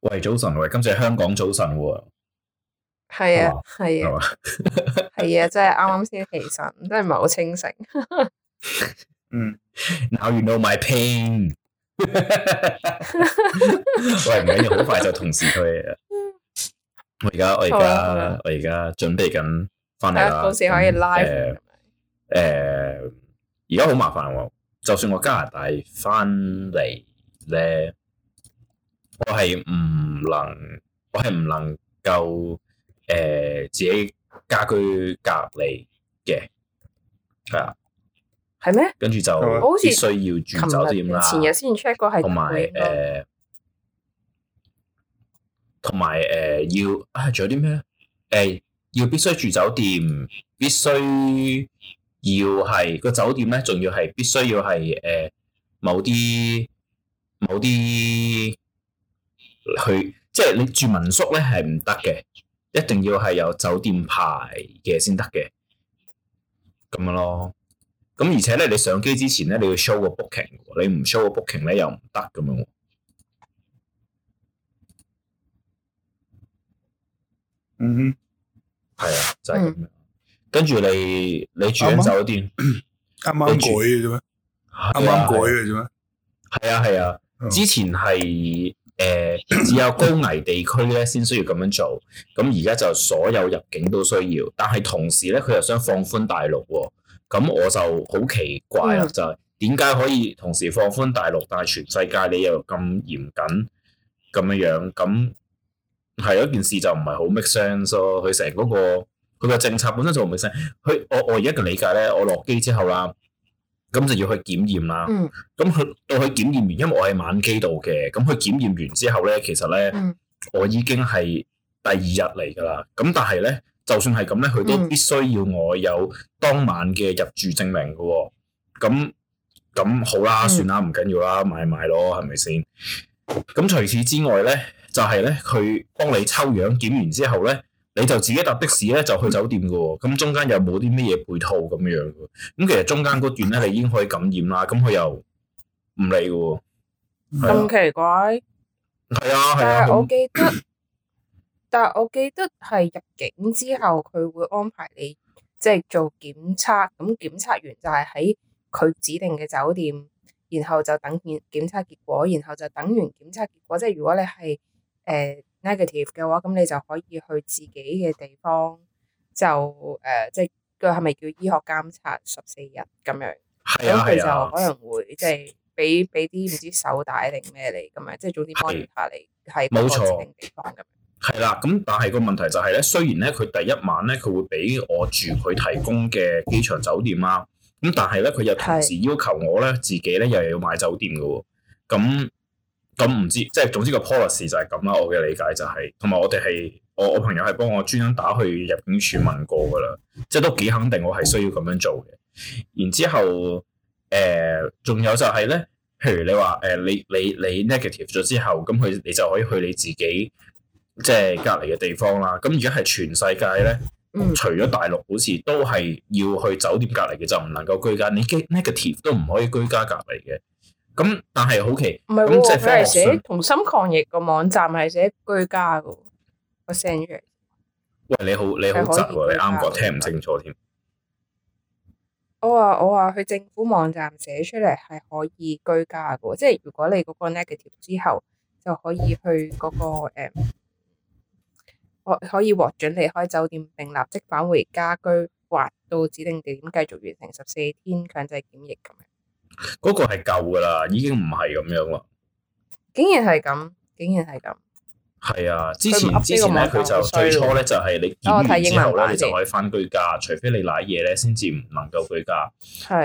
喂，早晨，喂，今次係香港早晨喎。係啊，係吧啊，係 啊，即係啱啱先起身，真係唔係好清醒。嗯 ，Now you know my pain。 喂，唔緊要，好快就同時退。 我而家， 我而家，我而家準備緊翻嚟啦。到時可以拉。i 誒、嗯，而家好麻煩、哦，就算我加拿大翻嚟咧。我係唔能，我係唔能夠誒、呃、自己家居隔離嘅，係啊，係咩？跟住就好似必須要住酒店啦。前日先 check 過，係，同埋誒，同埋誒要啊，仲有啲咩？誒、呃、要必須住酒店，必須要係個酒店咧，仲要係必須要係誒、呃、某啲某啲。去，即係你住民宿咧係唔得嘅，一定要係有酒店牌嘅先得嘅，咁樣咯。咁而且咧，你上機之前咧，你要 show 個 booking，你唔 show 個 booking 咧又唔得咁樣。嗯哼，係啊，就係咁樣。嗯、跟住你你住緊酒店，啱啱改嘅啫咩？啱啱改嘅啫咩？係啊係啊，之前係。誒只有高危地區咧，先需要咁樣做。咁而家就所有入境都需要，但係同時咧，佢又想放寬大陸喎。咁我就好奇怪啦，嗯、就係點解可以同時放寬大陸，但係全世界你又咁嚴謹咁樣樣？咁係有一件事就唔係好 make sense 咯。佢成嗰個佢個政策本身就唔 make sense。佢我我而家嘅理解咧，我落機之後啦。咁就要去檢驗啦，咁去、嗯、到佢檢驗完，因為我係晚機度嘅，咁佢檢驗完之後咧，其實咧，嗯、我已經係第二日嚟噶啦，咁但係咧，就算係咁咧，佢都必須要我有當晚嘅入住證明噶、哦，咁咁好啦，算啦，唔、嗯、緊要啦，買買咯，係咪先？咁除此之外咧，就係、是、咧，佢幫你抽樣檢完之後咧。你就自己搭的士咧，就去酒店噶喎，咁中間又冇啲咩嘢配套咁樣噶，咁其實中間嗰段咧，你已經可以感染啦，咁佢又唔理噶喎，咁奇怪，係啊係啊，啊但我記得， 但係我記得係入境之後佢會安排你即係做檢測，咁檢測完就係喺佢指定嘅酒店，然後就等檢檢測結果，然後就等完檢測結果，即係如果你係誒。呃 negative 嘅話，咁你就可以去自己嘅地方，就誒，即係佢係咪叫醫學監察十四日咁樣？係啊係啊。咁佢就可能會即係俾俾啲唔知手帶定咩嚟咁樣，即係早啲幫下你嚟喺特定地方咁。係啦，咁、啊、但係個問題就係、是、咧，雖然咧佢第一晚咧佢會俾我住佢提供嘅機場酒店啦，咁但係咧佢又同時要求我咧自己咧又又要買酒店嘅喎，咁是。咁唔知，即係總之個 policy 就係咁啦。我嘅理解就係，同埋我哋係、就是、我我，我朋友係幫我專登打去入境處問過㗎喇，即係都幾肯定我係需要咁樣做嘅。然之後，誒、呃、仲有就係咧，譬如你話誒、呃，你你你 negative 咗之後，咁佢你就可以去你自己即係、就是、隔離嘅地方啦。咁而家係全世界咧，除咗大陸，好似都係要去酒店隔離嘅，就唔能夠居家。你 negative 都唔可以居家隔離嘅。咁但係好奇，唔係喎，佢係寫同心抗疫個網站係寫居家噶，個聲出嚟。喂，你好，你好，你啱啱講聽唔清楚添。我話我話，去政府網站寫出嚟係可以居家噶，即係如果你嗰個 negative 之後，就可以去嗰、嗰個誒，可、um, 可以獲准離開酒店，並立即返回家居或到指定地點繼續完成十四天強制檢疫咁樣。嗰個係舊噶啦，已經唔係咁樣啦。竟然係咁，竟然係咁。係啊，之前之前咧，佢就最初咧就係你檢完之後咧，你就可以翻居家，除非你瀨嘢咧，先至唔能夠居家。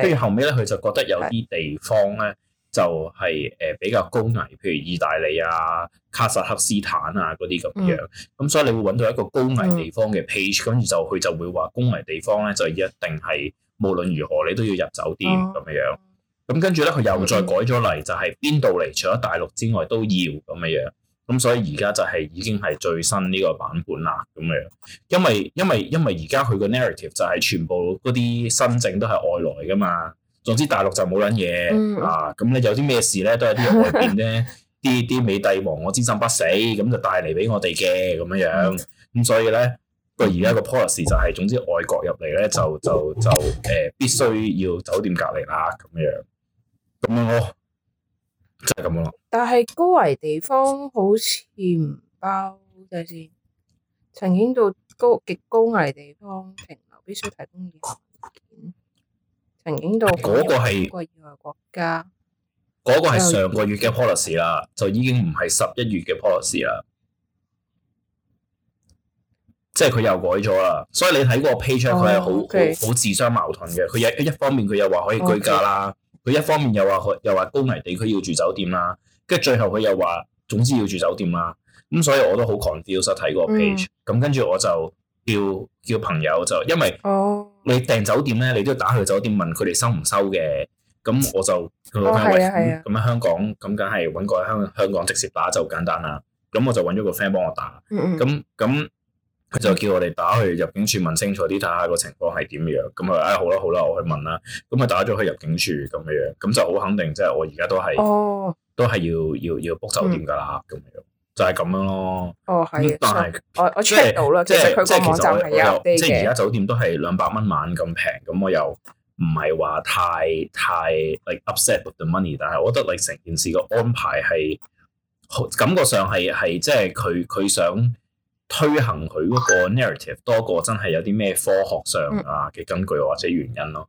跟住後尾咧，佢就覺得有啲地方咧，就係誒比較高危，譬如意大利啊、卡薩克斯坦啊嗰啲咁樣。咁、嗯、所以你會搵到一個高危地方嘅 page，跟住就佢就會話高危地方咧就一定係無論如何你都要入酒店咁樣樣。哦咁跟住咧，佢又再改咗例，就係邊度嚟？除咗大陸之外，都要咁嘅樣。咁、嗯、所以而家就係已經係最新呢個版本啦，咁嘅樣。因為因為因為而家佢個 narrative 就係全部嗰啲新政都係外來噶嘛。總之大陸就冇撚嘢啊。咁咧有啲咩事咧，都係啲外邊咧啲啲美帝亡我之心不死，咁就帶嚟俾我哋嘅咁樣樣。咁、嗯嗯、所以咧，佢而家個 policy 就係、是、總之外國入嚟咧，就就就誒、呃、必須要酒店隔離啦，咁樣。咁樣咯、啊，就係、是、咁樣咯、啊。但係高危地方好似唔包嘅先，曾經到高極高危地方停留，必須提供疫苗。曾經到嗰個係國外國家，嗰個係上個月嘅 policy 啦，月就已經唔係十一月嘅 policy 啦。即係佢又改咗啦，所以你睇嗰個 page，佢係好好好自相矛盾嘅。佢一一方面佢又話可以居家啦。Okay. 佢一方面又話佢又話高危地區要住酒店啦，跟住最後佢又話總之要住酒店啦，咁所以我都好 confused 睇個 page，咁、嗯、跟住我就叫叫朋友就因為你訂酒店咧，你都要打去酒店問佢哋收唔收嘅，咁我就佢老婆喺咁喺香港，咁梗係揾個香香港直接打就簡單啦，咁我就揾咗個 friend 幫我打，咁咁、嗯嗯。佢就叫我哋打去入境處問清楚啲，睇下個情況係點樣。咁啊，唉，好啦好啦，我去問啦。咁啊，打咗去入境處咁嘅樣，咁就好肯定，即係我而家都係，哦，都係要要要 book 酒店噶啦咁樣，就係咁樣咯。哦，但係我我 check 到啦，即係即係其實我又即係而家酒店都係兩百蚊晚咁平，咁我又唔係話太太 like upset with the money，但係我覺得你成件事個安排係，感覺上係係即係佢佢想。推行佢嗰個 narrative 多過真係有啲咩科學上啊嘅根據或者原因咯，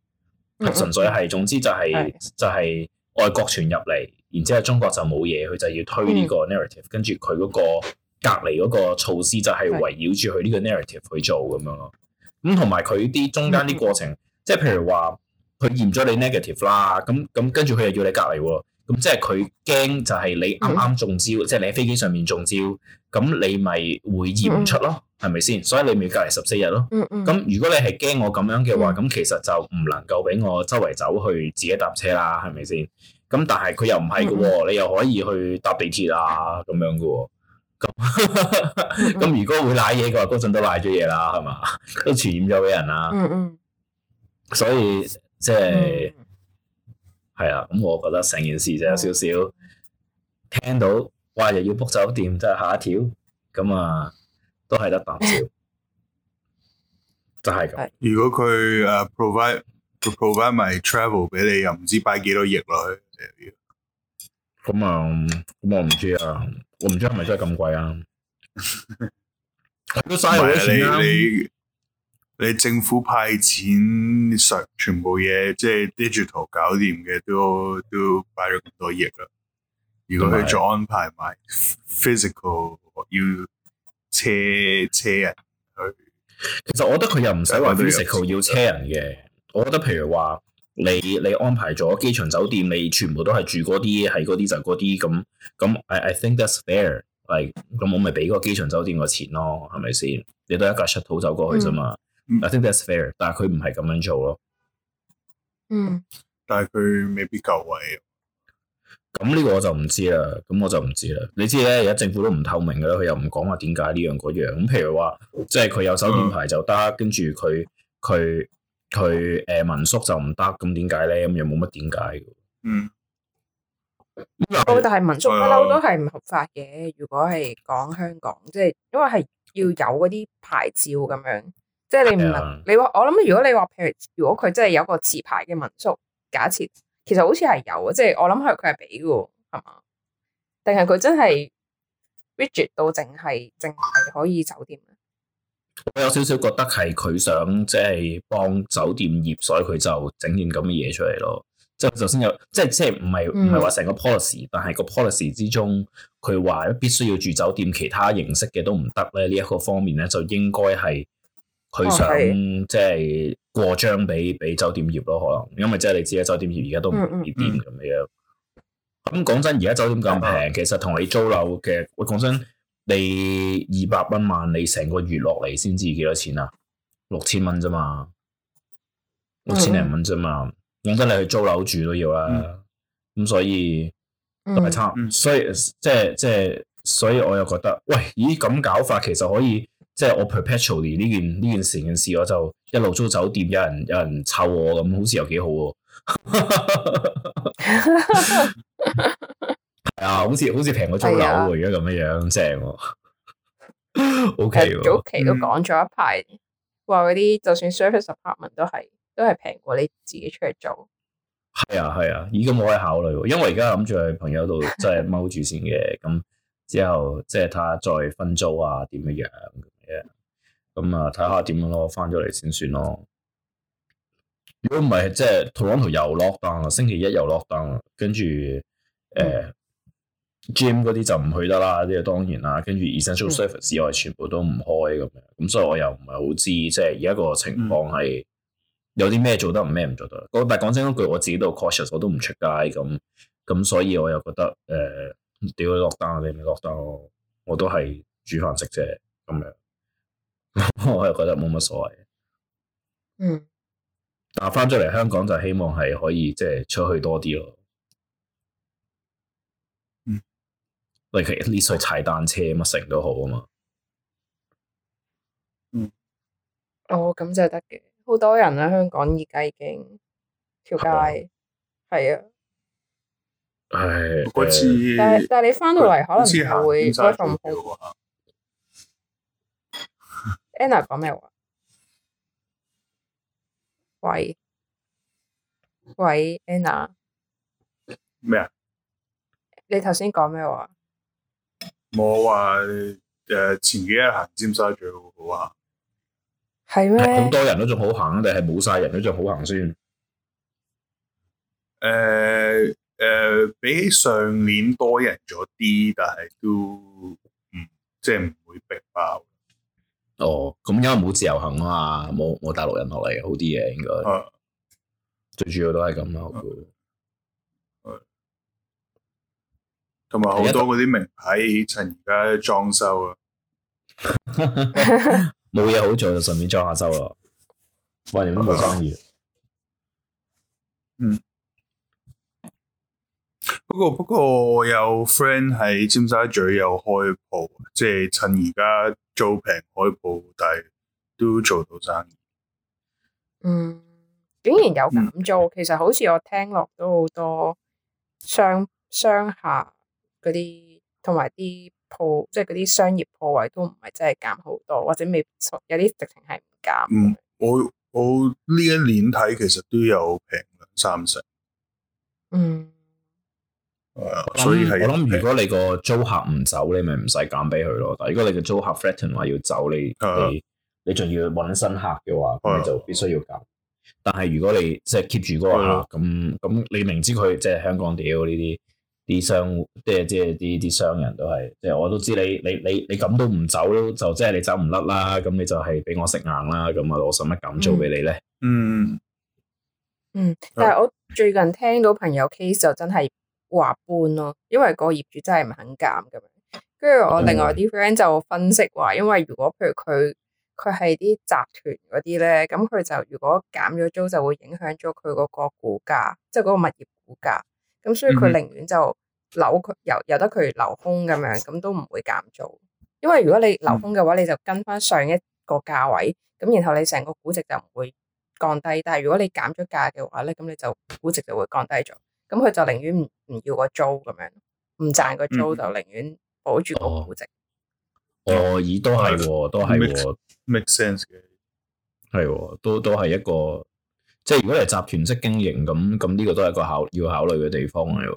純粹係總之就係就係外國傳入嚟，然之後中國就冇嘢，佢就要推呢個 narrative，跟住佢嗰個隔離嗰個措施就係圍繞住佢呢個 narrative 去做咁樣咯。咁同埋佢啲中間啲過程，的即係譬如話佢驗咗你 negative 啦，咁咁跟住佢又要你隔離喎。咁即係佢驚就係你啱啱中招，嗯、即係你喺飛機上面中招，咁你咪會驗唔出咯，係咪先？所以你咪要隔離十四日咯。咁、嗯嗯、如果你係驚我咁樣嘅話，咁、嗯嗯、其實就唔能夠俾我周圍走去自己搭車啦，係咪先？咁但係佢又唔係嘅，嗯嗯、你又可以去搭地鐵啊，咁樣嘅。咁 如果會瀨嘢嘅話，嗰陣都瀨咗嘢啦，係嘛？ 都傳染咗俾人啦。嗯嗯。嗯所以即係。係啊，咁、嗯、我覺得成件事就有、嗯、少少聽到，哇！又要 book 酒店，真係嚇一跳。咁啊，都係得啖笑，就係咁。如果佢誒、啊、provide，provide 埋 travel 俾你，又唔知擺幾多億落去。咁啊，咁、嗯、我唔知啊，我唔知係咪真係咁貴啊？都嘥好多錢啊！你政府派錢上全部嘢即係 digital 搞掂嘅，都都擺咗咁多嘢啦。如果佢再安排埋 physical 要車車人去，其實我覺得佢又唔使話 physical 要車人嘅。我覺得譬如話你你安排咗機場酒店，你全部都係住嗰啲係嗰啲就嗰啲咁咁。I, I think that's fair。喂，咁我咪俾個機場酒店個錢咯，係咪先？你都一架 shuttle 走過去啫嘛。嗯 I think that's fair，但係佢唔係咁樣做咯。嗯，但係佢未必夠位。咁呢個我就唔知啦。咁我就唔知啦。你知咧，而家政府都唔透明噶啦，佢又唔講話點解呢樣嗰樣。咁譬如話，即係佢有手電牌就得，跟住佢佢佢誒民宿就唔得，咁點解咧？咁又冇乜點解？嗯。但係民宿、 啊、不嬲都係唔合法嘅。如果係講香港，即係因為係要有嗰啲牌照咁樣。即係你唔能，是的 你話我諗，如果你話譬如，如果佢真係有個持牌嘅民宿，假設其實好似係有啊，即係我諗係佢係俾嘅，係嘛？定係佢真係 reject 到淨係淨係可以酒店呢？我有少少覺得係佢想即係、就是、幫酒店業，所以佢就整件咁嘅嘢出嚟咯。即係首先有，即係即係唔係唔係話成個 policy，、嗯、但係個 policy 之中佢話必須要住酒店，其他形式嘅都唔得咧。呢、這、一個方面咧，就應該係。佢想即係過賬俾俾酒店業咯，可能因為即係你知啦，酒店業而家都唔易掂咁樣。咁講、嗯嗯嗯、真，而家酒店咁平，嗎其實同你租樓嘅，我講真，你二百蚊萬，你成個月落嚟，先知幾多錢啊？六千蚊啫嘛，六千零蚊啫嘛，講、嗯嗯、真，你去租樓住都要啦。咁、嗯、所以、嗯、都係差，嗯、所以即係即係，所以我又覺得，喂，咦咁搞法其實可以。即係我 perpetually 呢件呢 件事件事，我就一路租酒店，有人有人湊我咁，好似又幾好喎、啊。係 啊，好似好似平過租樓喎。而家咁嘅樣正，O、okay、K、呃。早期都講咗一排，話嗰啲就算 s u r f a c e a a p r 十八萬都係都係平過你自己出去做。係啊係啊，而家冇去考慮，因為而家諗住去朋友度即係踎住先嘅，咁之後即係睇下再分租啊，點嘅樣。咁啊，睇下點樣咯，翻咗嚟先算咯。如果唔係，即係 Toronto 又落單，星期一又落單，跟住誒，gym 嗰啲就唔去得啦，呢個當然啦。跟住 essential service 以外，全部都唔開咁樣，咁、嗯、所以我又唔係好知，嗯、即係而家個情況係有啲咩做得唔咩唔做得。我但係講真一句，我自己都 cautious，我都唔出街咁，咁所以我又覺得誒，屌你落單，你咪落單，我都係煮飯食啫，咁樣，咁樣。我又覺得冇乜所謂。嗯。但係翻咗嚟香港就希望係可以即係出去多啲咯。嗯。例如呢，至少去踩單車乜成都好啊嘛。嗯。哦，咁就得嘅。好多人啦，香港而家已經條街係啊。係。但但係你翻到嚟可能唔會。Anna，講咩話？喂喂，Anna，咩啊？麼你頭先講咩話？我話誒、呃，前幾日行尖沙咀好好行。係咩嗎？咁多人都仲好行，定係冇晒人都仲好行先？誒誒、呃呃，比起上年多人咗啲，但係都即係唔會逼爆。哦，咁因為冇自由行啊嘛，冇冇大陸人落嚟好啲嘅、啊、應該，啊、最主要都係咁啦。同埋好多嗰啲名牌趁而家裝修啊，冇 嘢 好做就順便裝下修咯。喂、啊，你唔係冇生意？啊、嗯。不過，不過我有 friend 喺尖沙咀有開鋪即係趁而家租平開鋪但係都做到生意。嗯，竟然有咁做，嗯、其實好似我聽落都好多商，商廈嗰啲，同埋啲鋪即係嗰啲商業鋪位都唔係真係減好多，或者未有啲直情係唔減。嗯，我我呢一年睇其實都有平兩三成。嗯。嗯、所以係我諗，如果你個租客唔走，你咪唔使減俾佢咯。但係如果你個租客 threaten 話要走，你的你你仲要揾新客嘅話，咁你就必須要減。的但係如果你即係 keep 住嗰個客，咁咁的你明知佢即係香港屌呢啲啲商，即係即係啲啲商人都係，即係我都知你你你你咁都唔走，就即係、就係、你走唔甩啦。咁你就係俾我食硬啦。咁啊，我使乜減租俾你咧？嗯嗯。嗯的但係我最近聽到朋友 case 就真係。話搬咯，因為個業主真係唔肯減咁樣。跟住我另外啲 friend 就分析話，因為如果譬如佢佢係啲集團嗰啲咧，咁佢就如果減咗租，就會影響咗佢嗰個股價，即係嗰個物業股價。咁所以佢寧願就留佢，由由、嗯、得佢留空咁樣，咁都唔會減租。因為如果你留空嘅話，你就跟翻上一個價位，咁然後你成個估值就唔會降低。但係如果你減咗價嘅話咧，咁你就估值就會降低咗。咁佢就寧願唔要個租咁樣，唔賺個租就寧願保住個估值、嗯。哦，而都係喎，都係喎，make sense 嘅，係喎，都都係一個，即係如果你係集團式經營咁，咁呢個都係一個考要考慮嘅地方嚟喎。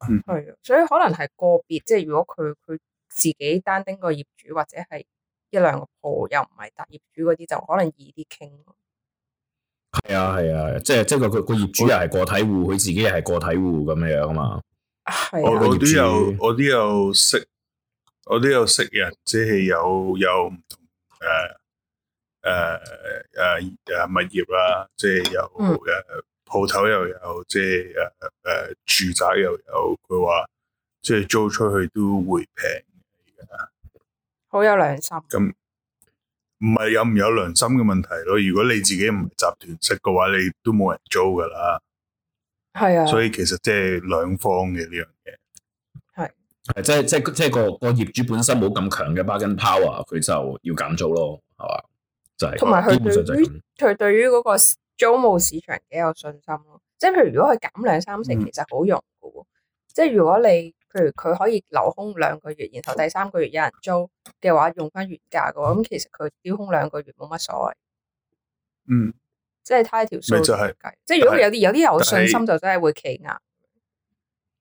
係啊、嗯，所以可能係個別，即係如果佢佢自己單丁個業主或者係一兩個鋪，又唔係大業主嗰啲，就可能易啲傾。係啊係啊，即係即係個個業主又係個體戶，佢、嗯、自己又係個體戶咁樣樣啊嘛。我我都有我都有識，嗯、我都有識人，即係有有唔同誒誒誒誒物業啦，即係有誒鋪頭又有，即係誒誒住宅又有。佢話即係租出去都會平，好有良心。嗯唔係有唔有良心嘅問題咯。如果你自己唔係集團式嘅話，你都冇人租噶啦。係啊。所以其實即係兩方嘅呢樣嘢。係。係即係即係即係個個業主本身冇咁強嘅 bargain power，佢就要減租咯，係嘛？就係。同埋佢對於佢對於嗰個租務市場幾有信心咯。即係譬如如果佢減兩三成，其實好容易嘅喎。即係如果你。譬如佢可以留空兩個月，然後第三個月有人租嘅話，用翻原價嘅話。咁其實佢丟空兩個月冇乜所謂。嗯，即係睇條數，咪就係即係如果有啲有啲有信心，就真係會企硬。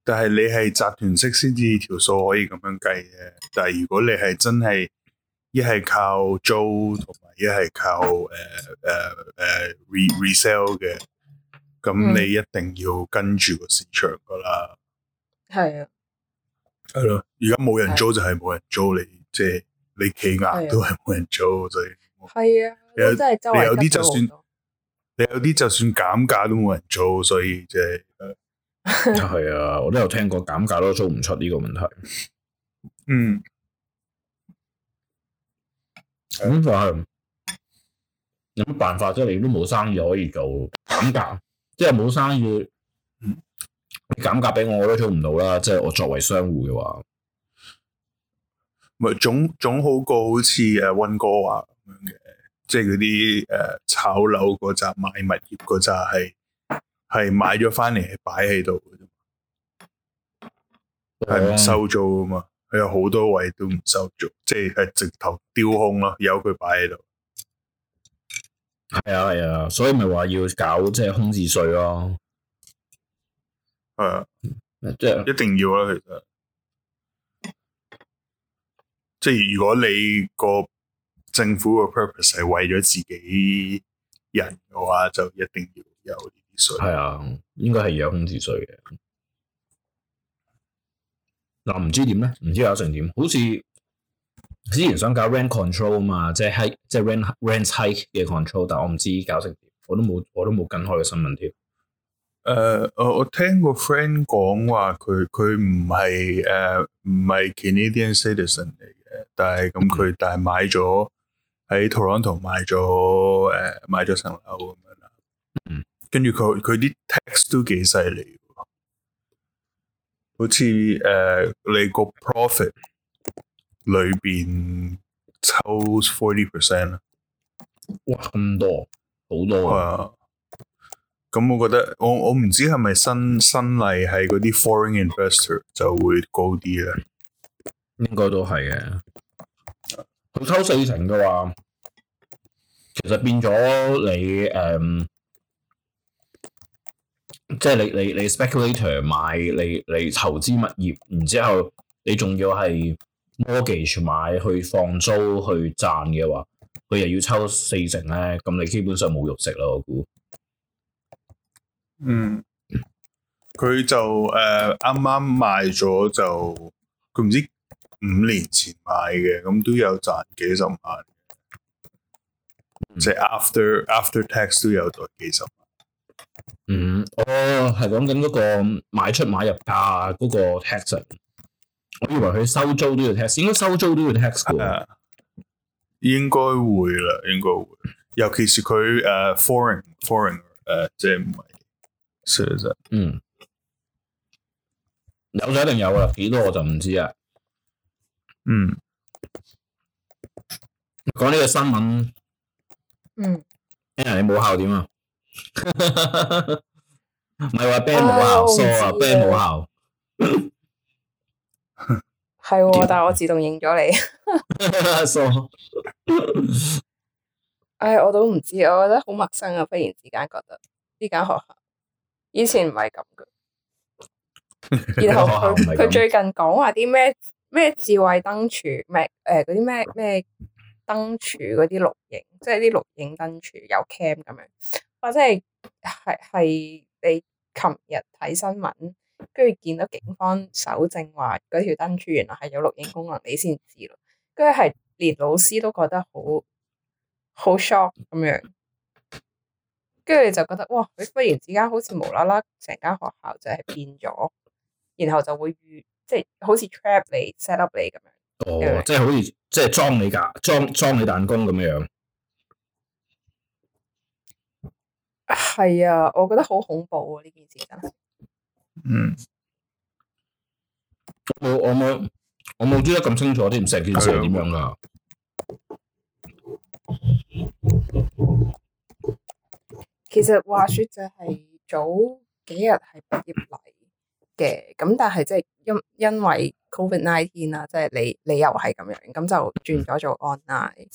但係你係集團式先至條數可以咁樣計嘅，但係如果你係真係一係靠租同埋一係靠誒誒誒 re resale 嘅，咁你一定要跟住個市場噶啦。係啊、嗯。係咯，而家冇人租就係冇人租，的你即係你企硬都係冇人租，所以係啊，你有啲就算你有啲就算減價都冇人租，所以即係係啊，我都有聽過減價都租唔出呢個問題。 嗯，咁就係，有乜辦法啫？你都冇生意可以做，減價即係冇生意。減價俾我，我都做唔到啦。即係我作為商戶嘅話，咪總總好過好似誒溫哥華嘅，即係嗰啲誒炒樓嗰扎，買物業嗰扎，係係買咗翻嚟，係擺喺度，嘅係唔收租噶嘛？佢有好多位都唔收租，即係係直頭丟空咯，由佢擺喺度。係啊係啊，所以咪話要搞即係空置稅咯啊。係啊，嗯、即一定要啦、啊，其實即係如果你個政府嘅 purpose 係為咗自己人嘅話，就一定要有呢啲稅。係啊、嗯，應該係有空置稅嘅。嗱、啊，唔知點咧？唔知搞成點？好似之前想搞 rent control 嘛，即係即係 rent rent hike 嘅 control，但係我唔知搞成點，我都冇我都冇跟開個新聞添。我、uh, 我聽個 friend 講話，佢佢唔係誒唔係、uh, Canadian citizen 嚟嘅，但係咁佢但係買咗喺多倫多買咗誒、uh, 買咗層樓咁樣啦，跟住佢佢啲 text 都幾犀利，好似誒、uh, 你個 profit 裏邊抽 forty percent，哇咁多，好多啊！Uh, 咁我覺得，我我唔知係咪新新例係嗰啲 foreign investor 就會高啲咧。應該都係嘅。佢抽四成嘅話，其實變咗你誒，即係你你你 speculator 買你你投資物業，然之後你仲要係 mortgage 買去放租去賺嘅話，佢又要抽四成咧，咁你基本上冇肉食啦，我估。嗯，佢就誒啱啱賣咗就佢唔知五年前買嘅，咁都有賺幾十萬，即係 after after tax 都有賺幾十萬。嗯，哦，係講緊嗰個買出買入價嗰個 tax。我以為佢收租都要 tax，應該收租都要 tax 嘅。應該會啦，應該會。尤其是佢誒 foreign foreign 誒即係唔係。嗯，有就一定有啦，幾多我就唔知啦，嗯，講呢個新聞，嗯，聽人你冇效點啊？唔係話兵冇效啊，傻啊、哎，兵冇效，係、 哦，但係我自動認咗你，傻 哎，我都唔知，我覺得好陌生啊，忽然之間覺得呢間學校。以前唔係咁嘅，然後佢 最近講話啲咩咩智慧燈柱，咩誒嗰啲咩咩燈柱嗰啲錄影，即係啲錄影燈柱有 cam 咁樣，或者係係係你琴日睇新聞，跟住見到警方搜證話嗰條燈柱原來係有錄影功能，你先知咯，跟住係連老師都覺得好好 shock 咁樣。跟住就覺得哇！誒，忽然之間好似無啦啦，成間學校就係變咗，然後就會遇即係好似 trap 你 set up 你咁樣。哦，是是即係好似即係裝你㗎，裝裝你彈弓咁樣。係啊，我覺得好恐怖喎，啊！呢件事真係。嗯。我我冇，我冇知得咁清楚啲，唔成件事係點、啊、樣㗎？其實話說就係早幾日係畢業禮嘅，咁但係即係因因為 Covid nineteen 啦，即係你你又係咁樣，咁就轉咗做 online。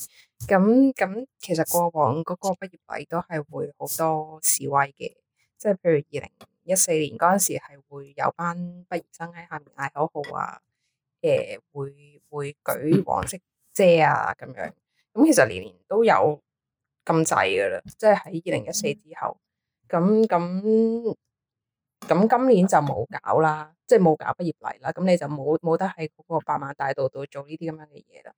咁咁其實過往嗰個畢業禮都係會好多示威嘅，即係譬如二零一四年嗰陣時係會有班畢業生喺下面嗌口號啊，誒會會舉黃色遮啊咁樣。咁其實年年都有。禁制噶啦，即係喺二零一四之後，咁咁咁今年就冇搞啦，即係冇搞畢業禮啦，咁你就冇冇得喺嗰個百萬大道度做呢啲咁樣嘅嘢啦。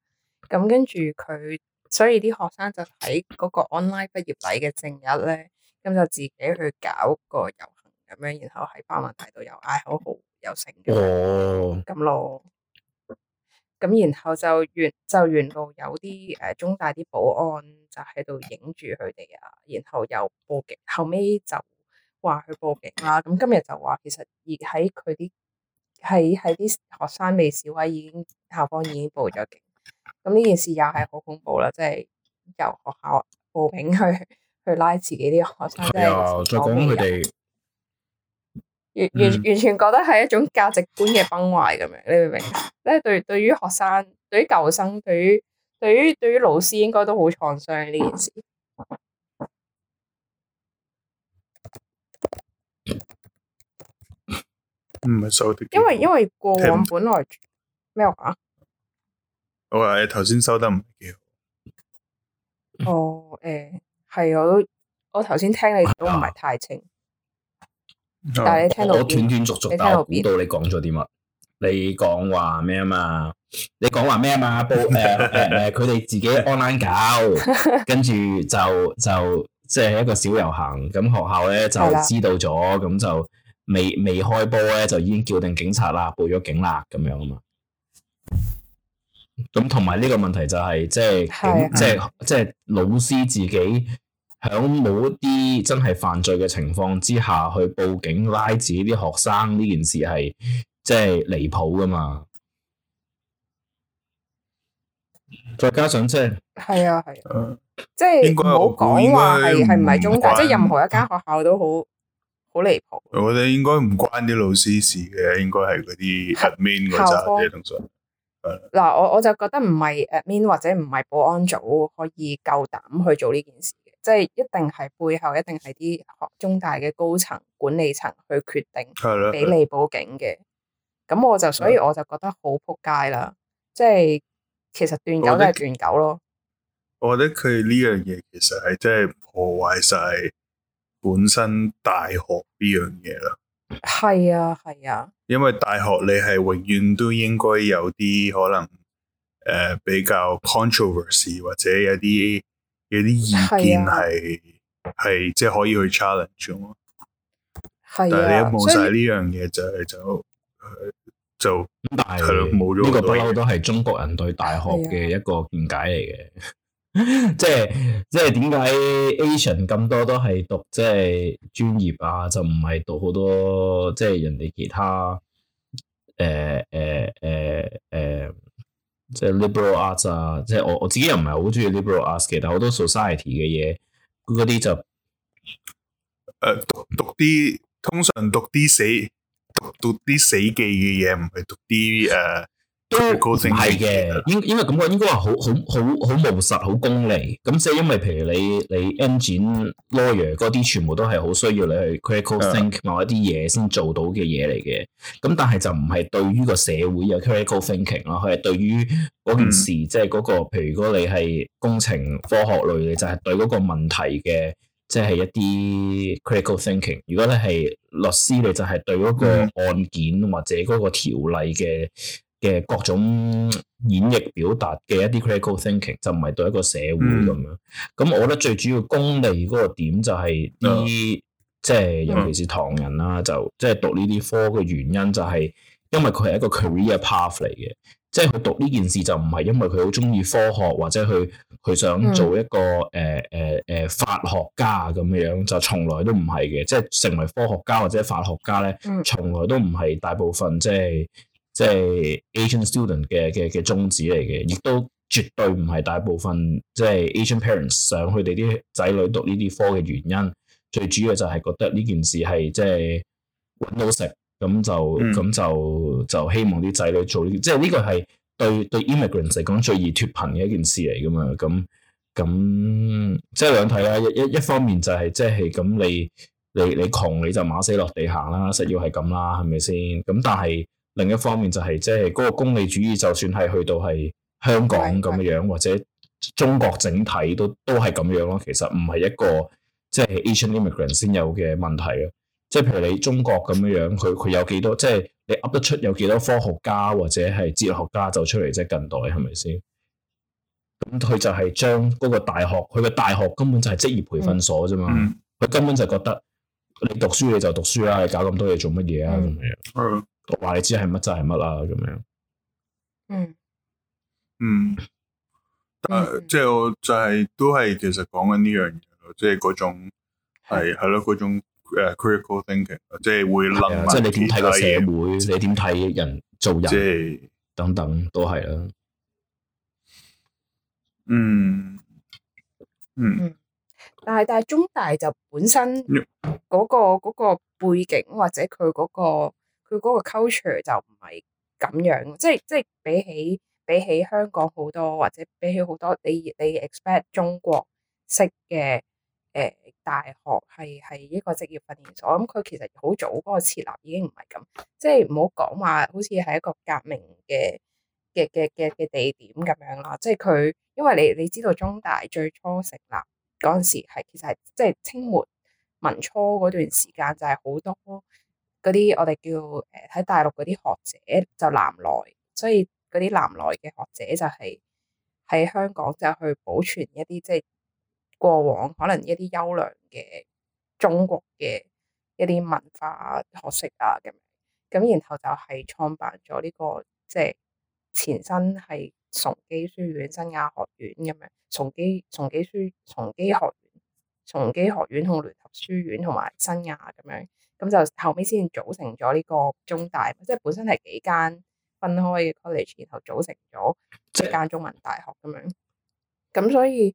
咁跟住佢，所以啲學生就喺嗰個 online 畢業禮嘅正日咧，咁就自己去搞個遊行咁樣，然後喺百萬大道又嗌口號又升旗咁咯。咁然後就原就原路有啲誒、呃、中大啲保安。就喺度影住佢哋啊，然後又報警，後尾就話去報警啦。咁今日就話其實而喺佢啲，喺喺啲學生未示威已經校方已經報咗警。咁呢件事又係好恐怖啦，即係由學校報警去去拉自己啲學生。係啊，再講佢哋完完完全覺得係一種價值觀嘅崩壞咁樣，你明唔明？即係對對於學生，對於舊生，對於。對於對於老師應該都好創傷呢件事。唔係收啲。因為因為過往本來咩話、啊哦欸？我話你頭先收得唔係幾好哦，誒，係我，我頭先聽你都唔係太清，啊、但係你聽到斷斷續續你聽，但係到你講咗啲乜。你講話咩啊嘛？你講話咩啊嘛？報誒誒誒，佢，呃，哋，呃呃、自己 online 搞。跟住 就就即係，就是一個小遊行。咁學校咧就知道咗，咁的就未未開波咧，就已經叫定警察啦，報咗警啦，咁樣啊嘛。咁同埋呢個問題就係，是，即係即係即係老師自己響冇一啲真係犯罪嘅情況之下，去報警拉自己啲學生呢件事係。即係離譜噶嘛，再加上、即係啊啊、即係，係啊係，即係唔好講話係係唔係中大，即係任何一間學校都好，好離譜。我覺得應該唔關啲老師事嘅，應該係嗰啲 admin 嗰扎嘅同事。嗱，我我就覺得唔係 admin 或者唔係保安組可以夠膽去做呢件事嘅，即係一定係背後一定係啲中大嘅高層管理層去決定，俾你報警嘅。咁我就所以我就覺得好仆街啦！即係其實斷狗都係斷狗咯。我覺得佢呢樣嘢其實係真係破壞晒本身大學呢樣嘢啦。係啊，係啊。因為大學你係永遠都應該有啲可能誒、呃、比較 controversy 或者有啲有啲意見係係即係可以去 challenge 咯。但你啊，冇晒呢樣嘢就係就。就就咁，但係冇咗呢個不嬲都係中國人對大學嘅一個見解嚟嘅，即係即係點解 Asian 咁多都係讀即係專業啊，就唔係讀好多即係、就是、人哋其他誒誒誒誒，即、呃、係、呃呃呃呃就是、liberal arts 啊，即、就、係、是、我我自己又唔係好中意 liberal arts 其實好多 society 嘅嘢，嗰啲就誒、呃、讀讀啲，通常讀啲死。讀啲死記嘅嘢，唔係讀啲誒，唔係嘅，應應該咁講，應該話好好好好務實，好功利。咁即係因為譬如你你 engine lawyer 嗰啲，全部都係好需要你去 critical thinking Yeah. 某一啲嘢先做到嘅嘢嚟嘅。咁但係就唔係對於個社會有 critical thinking 咯，佢係對於嗰件事，mm. 即係嗰、嗰個，譬如如果你係工程科學類嘅，就係、係、對嗰個問題嘅。即係一啲 critical thinking。如果你係律師，你就係對嗰個案件或者嗰個條例嘅嘅、嗯、各種演繹、表達嘅一啲 critical thinking，就唔係對一個社會咁樣。咁、嗯、我覺得最主要功利嗰個點就係啲，即係、嗯、尤其是唐人啦，就即係讀呢啲科嘅原因就係因為佢係一個 career path 嚟嘅。即係佢讀呢件事就唔係因為佢好中意科學或者佢佢想做一個誒誒誒法學家咁樣，就從來都唔係嘅。即係成為科學家或者法學家咧，嗯、從來都唔係大部分即係即係 Asian student 嘅嘅嘅宗旨嚟嘅，亦都絕對唔係大部分即係 Asian parents 想佢哋啲仔女讀呢啲科嘅原因。最主要就係覺得呢件事係即係搵到食。咁就咁、嗯、就就希望啲仔女做呢，即係呢個係對對 immigrants 嚟講最易脫貧嘅一件事嚟噶嘛？咁咁即係兩睇啦。一一方面就係即係咁，你你你窮你就馬死落地行啦，實要係咁啦，係咪先？咁但係另一方面就係即係嗰個功利主義，就算係去到係香港咁樣，是是是或者中國整體都都係咁樣咯。其實唔係一個即係 Asian immigrants 先有嘅問題啊。即係譬如你中國咁樣樣，佢佢有幾多？即係你噏得出有幾多科學家或者係哲學家走出嚟？即係近代係咪先？咁佢就係將嗰個大學，佢個大學根本就係職業培訓所啫嘛。佢、嗯、根本就覺得你讀書你就讀書啦，你搞咁多嘢做乜嘢啊？咁、嗯、樣，我話你知係乜就係乜啦。咁樣。嗯嗯，嗯 但即係我就係、都係其實講緊呢樣嘢咯，即係嗰種係係咯嗰種。誒、uh，critical thinking，即係會諗，即係你點睇個社會的你點睇人的做人，即係、就是、等等都係啦、嗯。嗯嗯，但係但係中大就本身嗰、那個、嗯、個背景或者佢嗰、那個佢嗰個 culture 就唔係咁樣，即係即係比起比起香港好多或者比起好多你你 expect 中國式嘅。誒，大學係係一個職業訓練所，咁、嗯、佢其實好早嗰個設立已經唔係咁，即係唔好講話好似係一個革命嘅嘅嘅嘅嘅地點咁樣啦。即係佢，因為你你知道中大最初成立嗰陣時係，其實係即係清末民初嗰段時間就係好多嗰啲我哋叫誒喺大陸嗰啲學者就南來，所以嗰啲南來嘅學者就係喺香港就去保存一啲即係。就是過往可能一啲優良嘅中國嘅一啲文化學識啊咁，咁然後就係創辦咗呢、這個即係、就是、前身係崇基書院、新亞學院咁樣，崇基、崇基書、崇基學院、崇基學院同聯合書院同埋新亞咁樣，咁就後尾先組成咗呢個中大，即、就、係、是、本身係幾間分開嘅 college，然後組成咗一間中文大學咁樣，咁所以。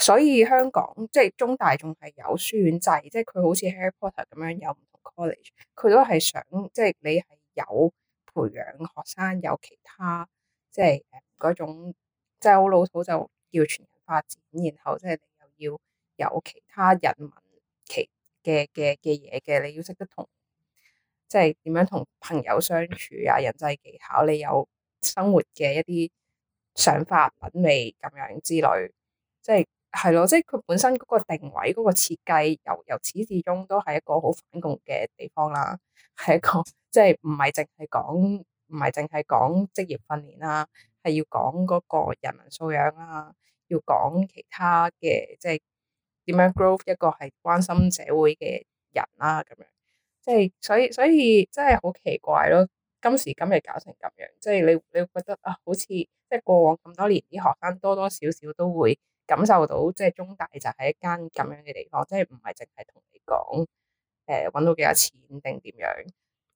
所以香港即係中大仲係有書院制，即係佢好似 Harry Potter 咁樣有唔同 college，佢都係想即係你係有培養學生有其他即係嗰種，即係好老土就要全人發展，然後即係你又要有其他人文其嘅嘅嘅嘢嘅，你要識得同即係點樣同朋友相處啊，人際技巧，你有生活嘅一啲想法、品味咁樣之類。即係係咯，即係佢本身嗰個定位、嗰、嗰個設計，由由始至終都係一個好反共嘅地方啦。係一個即係唔係淨係講，唔係淨係講職業訓練啦，係要講嗰個人民素養啊，要講其他嘅，即係點樣 grow 一個係關心社會嘅人啦、啊。咁樣即係所，所以，所以真係好奇怪咯。今時今日搞成咁樣，即係你你覺得啊，好似即係過往咁多年啲學生多多少少都會，感受到即係中大就係一間咁樣嘅地方，即係唔係淨係同你講，誒、呃、揾到幾多錢定點樣，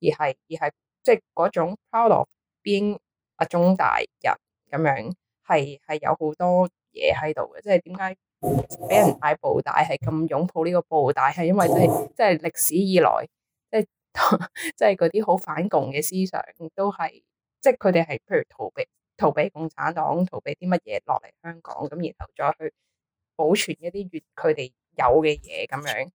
而係而係即係嗰種 proud of being 阿中大人咁樣，係係有好多嘢喺度嘅，即係點解俾人嗌布帶係咁擁抱呢個布帶，係因為即係即係歷史以來，即係 即係嗰啲好反共嘅思想都係，即係佢哋係譬如逃避。逃避共產黨，逃避啲乜嘢落嚟香港，咁然後再去保存一啲原佢哋有嘅嘢咁樣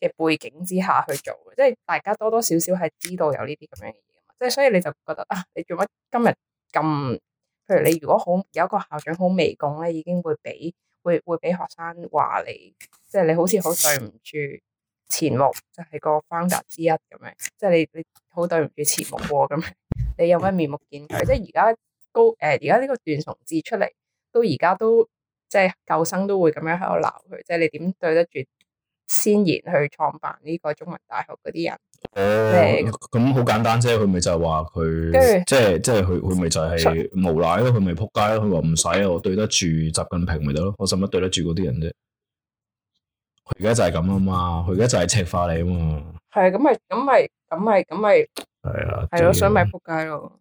嘅背景之下去做，即係大家多多少少係知道有呢啲咁樣嘅嘢嘛。即係所以你就覺得啊，你做乜今日咁？譬如你如果好有一個校長好微拱咧，已經會俾會會俾學生話你，即係你好似好對唔住前目，就係個 founder 之一咁樣，即係你你好對唔住前目喎咁樣。你有咩面目見佢？即係而家高誒，而家呢個段崇智出嚟，都而家都即係舊生都會咁樣喺度鬧佢，即係你點對得住先賢去創辦呢個中文大學嗰啲人？哦、呃、咁好、呃、簡單啫，佢咪就係話佢，即係即係佢，佢咪就係無賴咯，佢咪撲街咯，佢話唔使啊，我對得住習近平咪得咯，我使乜對得住嗰啲人啫？佢而家就係咁啊嘛，佢而家就係赤化你啊嘛。係啊，咁咪咁咪咁咪咁咪。係啊，係咯，就是，想買仆街咯。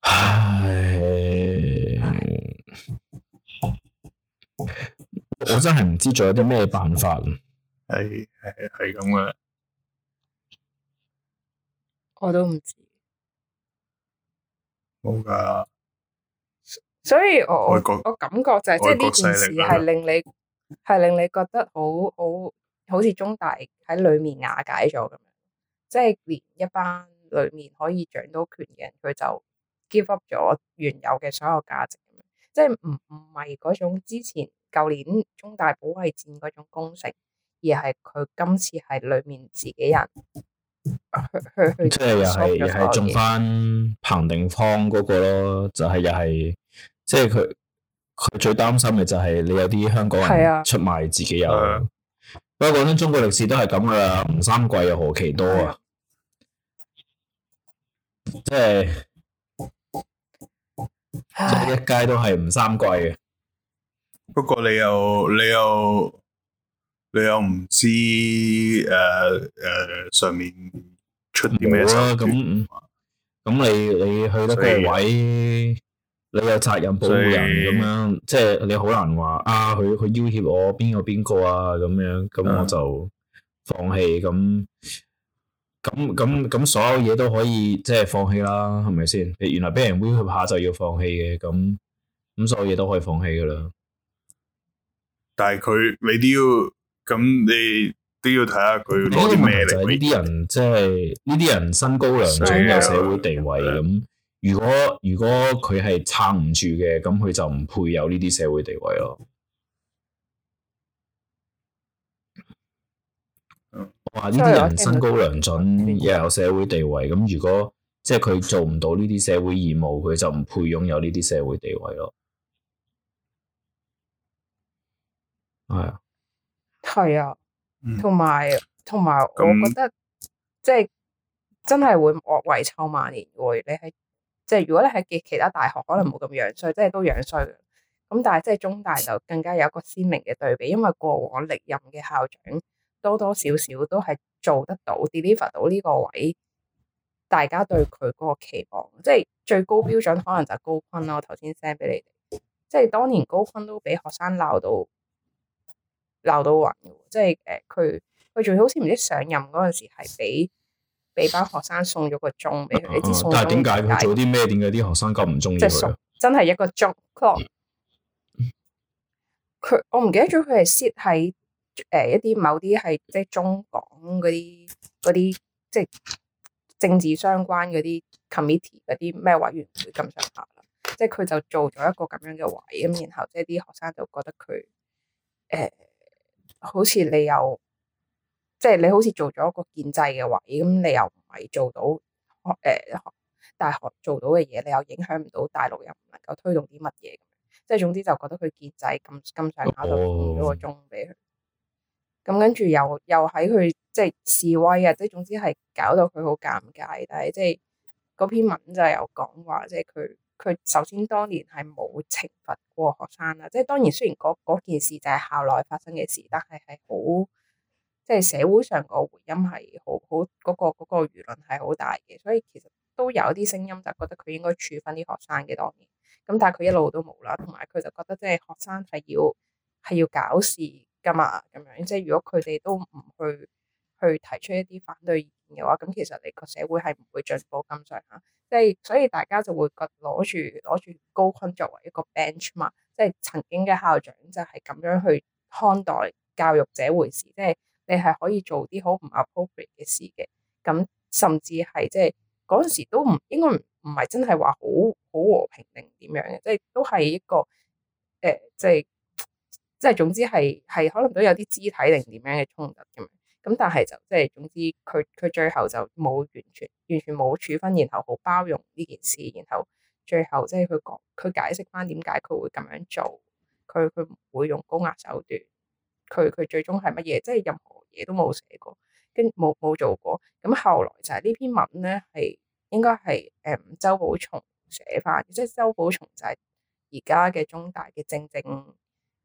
唉，的 我真係唔知仲有啲咩辦法。係係係咁嘅，我都唔知。冇噶的，所以我國我我感覺就係即係呢件事係令你係令你覺得好好好似中大喺裏面瓦解咗咁。即係連一班裏面可以掌到權嘅人，佢就 give up 咗原有嘅所有價值，即係唔唔係嗰種之前舊年中大保衛戰嗰種攻城，而係佢今次係裏面自己人 即係又係又係中翻彭定康嗰個咯，就係、是、又係即係佢佢最擔心嘅就係你有啲香港人出賣自己人。不過咧，中國歷史都係咁噶啦，吳三桂又何其多啊！即係一街都係吳三桂嘅。不過你又你又你又唔知誒誒上面出啲咩手段。冇啊，咁咁你你去得個位？你有責任保護人咁樣，即係你好難話啊！佢佢要挾我邊個邊個啊咁樣，咁我就放棄咁咁咁咁所有嘢都可以即係放棄啦，係咪先？原來俾人威脅下就要放棄嘅，咁咁所有嘢都可以放棄噶啦。但係佢你都要咁，你都要睇下佢攞啲咩就係呢啲人即係呢啲人身高良掌嘅社會地位咁。如果如果佢係撐唔住嘅，咁佢就唔配有呢啲社會地位咯。我話呢啲人身高良准，又有社會地位，咁如果即係佢做唔到呢啲社會義務，佢就唔配擁有呢啲社會地位咯。係、哎、啊，係啊，同埋同埋，我覺得即係那、就是、真係會惡為臭萬年會，你係。即係如果你喺嘅其他大學可能冇咁樣衰，即係都樣衰嘅。咁但係即係中大就更加有一個鮮明嘅對比，因為過往歷任嘅校長多多少少都係做得到 deliver 到呢個位。大家對佢嗰個期望，即係最高標準可能就係高錕啦。我頭先 send 俾你哋，即係當年高錕都俾學生鬧到鬧到暈嘅。即係誒，佢佢最好似唔知上任嗰陣時係俾。俾班學生送咗個鐘俾佢，你知送鐘。但係點解佢做啲咩？點解啲學生咁唔中意佢？真係一個鐘。佢、嗯、我唔記得咗，佢係設喺誒一啲某啲係即係中港嗰啲嗰啲即係政治相關嗰啲 committee 嗰啲咩委員會咁上下啦。即係佢就做咗一個咁樣嘅位咁，然後即係啲學生就覺得佢誒、呃、好似你有。即係你好似做咗一個建制嘅位，咁你又唔係做到誒、呃、大學做到嘅嘢，你又影響唔到大陸，又唔能夠推動啲乜嘢。即係總之就覺得佢建制咁咁，想搞到半個鐘俾佢。咁跟住又又喺佢即係示威啊！即係總之係搞到佢好尷尬。但係即係嗰篇文就係有講話，即係佢佢首先當年係冇懲罰過學生啦。即係當然雖然嗰件事就係校內發生嘅事，但係係好。即係社會上個回音係好好嗰、嗰個嗰、嗰個輿論係好大嘅，所以其實都有一啲聲音就覺得佢應該處分啲學生嘅當然，咁但係佢一路都冇啦，同埋佢就覺得即係學生係要係要搞事㗎嘛，咁樣即係如果佢哋都唔去去提出一啲反對意見嘅話，咁其實你個社會係唔會進步咁上下，即係所以大家就會覺攞住攞住高坤作為一個 bench 嘛，即係曾經嘅校長就係咁樣去看待教育這回事，即係。你係可以做啲好唔 appropriate 嘅事嘅，咁甚至係即係嗰陣時都唔應該唔唔係真係話好好和平定點樣嘅，即係都係一個誒、呃，即係即係總之係係可能都有啲肢體定點樣嘅衝突咁，咁但係就即係總之佢佢最後就冇完全完全冇處分，然後好包容呢件事，然後最後即係佢講佢解釋翻點解佢會咁樣做，佢佢唔會用高壓手段。佢佢最終係乜嘢？即係任何嘢都冇寫過，跟冇冇做過。咁後來就係呢篇文咧，係應該係誒周保松寫翻，即係周保松就係而家嘅中大嘅正正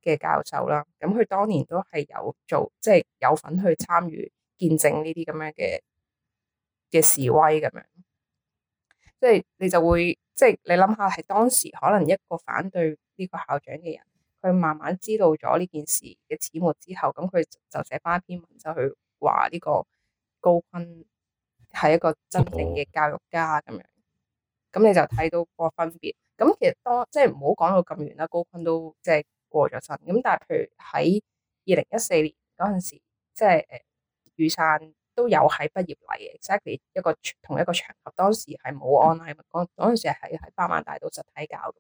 嘅教授啦。咁佢當年都係有做，即係有份去參與見證呢啲咁樣嘅嘅示威咁樣。即係你就會即係你諗下，係當時可能一個反對呢個校長嘅人。佢慢慢知道咗呢件事嘅始末之後，咁佢就寫翻一篇文，就去話呢個高坤係一個真正嘅教育家咁樣。咁你就睇到個分別。咁其實當即係唔好講到咁遠啦，高坤都即係過咗身。咁但係譬如喺二零一四年嗰陣時，即係誒雨傘都有喺畢業禮，exactly 一個同一個場合，當時係冇 online，嗰嗰陣時係喺百萬大道實體教。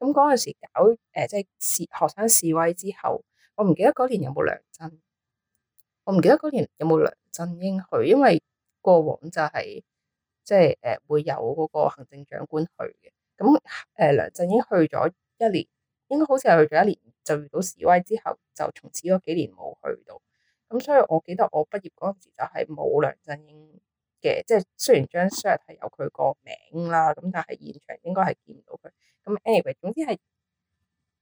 咁嗰陣時搞誒、呃、即係示學生示威之後，我唔記得嗰年有冇梁振，我唔記得嗰年有冇梁振英去，因為過往就係、是、即係誒、呃、會有嗰個行政長官去嘅。咁、嗯、誒、呃、梁振英去咗一年，應該好似係去咗一年，就遇到示威之後，就從此嗰幾年冇去到。咁、嗯、所以我記得我畢業嗰陣時就係冇梁振英。嘅，即係雖然張 Sir 係有佢個名啦，咁但係現場應該係見唔到佢。咁 anyway，總之係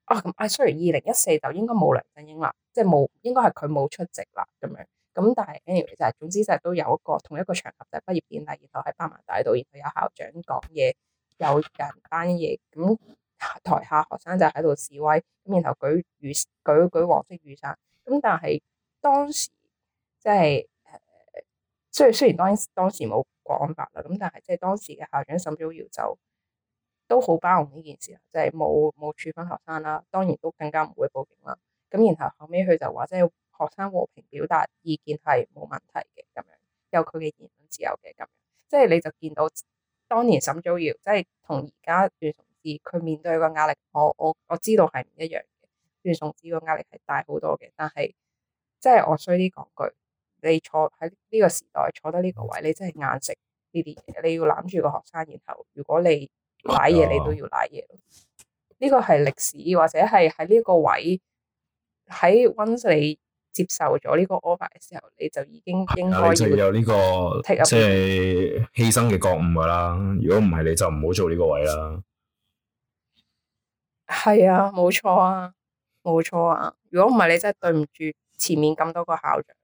啊咁啊，雖然二零一四就應該冇梁振英啦，即係冇應該係佢冇出席啦咁樣。咁但係 anyway 就係、是、總之就係都有一個同一個場合就係、是、畢業典禮，然後喺巴麻大道，然後有校長講嘢，有人頒嘢，咁台下學生就喺度示威，咁然後舉雨舉舉黃色雨傘。咁但係當時即係。就是雖雖然當時是是當時冇講法啦，咁但係即係當時嘅校長沈祖堯就都好包容呢件事，就係冇冇處分學生啦，當然都更加唔會報警啦。咁然後後尾，佢就話，即係學生和平表達意見係冇問題嘅，咁樣有佢嘅言論自由嘅，咁即係你就見到當年沈祖堯即係同而家段崇智，佢、即係、面對個壓力，我我我知道係唔一樣嘅，段崇智個壓力係大好多嘅，但係即係我衰啲講句。你坐喺呢個時代坐得呢個位，你真係硬食呢啲嘢。你要攬住個學生，然後如果你瀨嘢，啊、你都要瀨嘢。呢、呢個係歷史，或者係喺呢個位喺 once 你接受咗呢個 offer 嘅時候，你就已經應該就有呢個即係犧牲嘅覺悟噶啦。如果唔係，你就唔好、這個就是、做呢個位啦。係啊，冇錯啊，冇錯啊。如果唔係，你真係對唔住前面咁多個校長。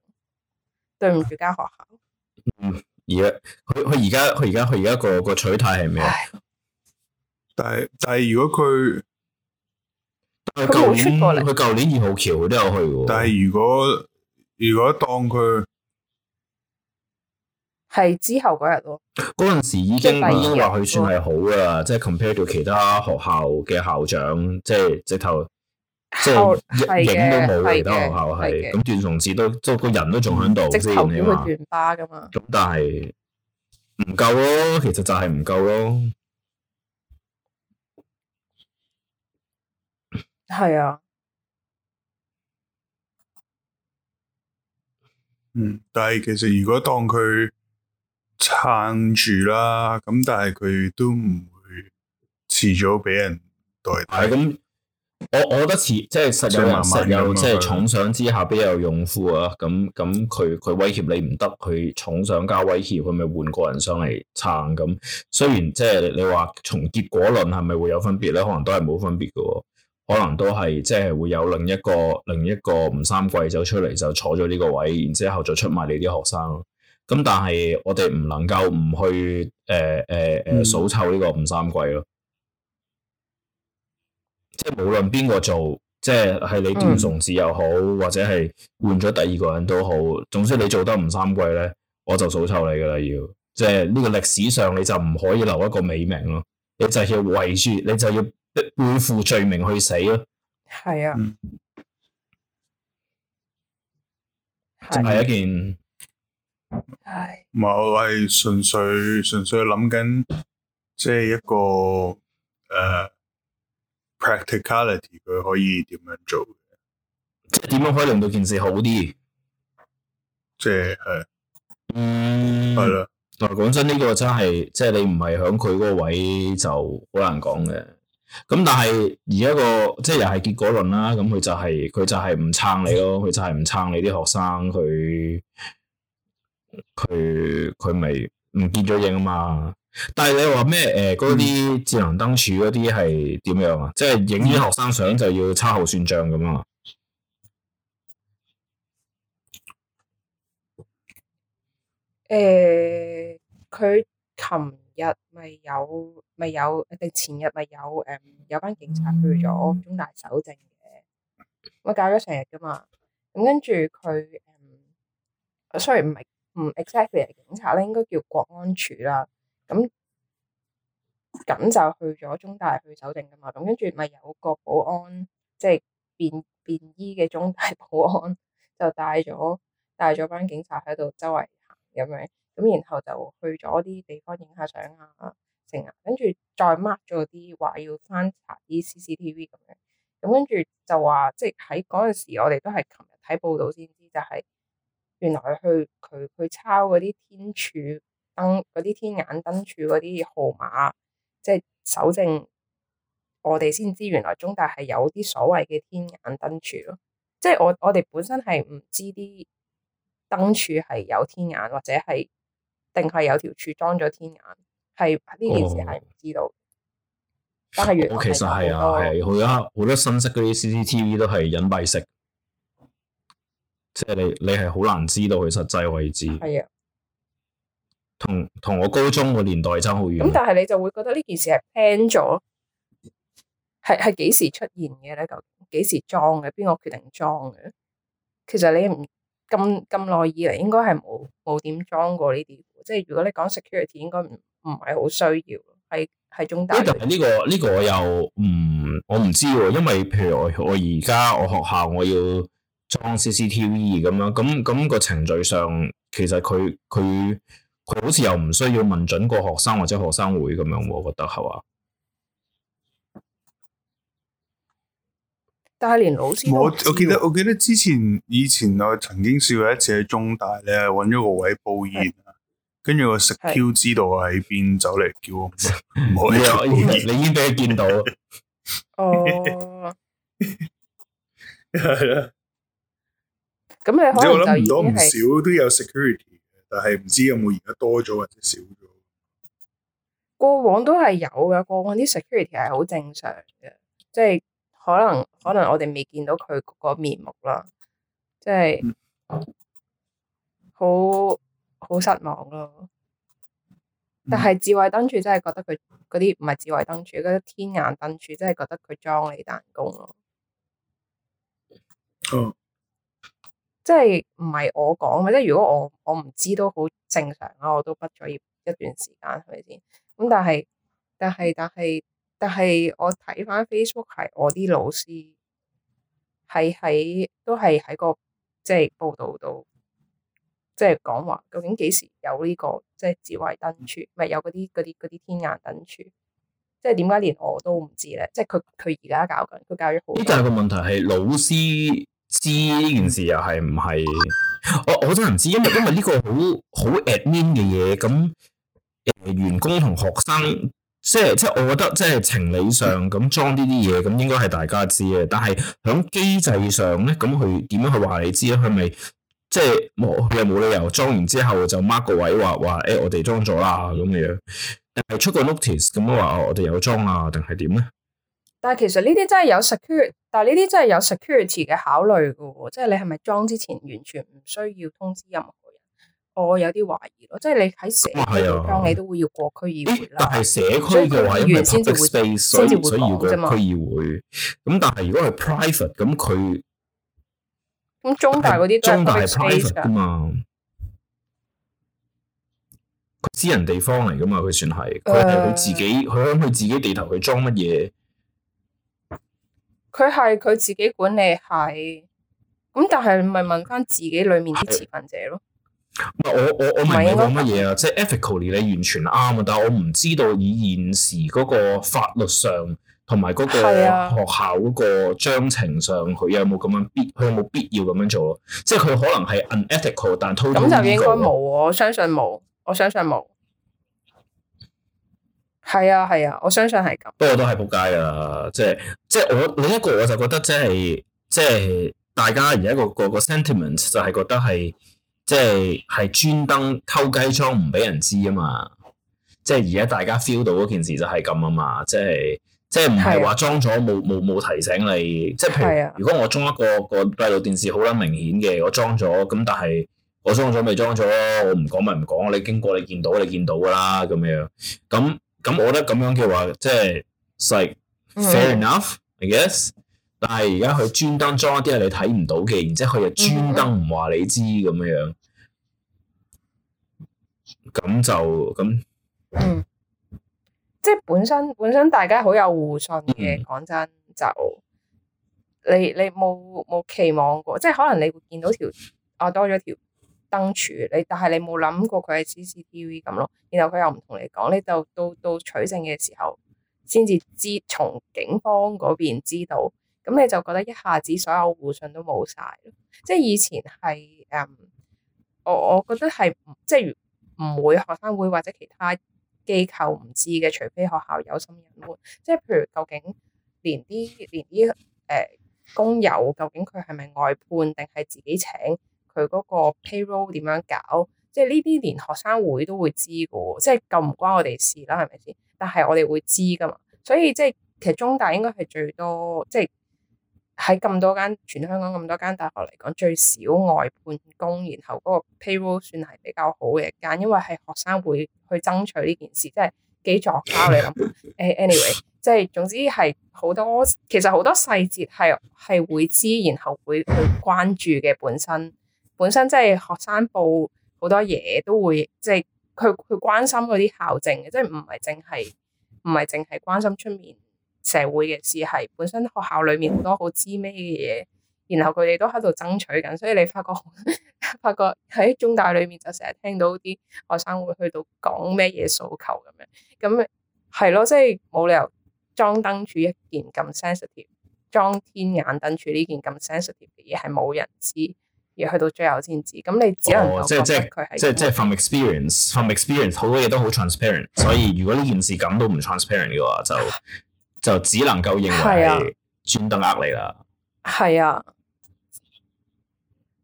對唔住間學校，嗯，而佢佢而家佢而家佢而家個、個取態係咩？但係但係如果佢佢好出過嚟，佢舊年二號橋都有去嘅。但係如果如果當佢係之後嗰日咯，嗰陣時已經、啊、時已經話佢算係好噶啦，哦、即係 compare 到其他學校嘅校長，即、就、係、是、直頭。即係、哦、影都冇，其他學校係咁。段崇智都即係個人都仲喺度，即係、嗯、嘛。直頭要巴噶嘛？咁但係唔夠咯，其實就係唔夠咯。係啊的。嗯，但係其實如果當佢撐住啦，咁但係佢都唔會遲早俾人代替咁。的我我覺得似即係實有人成即係重賞之下必有勇夫啊！咁咁佢佢威脅你唔得，佢重賞加威脅，佢咪換個人上嚟撐？咁雖然即係你話從結果論係咪會有分別咧？可能都係冇分別噶、哦，可能都係即係會有另一個另一個吳三桂走出嚟就坐咗呢個位，然之後再出賣你啲學生。咁但係我哋唔能夠唔去誒誒誒數臭呢個吳三桂咯。即係無論邊個做，即係係你唔重視又好，嗯、或者係換咗第二個人都好，總之你做得唔三季咧，我就數臭你噶啦，要即係呢個歷史上你就唔可以留一個美名咯，你就要圍住，你就要背負罪名去死咯。係啊，淨係、嗯、是一件係，唔係我係純粹純粹諗緊，即係一個誒。呃 Practicality 佢可以點樣做？即係點樣可以令到件事好啲？即係係，嗯，係啦。但係講真，呢個真係即係你唔係喺佢嗰個位就好難講嘅。咁但係而家個即係又係結果論啦。咁佢就係，佢就係唔撐你咯。佢就係唔撐你啲學生。佢佢佢咪唔見咗影啊嘛～但係你話咩？誒、呃，嗰啲智能燈柱嗰啲係點樣啊？嗯、即係影院學生相就要差後算賬咁啊？誒、欸，佢琴日咪有，咪有定前日咪有誒、嗯，有班警察去咗中大搜證嘅，嗯、我搞咗成日噶嘛。咁跟住佢，雖然唔係唔 exactly 係警察咧，應該叫國安處啦。咁咁就去咗中大去酒店噶嘛，咁跟住咪有個保安，即係便便衣嘅中大保安，就帶咗帶咗班警察喺度周圍行咁樣，咁然後就去咗啲地方影下相啊、成啊，跟住再 mark 咗啲話要翻查啲 CCTV 咁樣，咁跟住就話即係喺嗰陣時，我哋都係琴日睇報道先知，就係原來去佢去抄嗰啲天柱。燈嗰啲天眼燈柱嗰啲號碼，即係搜證，我哋先知原來中大係有啲所謂嘅天眼燈柱咯。即係我我哋本身係唔知啲燈柱係有天眼或者係定係有條柱裝咗天眼，係呢件事係唔知道。但係，我其實係啊，係好多好多新式嗰啲 CCTV 都係隱蔽式，即係你你係好難知道佢實際位置。係啊。同同我高中個年代差好遠。咁、嗯、但係你就會覺得呢件事係 plan 咗，係係幾時出現嘅咧？咁幾時裝嘅？邊個決定裝嘅？其實你唔咁咁耐以嚟，應該係冇冇點裝過呢啲。即係如果你講 security，應該唔唔係好需要，係係中大、欸。但係、呢個呢個我又唔、嗯、我唔知、啊，因為譬如我我而家我學校我要裝 CCTV 咁樣，咁咁個程序上其實佢佢。佢好似又唔需要問準個學生或者學生會咁樣喎，我覺得係話。大連老師，我我記得我記得之前以前我曾經試過一次喺中大咧揾咗個位報宴。跟住個食 Q，知道我喺邊走，走嚟是叫我唔好 你已經俾佢見到。哦，係咯。咁你可能諗唔到唔少都有 security。但係唔知有冇而家多咗或者少咗？過往都係有嘅，過往啲 security 係好正常嘅，即係可能可能我哋未見到佢嗰個面目啦，即係好好失望咯。但係智慧燈柱真係覺得佢嗰啲唔係智慧燈柱，嗰啲天眼燈柱真係覺得佢裝你彈弓咯。哦。即係唔係我講嘅？即係如果我我唔知都好正常啊，我都畢咗業一段時間，係咪先？咁但係但係但係但係我睇翻 Facebook 係我啲老師係喺都係喺個即係報道度，即係講話究竟幾時有呢個即係智慧燈柱，咪、嗯、有嗰啲嗰啲嗰啲天眼燈柱？即係點解連我都唔知咧？即係佢佢而家搞緊，佢搞咗好耐。呢就係個問題係老師。知呢件事又係唔係？我我真係唔知，因為因為呢個好好 admin 嘅嘢，咁誒、呃呃、員工同學生，即係即係我覺得即係情理上咁裝呢啲嘢，咁應該係大家知嘅。但係響機制上咧，咁佢點樣去話你知啊？佢咪即係冇佢又冇理由裝完之後就 mark 個位話話誒我哋裝咗啦咁嘅樣，但誒出個 notice 咁樣話我哋有裝啊定係點咧？但係其實呢啲真係有 security，但係呢啲真係有 security 嘅考慮噶，即係你係咪裝之前完全唔需要通知任何人？我有啲懷疑咯，即係你喺社區裝你都會要過區議會啦。但係社區嘅話因為 public space，原先就會先至以會講啫嘛。區議會。咁但係如果係 private 咁佢，咁中大嗰啲，中大係 private 噶嘛？私人地方嚟噶嘛？佢算係佢係佢自己，佢響佢自己地頭去裝乜嘢？佢係佢自己管理係，咁但係咪問翻自己裏面啲持份者咯？唔係我我我問你講乜嘢啊？即係 ethical 你完全啱啊，但係我唔知道以現時嗰個法律上同埋嗰個學校嗰個章程上，佢的有冇咁樣必佢有冇必要咁樣做咯？即係佢可能係 unethical，但係 total 咁就應該冇，我相信冇，我相信冇。係啊，係啊，我相信係咁。不過都係扑街啊，即係即係我另一個，我就覺得即係即係大家而家個個 sentiment 就係覺得係即係係專登偷雞裝唔俾人知啊嘛！即係而家大家 feel 到嗰件事就係咁啊嘛！即係即係唔係話裝咗冇冇冇提醒你，即係譬如啊，如果我裝一個一個閉路電視好啦，明顯嘅我裝咗咁，但係我裝咗咪裝咗咯，我唔講咪唔講咯，你經過你見到你見到噶啦咁樣咁。咁我覺得咁樣嘅話，即係細、like, mm hmm. fair enough，I guess。但。但係而家佢專登裝一啲係你睇唔到嘅，然之後佢又專登唔話你知咁樣樣。咁就咁，嗯，即係本身本身大家好有互信嘅。講、mm hmm. 真，就你你冇冇期望過，即係可能你會見到條啊、mm hmm. 多咗條。爭取你，但係你冇諗過佢係 CCTV 咁咯。然後佢又唔同你講，你就到到，到取證嘅時候，先至知從警方嗰邊知道。咁你就覺得一下子所有互信都冇晒，即係以前係誒、嗯，我我覺得係即係唔會學生會或者其他機構唔知嘅，除非學校有心隱瞞。即係譬如究竟連啲連啲誒工友究竟佢係咪外判定係自己請？佢嗰個 payroll 點樣搞，即係呢啲連學生會都會知嘅，即係咁唔關我哋事啦，係咪先？但係我哋會知噶嘛，所以即係其實中大應該係最多，即係喺咁多間全香港咁多間大學嚟講最少外判工，然後嗰個 payroll 算係比較好嘅間，因為係學生會去爭取呢件事，即係幾助交你諗？Anyway，即係總之係好多其實好多細節係係會知，然後會去關注嘅本身。本身即係學生報好多嘢，都會即係佢佢關心嗰啲校政嘅，即係唔係淨係唔係淨係關心出面社會嘅事，係本身學校裏面好多好知咩嘅嘢，然後佢哋都喺度爭取緊，所以你發覺 發覺喺中大裏面就成日聽到啲學生會去到講咩嘢訴求咁樣，咁係咯，即係冇理由裝燈柱一件咁 sensitive，裝天眼燈柱呢件咁 sensitive 嘅嘢係冇人知。而去到最後先知，咁你只能即係即係佢係，即係即係 from experience，from experience 好多嘢都好 transparent。所以如果呢件事咁都唔 transparent 嘅話，就 就只能夠認為係啊，專登呃你啦。係啊，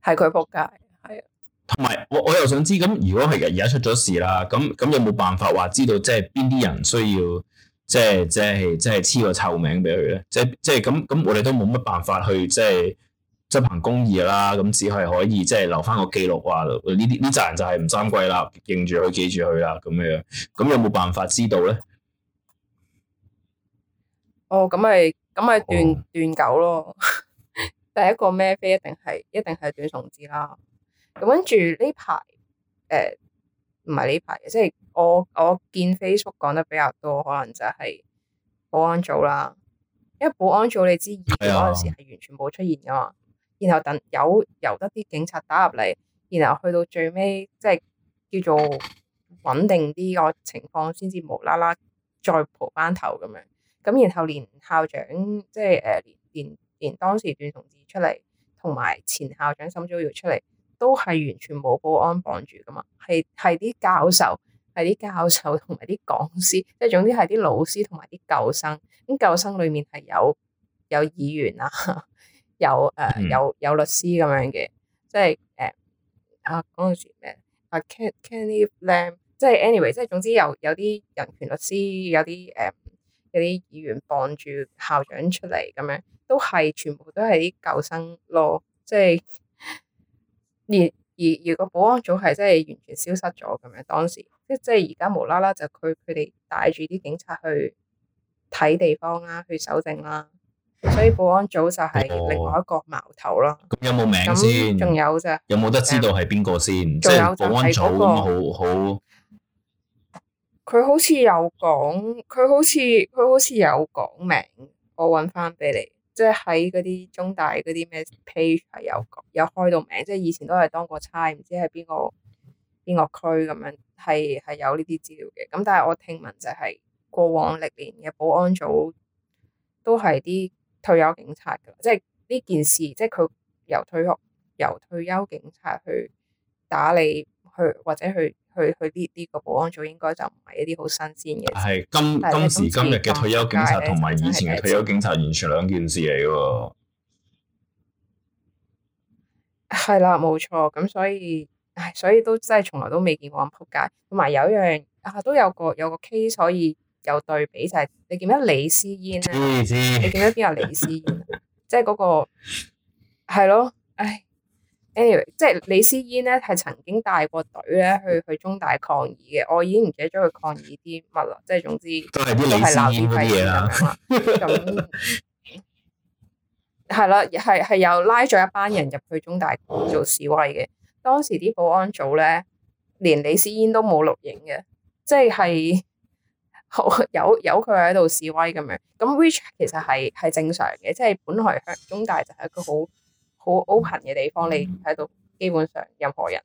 係佢仆街。係啊。同埋我我又想知，咁如果係而家出咗事啦，咁咁有冇辦法話知道即係邊啲人需要即係即係即係黐個臭名俾佢咧？即即係咁咁，我哋都冇乜辦法去即係。執行公義啦，咁只係可以即係留翻個記錄話，呢啲呢責任就係吳三桂啦，認住佢記住佢啦咁樣。咁有冇辦法知道咧？哦，咁咪咁咪斷、哦、斷狗咯。第一個咩飛一定係一定係斷重子啦。咁跟住呢排誒唔係呢排嘅，即係我我見 Facebook 講得比較多，可能就係保安組啦。因為保安組你知二月嗰陣時係完全冇出現噶嘛。然後等有由，由得啲警察打入嚟，然後去到最尾即係叫做穩定啲個情況，先至無啦啦再蒲翻頭咁樣。咁然後連校長即係誒，連連當時段同志出嚟，同埋前校長沈祖堯出嚟，都係完全冇保安綁住噶嘛，系係啲教授，係啲教授同埋啲講師，即係總之係啲老師同埋啲舊生。咁舊生裏面係有有議員啊。 有誒有有律師咁樣嘅，即係誒啊嗰陣時咩啊？Can Canley 咧，即係 anyway，即係總之有有啲人權律師，有啲誒有啲議員傍住校長出嚟咁樣，都係全部都係啲舊生咯，即係而而如果保安組係真係完全消失咗咁樣，當時即即係而家無啦啦就佢佢哋帶住啲警察去睇地方啦，去搜證啦。所以保安組就係另外一個矛頭咯。咁、哦、有冇名先？仲有，有，有就、嗰個。有冇得知道係邊個先？即係保安組咁好好。佢好似有講，佢好似佢好似有講名，我搵翻俾你。即係喺嗰啲中大嗰啲咩 page 係有講，有開到名。即、就、係、是、以前都係當過差，唔知係邊個邊個區咁樣，係係有呢啲資料嘅。咁但係我聽聞就係過往歷年嘅保安組都係啲。退休警察嘅，即係呢件事，即係佢由退休、由退休警察去打理，去或者去去去呢呢個保安組，應該就唔係一啲好新鮮嘅。係今但係今時今日嘅退休警察同埋以前嘅退休警察,休警察完全兩件事嚟喎。係啦，冇錯，咁所以，唉，所以都真係從來都未見過咁仆街，同埋有,有一樣啊都有個有個 case，所以。有對比就係、是、你記唔記得李思嫣咧？你見見李思，你記唔記得邊個李思嫣？即係嗰個係咯，唉，anyway，即係李思嫣咧係曾經帶過隊咧去去中大抗議嘅。我已經唔記得咗佢抗議啲乜啦。即係總之都係都係鬧啲屁事咁樣啦。咁係啦，係係又拉咗一班人入去中大做示威嘅。當時啲保安組咧連李思嫣都冇錄影嘅，即係係。 有有佢喺度示威咁樣，咁 which 其實係係正常嘅，即係本來香中大就係一個好好 open 嘅地方，你喺度基本上任何人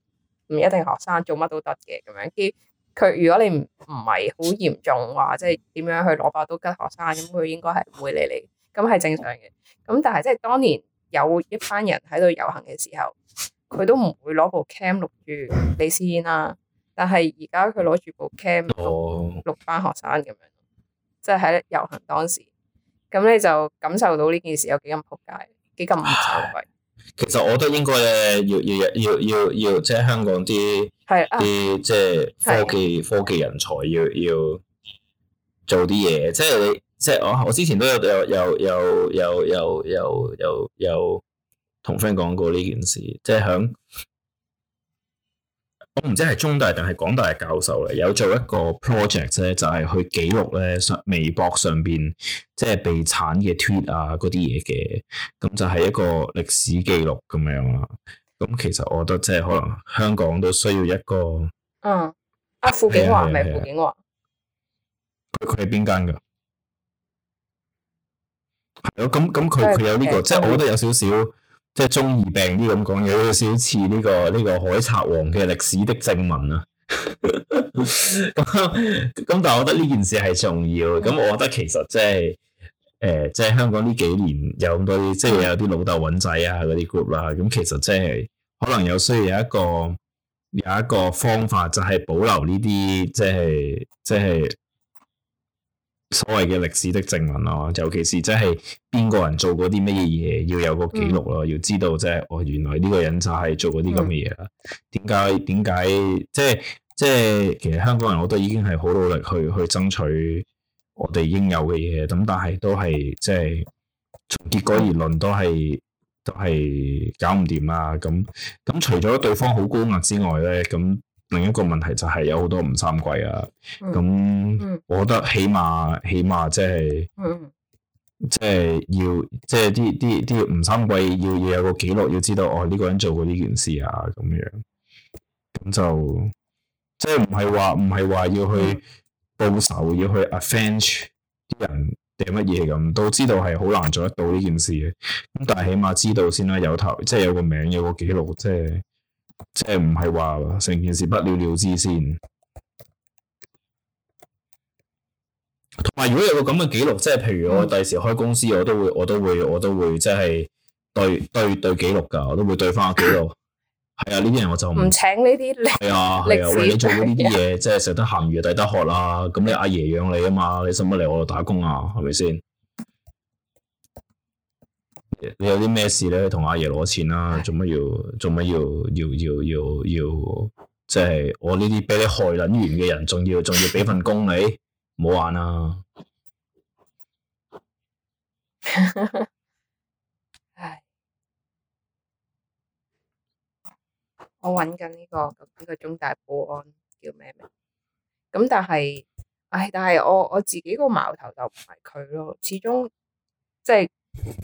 唔一定學生做乜都得嘅咁樣。佢如果你唔唔係好嚴重話，即係點樣去攞把刀拮學生，咁佢應該係唔會理你，咁係正常嘅。咁但係即係當年有一班人喺度遊行嘅時候，佢都唔會攞部 cam 錄住李思燕啦。但係而家佢攞住部 cam 哦，oh. 錄班學生咁樣，即係喺遊行當時，咁你就感受到呢件事有幾咁仆街，幾咁醜鬼。其實我覺得應該咧，要要要要要即係香港啲啲即係科技的科技人才要要做啲嘢，即係你即係我我之前都有有有有有有有有同 friend 講過呢件事，即係響。我唔知係中大定係港大嘅教授嚟，有做一個 project 咧，就係去記錄咧上微博上邊即係被鏟嘅 tweet 啊嗰啲嘢嘅，咁就係一個歷史記錄咁樣啦。咁其實我覺得即係可能香港都需要一個，嗯，阿、啊、傅景華係咪傅景華？佢係邊間噶？係咯、啊，咁咁佢佢有呢、這個，的即係我覺得有少少。即係中二病啲咁講，有少少似呢個呢個海賊王嘅歷史的正文啊。咁 但係我覺得呢件事係重要。咁我覺得其實即係誒，即係香港呢幾年有咁多啲，即係有啲老豆揾仔啊嗰啲 group 啦、啊。咁其實即係可能有需要有一個有一個方法就，就係保留呢啲，即係即係。所謂嘅歷史的證文咯，尤其是即係邊個人做過啲咩嘢，要有個記錄咯，嗯、要知道即係哦，原來呢個人就係做過啲咁嘅嘢啦。點解點解？即係即係，其實香港人我都已經係好努力去去爭取我哋應有嘅嘢，咁但係都係即係從結果而論都係都係搞唔掂啦。咁咁除咗對方好高壓之外咧，咁。另一個問題就係有好多吳三桂啊，咁、嗯、我覺得起碼起碼即、就、係、是，即係、嗯、要即係啲啲啲吳三桂要要有個記錄，要知道哦呢、這個人做過呢件事啊咁樣，咁就即係唔係話唔係話要去報仇，嗯、要去 avenge 啲人定乜嘢咁，都知道係好難做得到呢件事嘅，咁但係起碼知道先啦，有頭即係、就是、有個名，有個記錄即係。就是即係唔係話成件事不了了之先，同埋如果有個咁嘅記錄，即係譬如我第時開公司，我都會，我都會，我都會，即、就、係、是、對對對記錄噶，我都會對翻個記錄。係 啊，呢啲人我就唔請呢啲。係啊係啊，喂、啊、你做咗呢啲嘢， 即係食得鹹魚抵得渴啦、啊。咁你阿爺養你啊嘛，你使乜嚟我度打工啊？係咪先？你有啲咩事咧？同阿爺攞錢啦、啊，做乜要？做乜要？要要要要，即係我呢啲俾你害撚完嘅人，仲要仲要俾份工你，唔好玩啦、啊 我搵緊呢個，呢、呢個中大保安叫咩名？咁但係，唉，但係我我自己個矛頭就唔係佢咯，始終即係。就是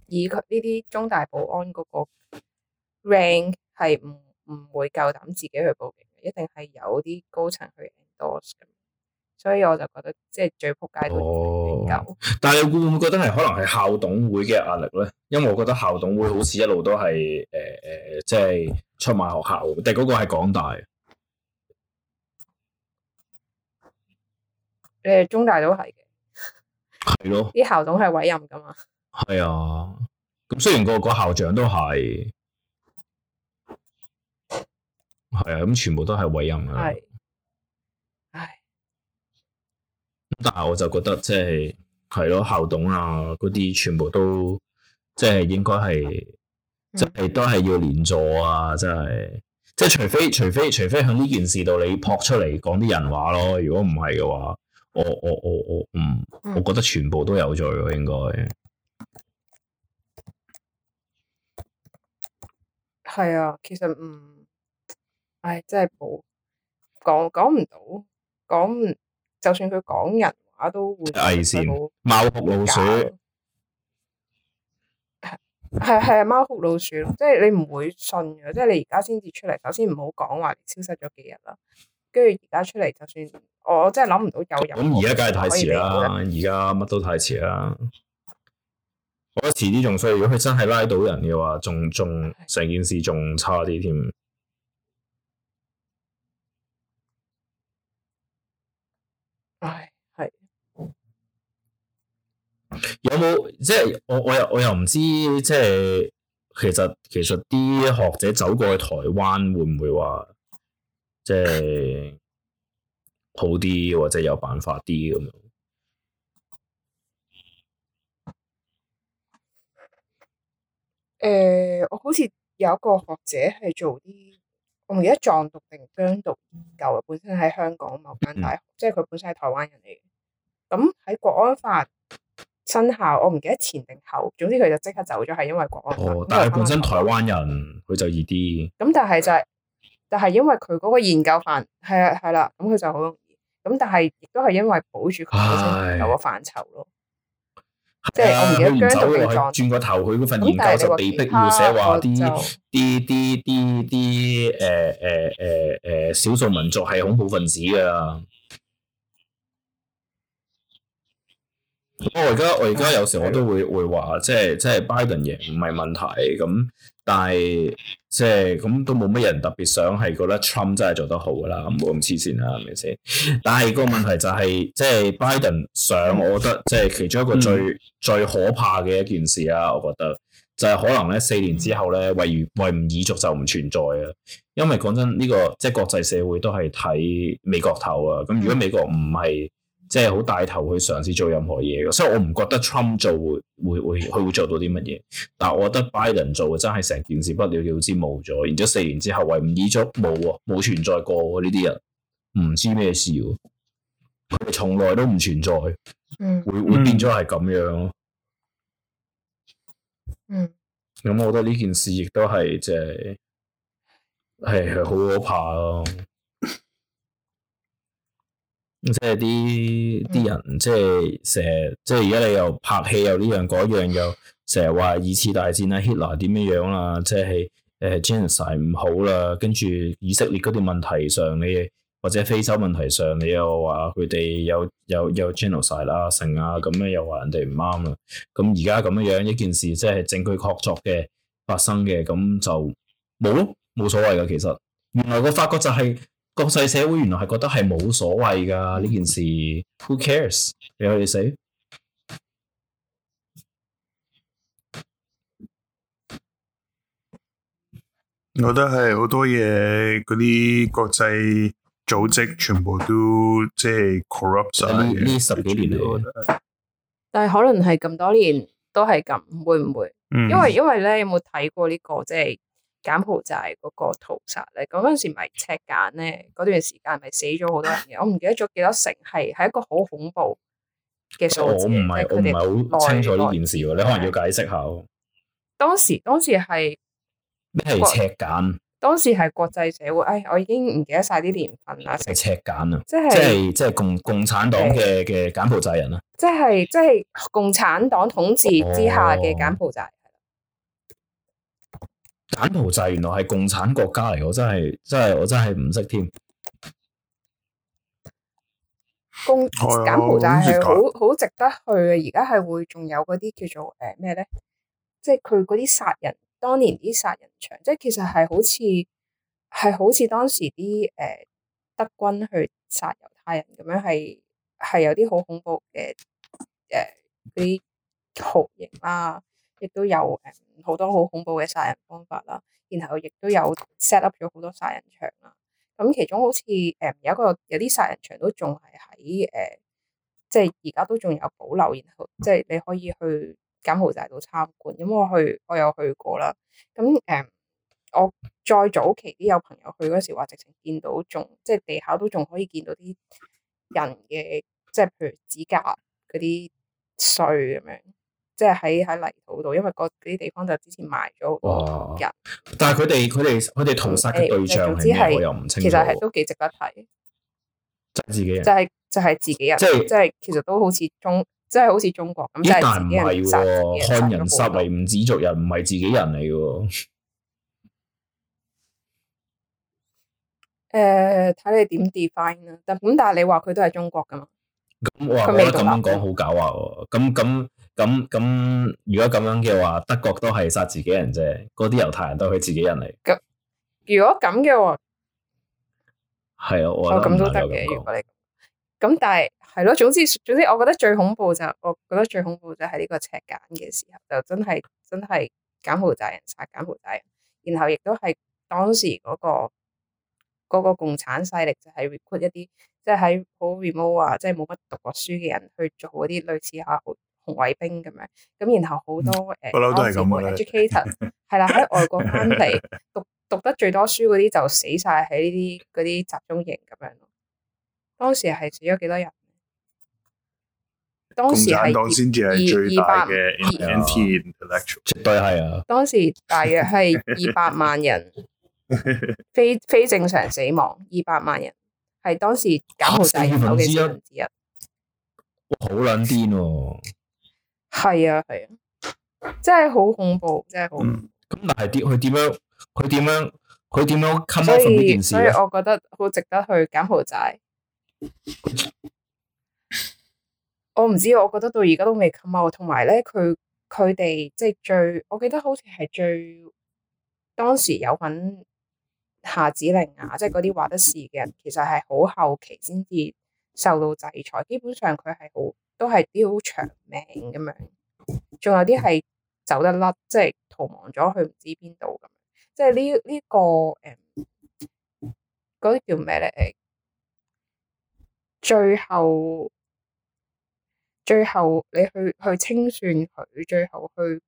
而佢呢啲中大保安嗰個 rank 係唔唔會夠膽自己去報警，嘅，一定係有啲高層去 endorse 咁，所以我就覺得即係最仆街都唔夠，哦。但係你會唔會覺得係可能係校董會嘅壓力咧？因為我覺得校董會好似一路都係誒誒，即係出賣學校，但係嗰個係港大，誒中大都係嘅，係咯的，啲 校董係委任噶嘛。係啊，咁雖然個個校長都係，係啊，咁全部都係委任啊。係，咁但係我就覺得即係係咯校董啊嗰啲全部都即係、即係、應該係，即、就、係、係、都係要連坐啊！真係，即係、嗯、除非除非除非響呢件事度你撲出嚟講啲人話咯，如果唔係嘅話，我我我我唔，我覺得全部都有罪咯、啊，應該。係啊，其實唔，唉、嗯哎，真係冇講講唔到，講唔就算佢講人話都會危險，貓哭、哎、老鼠，係係啊，貓、哎、哭、哎、老鼠，即係你唔會信嘅，即係你而家先至出嚟，首先唔好講話消失咗幾日啦，跟住而家出嚟，就算我真係諗唔到有人，咁而家梗係太遲啦，而家乜都太遲啦。我遲啲仲衰，如果佢真係拉到人嘅話，仲仲成件事仲差啲添。唉的，係有冇，即係我我又我又唔知，即係其實其實啲學者走過去台灣，會唔會話即係好啲，或者有辦法啲咁樣？誒、呃，我好似有一個學者係做啲，我唔記得藏獨定疆獨研究，本身喺香港某間大學，嗯、即係佢本身係台灣人嚟嘅。咁喺國安法生效，我唔記得前定後，總之佢就即刻走咗，係因為國安法。哦、但係本身台灣人佢就、係、人就易啲。咁但係就係、係，但係因為佢嗰個研究範係啊係啦，咁佢、啊啊、就好容易。咁但係亦都係因為保住佢嗰啲嗰個範疇咯。即係佢唔走，佢轉個頭去，佢嗰份研究就被迫要寫話啲啲啲啲啲，誒誒誒誒，少、啊啊啊、數民族係恐怖分子噶、啊。我而家我而家有時我都會會話，即係即係拜登贏唔係問題咁。但係即係咁都冇乜人特別想係覺得 Trump 真係做得好噶啦，冇咁黐線啦，係咪先？但係個問題就係、是，即係 Biden 上，我覺得即係其中一個最、嗯、最可怕嘅一件事啊，我覺得就係、是、可能咧四年之後咧，維如維吾爾族就唔存在啊，因為講真呢、這個即係、就是、國際社會都係睇美國頭啊，咁如果美國唔係。即係好帶頭去嘗試做任何嘢嘅，所以我唔覺得 Trump 做會會會佢會做到啲乜嘢，但係我覺得 Biden 做真係成件事不了了之冇咗，然之後四年之後為唔依足冇啊冇存在過呢啲人，唔知咩事，佢哋從來都唔存在，嗯、會會變咗係咁樣咯。嗯，咁我覺得呢件事亦都係即係係好可怕咯。即係啲啲人，即係成日，即係而家你又拍戲又呢樣嗰樣又成日話二次大戰啊，Hitler 點樣樣啦，即係誒、呃，genocide 唔好啦，跟住以色列嗰啲問題上你，或者非洲問題上你又話佢哋有有有 genocide 啦成啊，咁樣又話人哋唔啱啦，咁而家咁樣樣一件事即係證據確鑿嘅發生嘅，咁就冇咯，冇所謂噶，其實原來我發覺就係。國際社會原來係覺得係冇所謂噶呢件事 ，Who cares？你可以死。我覺得係好多嘢，嗰啲國際組織全部都即係 corrupt 晒。呢呢十幾年嚟，我覺得。但係可能係咁多年都係咁，會唔會？嗯，因因為因為咧，有冇睇過呢個即係？柬埔寨嗰個屠殺咧，咁嗰陣時咪赤柬咧，嗰段時間咪死咗好多人嘅，我唔記得咗幾多成，係係一個好恐怖嘅數字。所以我唔係唔係好清楚呢件事喎，你可能要解釋下當，當時當時係咩係赤柬？當時係國際社會，哎，我已經唔記得晒啲年份啦。係赤柬啊！即係即係即係共共產黨嘅嘅柬埔寨人啊。即係即係共產黨統治之下嘅柬埔寨。哦。柬埔寨原來係共產國家嚟，我真係真係我真係唔識添。共柬埔寨係好好值得去嘅，而家係會仲有嗰啲叫做誒咩咧？即係佢嗰啲殺人，當年啲殺人場，即係其實係好似係好似當時啲誒、呃、德軍去殺猶太人咁樣，係係有啲好恐怖嘅誒嗰啲酷刑啦、啊。亦都有誒好多好恐怖嘅殺人方法啦，然後亦都有 set up 咗好多殺人場啦。咁其中好似誒有一個，有啲殺人場都仲係喺誒，即係而家都仲有保留，然後即係你可以去柬埔寨度參觀。咁我去，我有去過啦。咁誒、呃，我再早期啲有朋友去嗰時話，直情見到仲即係地下都仲可以見到啲人嘅，即係譬如指甲嗰啲碎咁樣。即係喺喺泥土度，因為嗰啲地方就之前埋咗人。但係佢哋佢哋佢哋屠殺嘅對象係咩？我又唔清楚。其實係都幾值得睇。就係自己人。就係、是、就係、是、自己人。即係是即係，其實都好似中，即係好似中國咁。但係漢人殺為唔止族人，唔係自己人嚟嘅。誒、呃，睇你點 define 啦。咁但係你話佢都係中國㗎嘛？咁我覺得咁講好搞啊！咁咁。咁咁，如果咁樣嘅話，德國都係殺自己人啫，嗰啲猶太人都係自己人嚟。咁如果咁嘅話，係啊，我咁都得嘅，哦。如果你咁，但係係咯，總之總之我、就是，我覺得最恐怖就，我覺得最恐怖就係呢個赤柬嘅時候，就真係真係，柬埔寨人殺柬埔寨人，然後亦都係當時嗰、嗰個、嗰個共產勢力就係 recruit 一啲，即係喺好 remote 啊，即係冇乜讀過書嘅人去做嗰啲類似下。紅衛兵咁樣，咁然後好多誒，嗯、當時個 educator 係啦，喺 外國翻嚟讀讀得最多書嗰啲就死晒喺呢啲嗰啲集中營咁樣咯。當時係死咗幾多人？當時係當先至嘅 intellectual 絕對係啊。當時大約係二百萬人 非非正常死亡，二百萬人係當時減去死咗三分之一。 好卵癲哦！係啊，係啊，真係好恐怖，真係好。咁但係點？佢點樣？佢點樣？佢點樣？所以，所以我覺得好值得去柬埔寨。 我唔知，我覺得到而家都未冚埋。同埋咧，佢佢哋即係最，我記得好似係最當時有份下指令啊，即係嗰啲話得事嘅人，其實係好後期先至受到制裁。基本上佢係好。都係啲好長命咁樣，仲有啲係走得甩，即係，即係逃亡咗去唔知邊度咁。即、呢、係、個嗯嗰個、呢呢個誒啲叫咩咧？最後最後你去去清算佢，最後去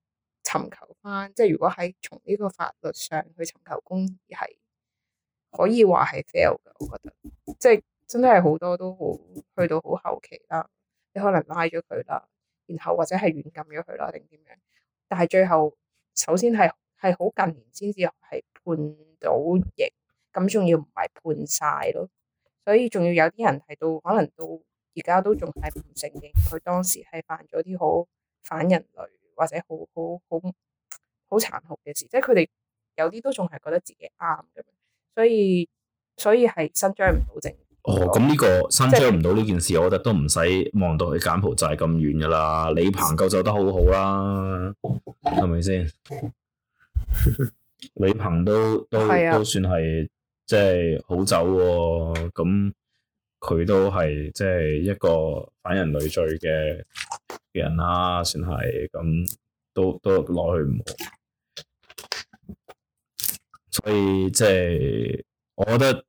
尋求翻，即係如果喺從呢個法律上去尋求公義，係可以話係 fail 嘅。我覺得即係真係好多都好去到好後期啦。你可能拉咗佢啦，然後或者係軟禁咗佢啦，定點樣？但係最後首先係係好近年先至係判到刑，咁仲要唔係判晒咯，所以仲要有啲人睇到可能到而家都仲係唔承認佢當時係犯咗啲好反人類或者好好好好殘酷嘅事，即係佢哋有啲都仲係覺得自己啱咁，所以所以係伸張唔到正哦，咁呢，這個伸張唔到呢件事，即我覺得都唔使望到去柬埔寨咁遠噶啦。李鵬夠走得好好啦，係咪先？ 李鵬都都 都算係即係好走，咁佢都係即係一個反人類罪嘅嘅人啦，算係咁都都攞佢唔好，所以即係我覺得。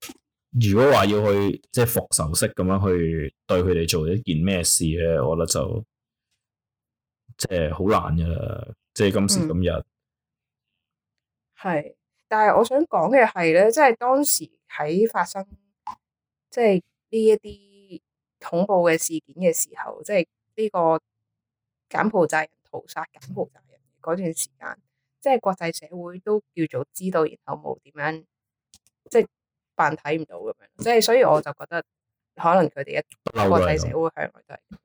如果話要去即係復仇式咁樣去對佢哋做一件咩事咧，我覺得就即係好難噶即係今時今日。係、嗯，但係我想講嘅係咧，即係當時喺發生即係呢一啲恐怖嘅事件嘅時候，即係呢個柬埔寨人屠殺柬埔寨人嗰段時間，即係國際社會都叫做知道，然後冇點樣即係。就是扮睇唔到咁樣，即係所以我就覺得可能佢哋一國際社會向來都係咁樣。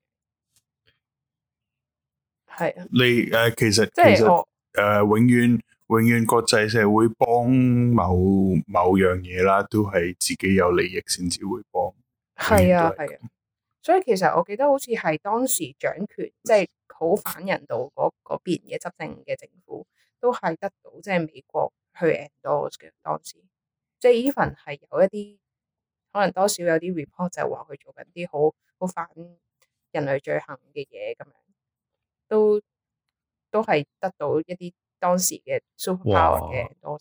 係啊。你誒、呃，其實即係是誒、呃，永遠永遠國際社會幫某某樣嘢啦，都係自己有利益先至會幫。係啊，係啊。所以其實我記得好似係當時掌權，即係好反人道嗰嗰邊嘅執政嘅政府，都係得到即係、就是、美國去 endorse 嘅當時。即係 even 係有一啲可能多少有啲 report 就話佢做緊啲好好反人類罪行嘅嘢咁樣，都都係得到一啲當時嘅 superpower 嘅。啊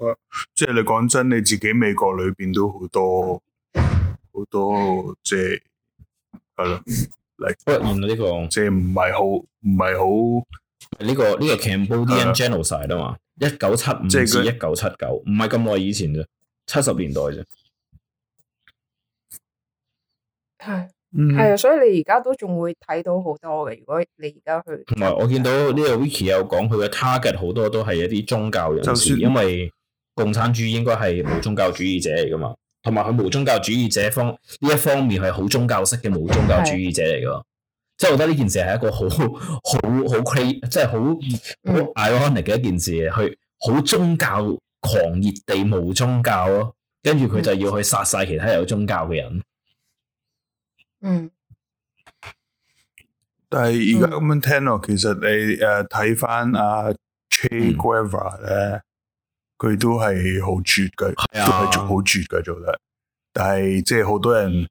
哇！即係你講真，你自己美國裏邊都好多好多，即係係啦，出現呢個即係唔係好唔係好。呢、這個呢、這個 Cambodian genocide 啦嘛，的，一九七五至一九七九，唔係咁耐以前啫，七十年代啫。係，係啊，所以你而家都仲會睇到好多嘅。如果你而家去，同埋，嗯、我見到呢個 Wiki 有講佢嘅 target 好多都係一啲宗教人士，算因為共產主義應該係無宗教主義者嚟噶嘛。同埋佢無宗教主義者方呢一方面係好宗教式嘅無宗教主義者嚟噶。我覺得呢件事係一個好好好 crazy 即係好 ironic 嘅一件事，去，好宗教狂熱地冇宗教咯，跟住佢就要去殺晒其他有宗教嘅人嗯。嗯，嗯但係而家咁樣聽落，其實你誒睇翻阿 Che Guevara 咧、嗯，佢都係好絕嘅，啊、都係做好絕嘅做得。但係即係好多人。嗯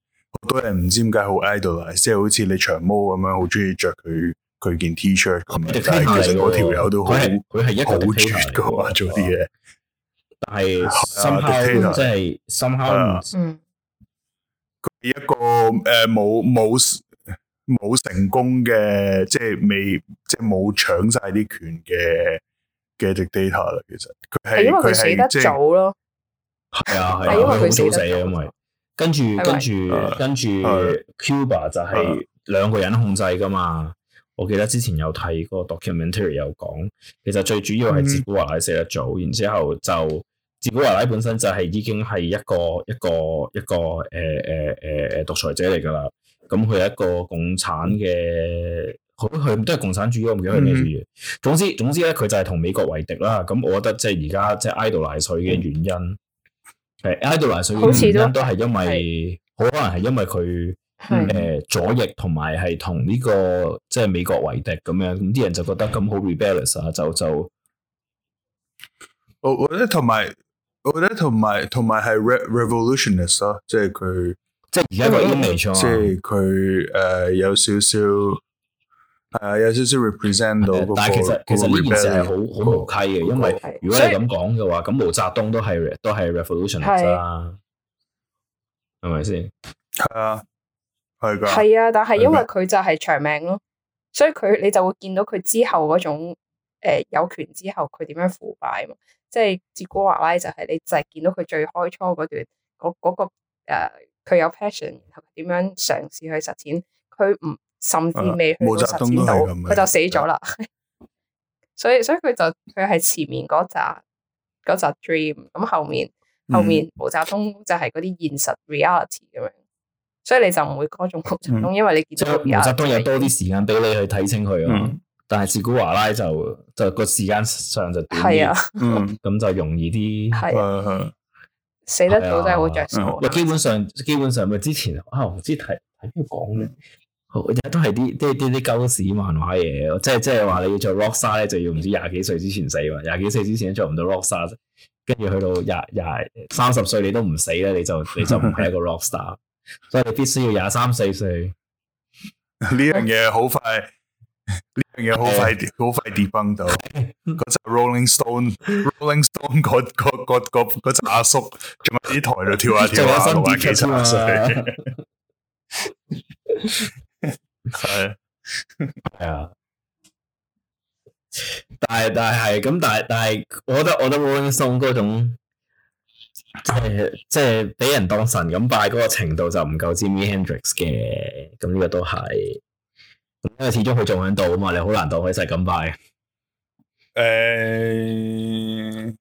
都係唔知點解好 idolize，即係好似你長毛咁樣，好中意着佢佢件 T 恤咁。但係其實嗰條友都好，佢係一好絕㗎喎做啲嘢。但係深刻，即係深刻。嗯，佢一個誒冇冇冇成功嘅，即係未即係冇搶晒啲權嘅嘅 data 啦。其實佢係因為佢死得早咯。係啊，係因為佢早死啊，因為。跟住跟住跟住，Cuba 就係兩個人控制噶嘛。Yes. 我記得之前有睇個 documentary 有講，其實最主要係哲古華拉死得早，mm hmm. 然之後就哲古華拉本身就係、是、已經係一個一個一個誒誒誒誒獨裁者嚟噶啦。咁佢係一個共產嘅，佢佢、mm hmm. 都係共產主義，我唔記得佢咩主義。總之總之咧，佢就係同美國為敵啦。咁我覺得即係而家即係 idolize 佢嘅原因。解 ela 係アイドル啊，所以原因都係因為，好的可能係因為佢誒的、呃、左翼，同埋係同呢個即係、就是、美國為敵咁樣，咁啲人就覺得咁好 rebellious 啊，就就，我我覺得同埋，我覺得同埋同埋係 revolutionist 咯，即係佢，即係而家個英美 Okay.，即係佢誒有少少。係啊，有少少 represent 到，但係其實 the, 其實呢件事係好好無稽嘅，因為如果你係咁講嘅話，咁以毛澤東都係都係 revolutionist 啦，係咪先？係啊，係㗎是。係啊，但係因為佢就係長命咯，所以佢你就會見到佢之後嗰種、呃、有權之後佢點樣腐敗嘛，即係結果話咧就係、是、你就係見到佢最開初嗰段嗰嗰、嗰個佢、呃、有 passion，然後點樣嘗試去實踐，佢唔。甚至未去到實踐到，佢就死咗啦。所以，所以佢就佢係前面嗰扎嗰扎 dream，咁後面後面毛澤東就係嗰啲現實 reality 咁樣。所以你就唔會嗰種過程中，因為你見到毛澤東有多啲時間俾你去睇清佢啊。但係哲古華拉就就個時間上就短啲，咁就容易啲。嗯嗯，死得到真係好着數。基本上基本上咪之前啊，唔知睇睇邊講咧。都係啲即啲啲鳩屎漫畫嘢，即係即係話你要做 rock star 咧，就要唔知廿幾歲之前死。廿幾歲之前做唔到 rock star。跟住去到廿廿三十歲你都唔死咧，你就你就唔係一個 rock star。 所以你必須要廿三四歲。呢樣嘢好快，呢樣嘢好快，好快跌崩到。嗰隻《Rolling Stone》《Rolling Stone》嗰嗰嗰隻阿叔仲喺啲台度跳下跳下， 係，係啊 但係但係咁，但係但係，我覺得我都好送嗰種，即係即係俾人當神咁拜嗰個程度就唔夠 Jimmy Hendrix 嘅，咁呢個都係，因為始終佢仲喺度啊嘛，你好難到佢就係咁拜。誒、欸，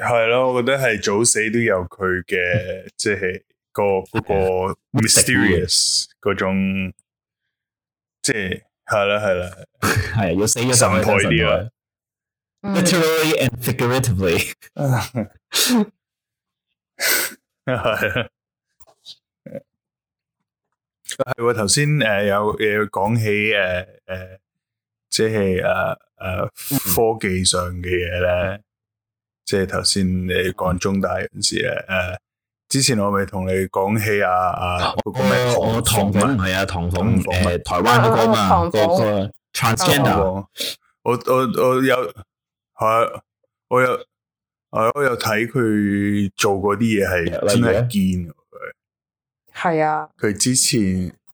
係咯，我覺得係，早死都有佢嘅，即係、 嗰個嗰、嗰個 mysterious 嗰 種。即係係啦係啦係啊，要死要死，配合啲啊！Literally and figuratively，係啊，係喎。頭先誒有嘢講起誒誒，即係誒誒科技上嘅嘢咧，即係頭先你講中大嗰陣時啊誒。之前我咪同你講起啊，阿嗰個咩？我唐鳳係啊，唐鳳誒，台灣都講啊，嗰個 transgender。我我我有係，我有係，我有睇佢做過啲嘢係真係堅。係啊。佢之前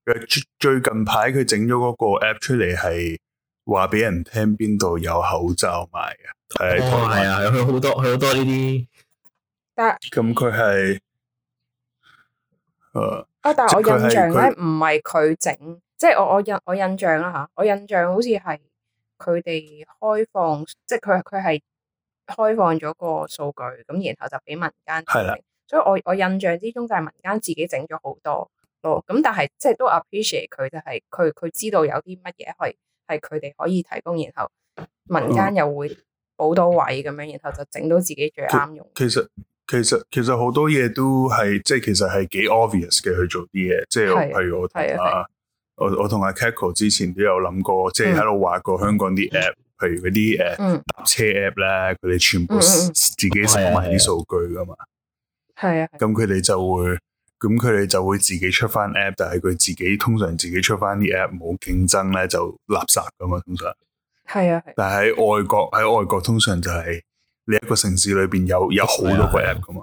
佢最近排佢整咗嗰個 app 出嚟，係話俾人聽邊度有口罩賣嘅。哦，係啊，係佢好多佢好多呢啲。得，咁佢係。誒，啊，uh，但係我印象咧唔係佢整，是即係我我印他我印象啦、啊、吓，我印象好似係佢哋開放，即係佢佢係開放咗個數據，咁然後就俾民間係啦，的所以我我印象之中就係民間自己整咗好多咯，咁、哦、但係即係都 appreciate 佢，就係佢佢知道有啲乜嘢係係佢哋可以提供，然後民間又會補到位咁樣，嗯、然後就整到自己最啱用。其實。其實其實好多嘢都係即係其實係幾 obvious 嘅去做啲嘢，即係譬如我睇啊，我我同阿 Kako 之前都有諗過，即係喺度話過香港啲 app，嗯、譬如嗰啲誒搭車 app 咧，佢哋全部、嗯、自己收埋啲數據噶嘛，係啊的，咁佢哋就會，咁佢哋就會自己出翻 app，但係佢自己通常自己出翻啲 app 冇競爭咧就垃圾噶嘛，通常係啊，的的但係喺外國喺外國通常就係、是。你一個城市裏邊有有好多個 app 噶嘛？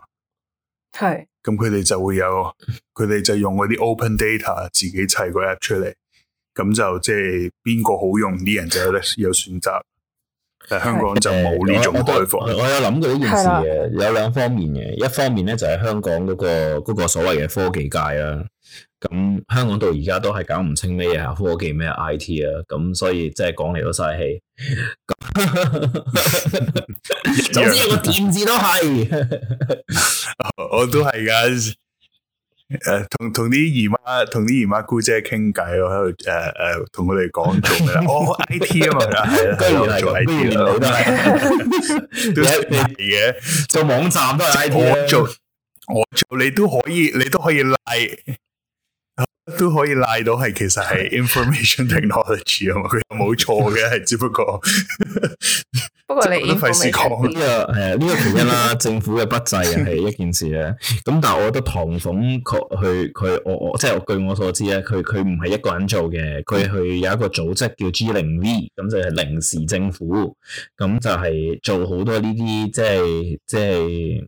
係，咁佢哋就會有，佢哋就用嗰啲 open data 自己砌個 app 出嚟，咁就即係邊個好用啲人就有選擇。誒的，香港就冇呢種開放。我有諗過呢件事嘅，的有兩方面嘅。一方面咧就係香港嗰、嗰個、嗰個所謂嘅科技界啦。咁香港到而家都係搞唔清咩啊？科技咩 IT 啊，咁所以即係講嚟都嘥氣。 總之個電子都係 ，我都係噶。誒、啊，同同啲姨媽、同啲姨媽姑姐傾偈，我喺度誒誒，同佢哋講做咩？ 我啊 IT 啊嘛，係啦，跟、啊、住、嗯、做 IT 啦， 都係嘅，你做網站都係 IT 啦、啊，做我做，我做你都可以，你都可以拉。都可以賴到係，其實係 information technology 啊嘛的，佢冇錯嘅，係 只不過 只不過你都費事講呢個係啊，呢、這個其一啦。 政府嘅不濟係一件事啊。咁 但係我覺得唐鳳佢佢我我即係據我所知啊，佢佢唔係一個人做嘅，佢去有一個組織叫 G 零 V，咁就係零時政府，咁就係做好多呢啲即係即係。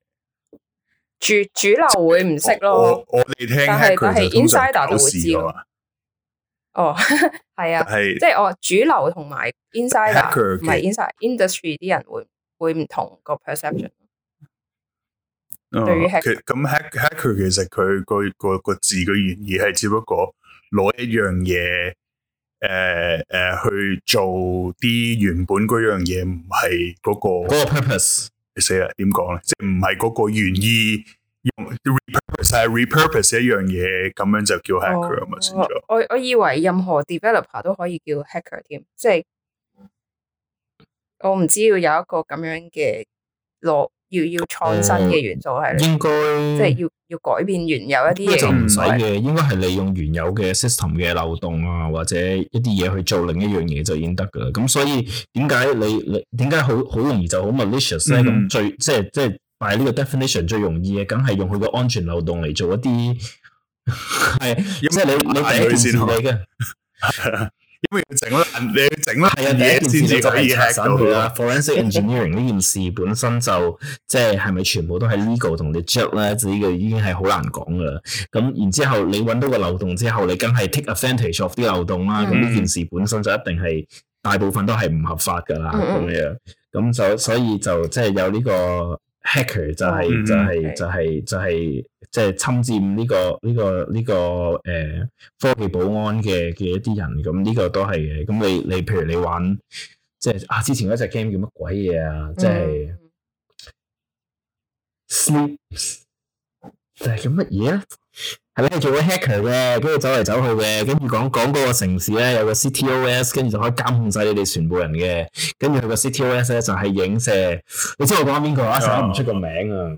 主主流會唔識咯，但係但係 insider 就會知咯。哦，係啊，即係我主流同埋 insider 唔係 insider industry 啲人會會唔同個 perception。對於 hacker，咁 hack hacker 其實佢個個個字個原意係只不過攞一樣嘢，誒誒去做啲原本嗰樣嘢唔係嗰個嗰個 purpose。死啦！點講咧？即係唔係嗰個原意用 repurpose，係、啊、repurpose 一樣嘢，咁樣就叫 hacker 啊嘛、哦？先咗我我以為任何 developer 都可以叫 hacker 添，即係我唔知要有一個咁樣嘅落。要要創新嘅元素係，應該即係要要改變原有一啲嘢。就唔使嘅，應該係是利用原有嘅 system 嘅漏洞啊，或者一啲嘢去做另一樣嘢就已經得噶啦。咁所以點解你你點解好好容易就好 malicious 咧？咁、mm hmm. 最即係即係 by 呢個 definition 最容易嘅，梗係用佢個安全漏洞嚟做一啲係， 即係你它你係騙你嘅。因為要整難，你要整咯，係啊，呢一件事就係拆散佢啦。Forensic engineering 呢件事本身就即係係咪全部都係 legal 同你 judge 咧？呢個已經係好難講噶啦。咁然之後你揾到個漏洞之後，你梗係 take advantage of 啲漏洞啦。咁呢件事本身就一定係大部分都係唔合法噶啦。咁樣，咁就所以就即係有呢個 hacker 就係就係就係就係。即係侵佔呢、這個呢、這個呢、這個誒、呃、科技保安嘅嘅一啲人，咁呢個都係嘅。咁你你譬如你玩即係啊，之前嗰隻 game 叫乜鬼嘢啊？即係，係、嗯、叫乜嘢啊？係咧，做咗 hacker 嘅，跟住走嚟走去嘅，跟住講講嗰個城市咧有個 CTOS，跟住就可以監控晒你哋全部人嘅。跟住個 CTOS 咧就係、是、影射，你知我講緊邊個啊？一時諗唔出個名啊！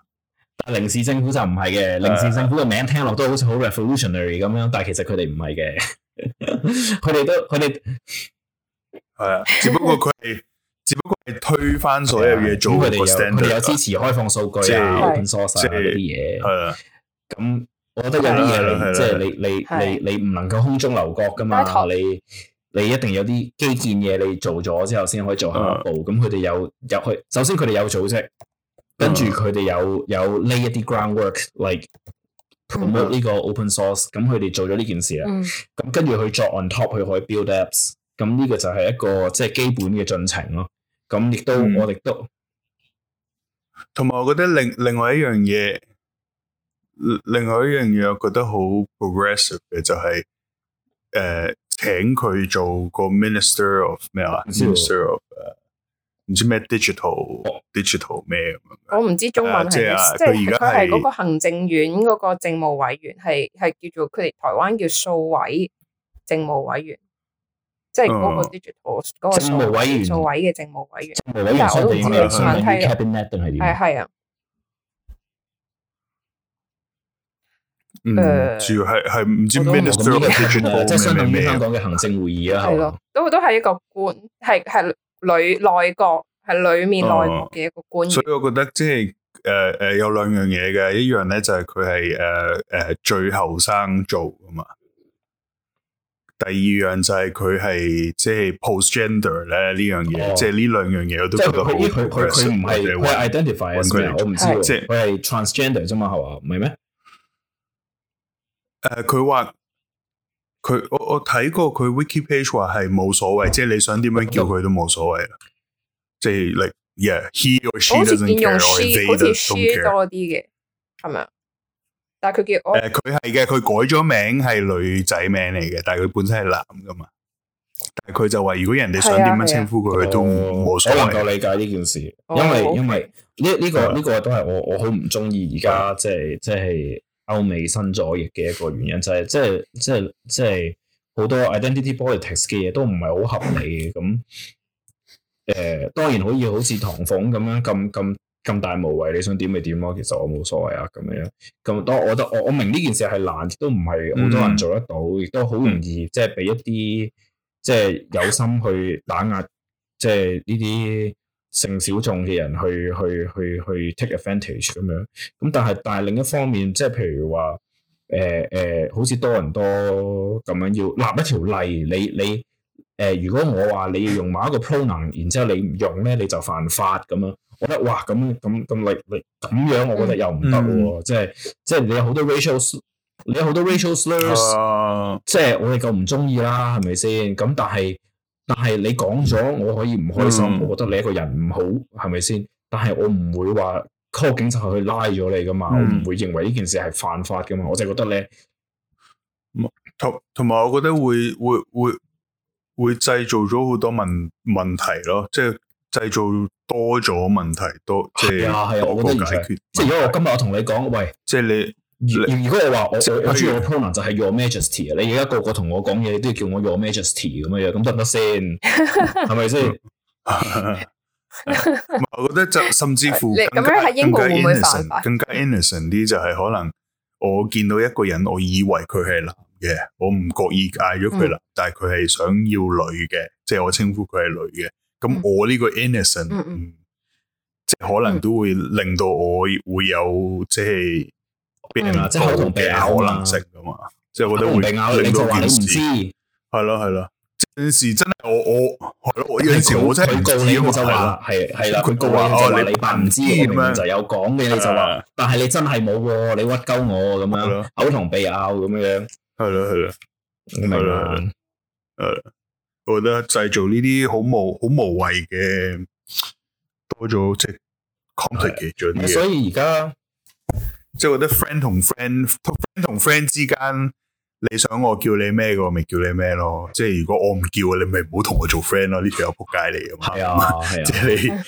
零時政府就唔係嘅，零時政府個名聽落都好似好 revolutionary 咁樣，但係其實佢哋唔係嘅，佢哋都佢哋係啊，只不過佢係只不過係推翻所有嘢做，佢哋有佢哋有支持開放數據啊、open source 呢啲嘢，係啦。咁我覺得有啲嘢你即係你你你你唔能夠空中樓閣噶嘛，你你一定有啲基建嘢你做咗之後先可以做下一步。咁佢哋有入去，首先佢哋有組織。跟住佢哋有有呢一啲 groundwork，like promote 呢、嗯、個 open source，咁佢哋做咗呢件事啦。咁、嗯、跟住佢作 on top，佢可以 build apps。咁呢個就係一個即係、就是、基本嘅進程咯。咁亦都、嗯、我哋都同埋，我覺得另另外一樣嘢，另外一樣嘢，我覺得好 progressive 嘅就係、是、誒、呃、請佢做個 minister of 咩啊、嗯？minister of、uh, 唔知咩 digital，digital 咩我唔知中文係。即係佢而家係嗰個行政院嗰個政務委員，係係叫做佢哋台灣叫數位政務委員，即係嗰個 digital 嗰個數位嘅政務委員。但係我都唔知佢係咩。係係啊。嗯，主要係係唔知咩嘢。即係相當於香港嘅行政會議啊。係咯，都都係一個官，係係。女內閣係裏面內閣嘅一個官員，哦，所以我覺得即係誒誒有兩樣嘢嘅，一樣咧就係佢係誒誒最後生做噶嘛。第二樣就係佢係即係 postgender 咧呢樣嘢，即係呢兩樣嘢，哦，我都覺得好。佢佢佢佢唔係佢係 identify 係咩啊？我唔知喎的，佢係 transgender 啫嘛？係嘛？唔係咩？誒，佢話，呃。佢我我睇過佢 wiki page 話係冇所謂，即係你想點樣叫佢都冇所謂啦。嗯、即係嚟、like,，yeah，he or she 嗰陣叫，我哋好似 she 多啲嘅，係咪啊？但係佢叫誒，佢係嘅，佢改咗名係女仔名嚟嘅，但係佢本身係男噶嘛。但係佢就話，如果人哋想點樣稱呼佢佢、啊啊、都冇所謂，我能夠理解呢件事。因為因為呢呢個呢、這個這個都係我我好唔中意而家即係即係。就是就是歐美新左翼嘅一個原因就係，即係即係即係好多 identity politics 嘅嘢都唔係好合理嘅，咁誒、呃、當然可以好似唐鳳咁樣咁咁咁大無畏，你想點咪點咯，其實我冇所謂啊，咁樣咁當我覺得我我明呢件事係難，都唔係好多人做得到，亦、嗯、都好容易、嗯、即係俾一啲即係有心去打壓，即係呢啲。性小眾嘅人去去去去 take advantage 咁樣，咁但係但係另一方面，即係譬如話，誒、呃、誒、呃，好似多人多咁樣要立一條例，你你誒、呃，如果我話你要用某一個 pronoun，、um, 然之後你唔用咧，你就犯法咁樣！我覺得哇，咁咁咁，你你咁樣，樣我覺得又唔得喎，即係即係你有好多 racial，你有好多 racial slurs，、啊、即係我哋夠唔中意啦，係咪先？咁但係。但係你講咗，我可以唔開心，嗯、我覺得你一個人唔好，係咪先？但係我唔會話 call 警察去拉咗你噶嘛，嗯、我唔會認為呢件事係犯法噶嘛，我就係覺得咧，同同埋我覺得會會會會製造咗好多問問題咯，即係製造多咗問題多，即係冇解決。即係如果我今日我同你講，喂，即係你。如果我話我我中意嘅 pronoun 就係 Your Majesty 啊，你而家個個同我講嘢你都要叫我 Your Majesty 咁樣 rails，咁得唔得先？係咪先？我覺得就甚至乎咁樣係英文會唔會反白？更加 innocent 啲 in 就係可能我見到一個人，我以為佢係男嘅，我唔覺意嗌咗佢喇，但係佢係想要女嘅，即係我稱呼佢係女嘅，咁 mm. 我呢個 innocent，即係可能都會令到我會有即係。即係口同鼻拗可能性噶嘛，即係覺得會令你唔知？係咯係咯，有時真係我我係咯，有條佢告你就話係係啦，佢告話就話你扮唔知，明明就有講嘅，你就話，但係你真係冇喎，你屈鳩我咁樣，口同鼻拗咁樣，係咯係咯，我明啦，誒，我覺得製造呢啲好無好無謂嘅多咗即係所以而家。即係我覺得 friend 同 friend 同 friend 同 friend 之間，你想我叫你咩嘅，我咪叫你咩咯。即係如果我唔叫你咪唔好同我做 friend 咯，啊，呢條仆街嚟噶嘛。係啊，係嗎啊，啊即係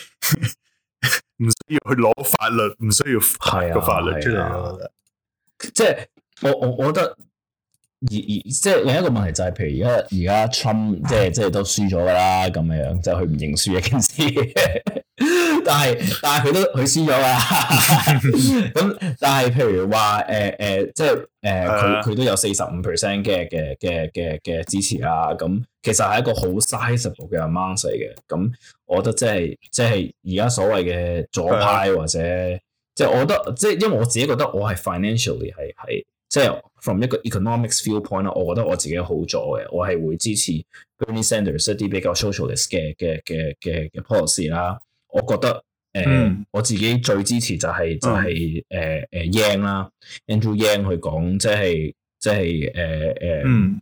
唔 需要去攞法律，唔需要個法律出嚟咯。即係我我我覺得而而即係另一個問題就係，譬如而家而家 Trump 即係即係都輸咗噶啦，咁樣樣就係佢唔認輸一件事。 但係但係佢都佢輸咗、 呃呃呃、的啊。咁但係譬如話誒誒，即係誒佢佢都有四十五 percent 嘅嘅嘅嘅嘅支持啊。咁其實係一個好 sizeable 嘅 amount 嚟嘅。咁、嗯、我覺得即係即係而家所謂嘅左派或者的即係我覺得即係因為我自己覺得我係 financially 係係即係、就是、from 一個 economics viewpoint 我覺得我自己好左嘅，我係會支持 Bernie Sanders 一啲比較 socialist 嘅嘅嘅嘅 policy 啦、啊。我覺得誒、呃、我自己最支持就係、是、就係、是、誒誒、呃、Yang 啦 Andrew Yang 去講即係即係誒誒。呃呃嗯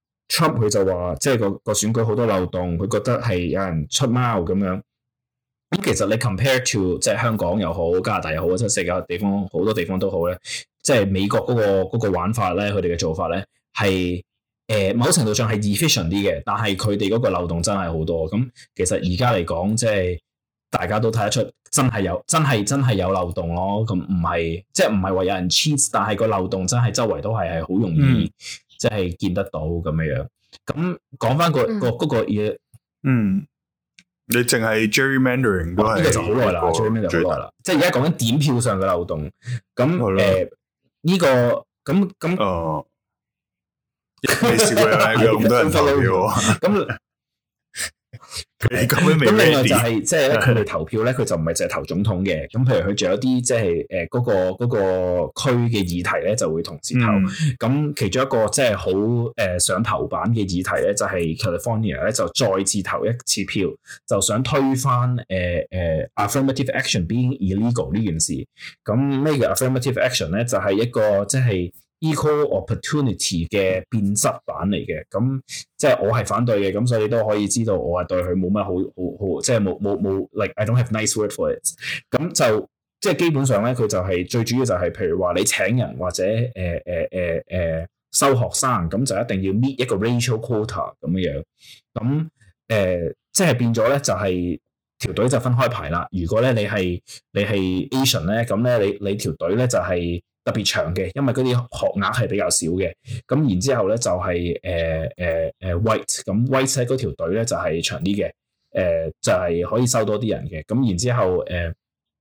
Trump 佢就話，即係個個選舉好多漏洞，佢覺得係有人出貓咁樣。咁其實你 compare to 即係香港又好，加拿大又好，即係世界地方好多地方都好咧。即係美國嗰個嗰個玩法咧，佢哋嘅做法咧係誒某程度上係 efficient 啲嘅，但係佢哋嗰個漏洞真係好多。咁其實而家嚟講，即係大家都睇得出，真係有真係真係有漏洞咯。咁唔係即係唔係話有人 cheat，但係個漏洞真係周圍都係係好容易。嗯即係見得到咁樣樣，咁講翻、嗰個個嗰個嘢，嗯，嗰個、嗯你淨係 gerrymandering 都係、哦呢個、好耐啦 gerrymandering 好耐啦，即係而家講緊點票上嘅漏洞，咁誒呢、呃呢個咁咁，哦、 你笑啊，有咁多人投票啊？咁 另外就係即係佢哋投票咧，佢就唔係淨係投總統嘅。咁譬如佢仲有啲即係誒嗰個嗰、嗰個區嘅議題咧，就會同時投。咁、嗯、其中一個即係好誒上頭版嘅議題咧，就係 California 咧就再次投一次票，就想推翻誒誒、啊啊、affirmative action being illegal 呢件事。咁咩叫 affirmative action 咧就係、係、一個即係。就係 Equal opportunity 嘅變質版嚟嘅，咁即係我係反對嘅，咁所以你都可以知道我係對佢冇乜好，好，好，即係冇冇冇，like I don't have nice word for it。咁就即係基本上咧，佢就係、是、最主要就係、是，譬如話你請人或者誒誒誒誒收學生，咁就一定要 meet 一個 racial quota 咁樣樣。咁誒、呃、即係變咗咧、就是，就係條隊就分開排啦。如果咧你係你係 Asian 咧，咁咧你你條隊咧就係、是。特別長嘅，因為嗰啲學額係比較少嘅。咁然之後咧就係誒誒誒 White，咁、嗯、White 喺嗰條隊咧就係長啲嘅。誒、呃、就係、是、可以收多啲人嘅。咁然之後誒誒、呃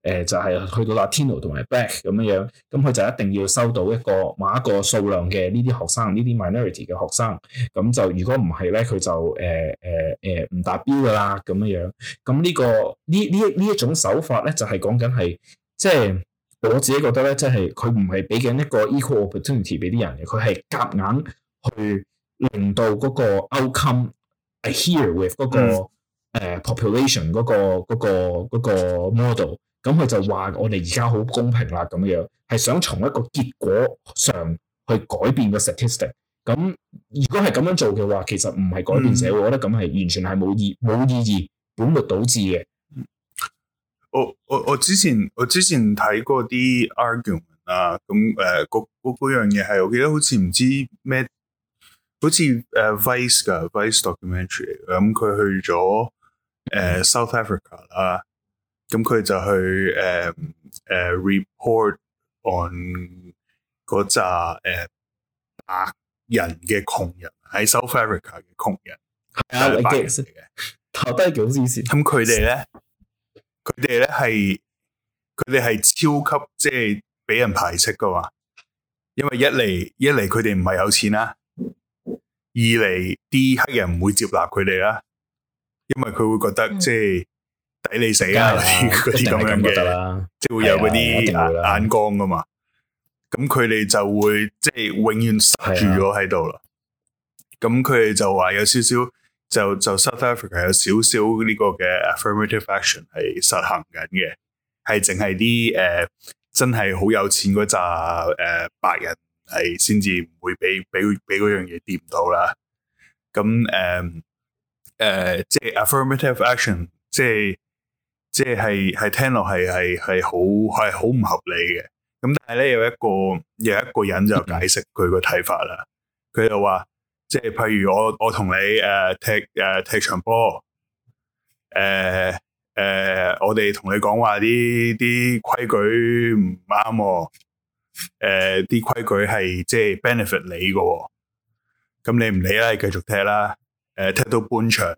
呃、就係、是、去到 Latino 同埋 Black 咁樣樣。咁、嗯、佢就一定要收到一個某一個數量嘅呢啲學生，呢啲 minority 嘅學生。咁、嗯、就如果唔係咧，佢就誒誒誒唔達標㗎喇。咁、呃、樣、呃呃、樣。咁呢、嗯這個呢呢一呢一種手法咧，就係講緊係即係。我自己覺得咧，即係佢唔係俾緊一個 equal opportunity 俾啲人嘅，佢係夾硬去令到嗰個 outcome adhere with 嗰個、嗯呃、population 嗰個、嗰個、嗰個 model。咁佢就話我哋而家好公平啦，咁樣係想從一個結果上去改變個 statistic。咁如果係咁樣做嘅話，其實唔係改變社會，嗯、我覺得咁係完全係冇意冇意義，本末倒置嘅。我我我之前我之前睇過啲 argument 啊、嗯，咁誒，嗰嗰樣嘢係我記得好似唔知咩，好似誒、uh, vice 噶 vice documentary，咁、嗯、佢去咗誒、呃、South Africa 啦、嗯，咁佢就去誒誒、呃呃、report on 嗰扎誒白人嘅窮人喺 South Africa 嘅窮人，係、呃、啊，白人嚟嘅，頭低幾多意思？咁佢哋咧？嗯佢哋咧係，佢哋係超級即係俾人排斥噶嘛，因為一嚟一嚟佢哋唔係有錢啦，二嚟啲黑人唔會接納佢哋啦，因為佢會覺得即係抵你死啊嗰啲咁樣嘅，即係會有嗰啲眼光噶嘛，咁佢哋就會即係、就是、永遠塞住咗喺度啦，咁佢哋就話有少少。就就 South Africa 有少少呢個嘅 affirmative action 係實行緊嘅，係淨係啲誒真係好有錢嗰扎誒白人係先至唔會俾俾俾嗰樣嘢掂到啦。咁誒誒，即係 affirmative action，即係即係係係聽落係係係好係好唔合理嘅。咁但係咧有一個有一個人就解釋佢個睇法啦，佢、嗯、就話。即係譬如我我同你誒、uh, 踢誒、uh, 踢場波誒誒我哋同你講話啲啲規矩唔啱誒啲規矩係即係 benefit 你嘅咁、啊、你唔理啦繼續踢啦誒、啊、踢到半場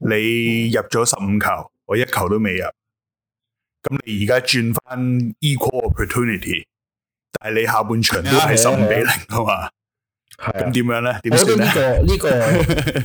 你入咗十五球我一球都未入咁你而家轉翻 equal opportunity 但係你下半場都係十五比零啊嘛。咁點樣咧？我覺得呢、這個呢、這個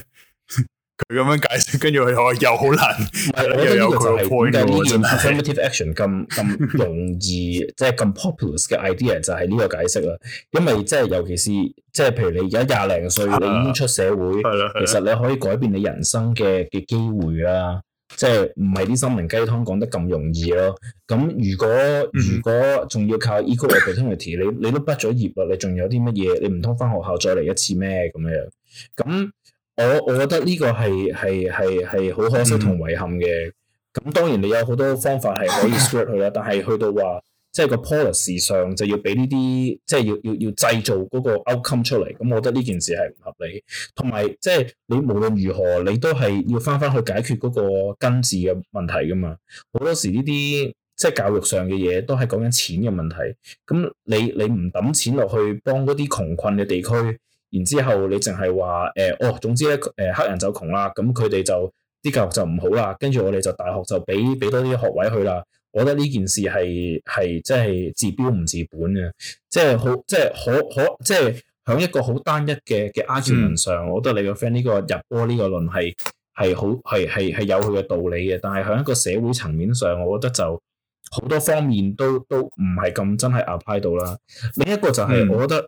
佢咁 樣解釋，跟住佢話又好難，是又有佢個配 affirmative action 咁咁 容易，即係咁 popular 嘅 idea 就係呢個解釋啦。因為即、就、係、是、尤其是即係、就是、譬如你而家廿零歲， 你已經出社會，啊、其實你可以改變你人生嘅嘅機會啊。即係唔係啲心靈雞湯講得咁容易咯？咁如果、嗯、如果仲要靠 equal opportunity，你你都畢咗業啦，你仲有啲乜嘢？你唔通翻學校再嚟一次咩？咁樣樣？咁我我覺得呢個係係係係好可惜同遺憾嘅。咁當然你有好多方法係可以 spread 去啦，但係去到話。即係個 policy 上就要俾呢啲，即係要要要製造嗰個 outcome 出嚟。咁我覺得呢件事係唔合理。同埋即係你無論如何，你都係要翻翻去解決嗰個根治嘅問題噶嘛。好多時呢啲即係教育上嘅嘢都係講緊錢嘅問題。咁你你唔抌錢落去幫嗰啲窮困嘅地區，然之後你淨係話誒哦，總之咧誒、呃、黑人就窮啦，咁佢哋就啲教育就唔好啦，跟住我哋就大學就俾俾多啲學位佢啦。我覺得呢件事係係真係治標唔治本啊！即係好即係可可即係響一個好單一嘅嘅、嗯、argument 上，我覺得你個 friend 呢個入波呢個論係係好係係係有佢嘅道理嘅。但係響一個社會層面上，我覺得就好多方面都都唔係咁真係 apply 到啦。另一個就係我覺得誒，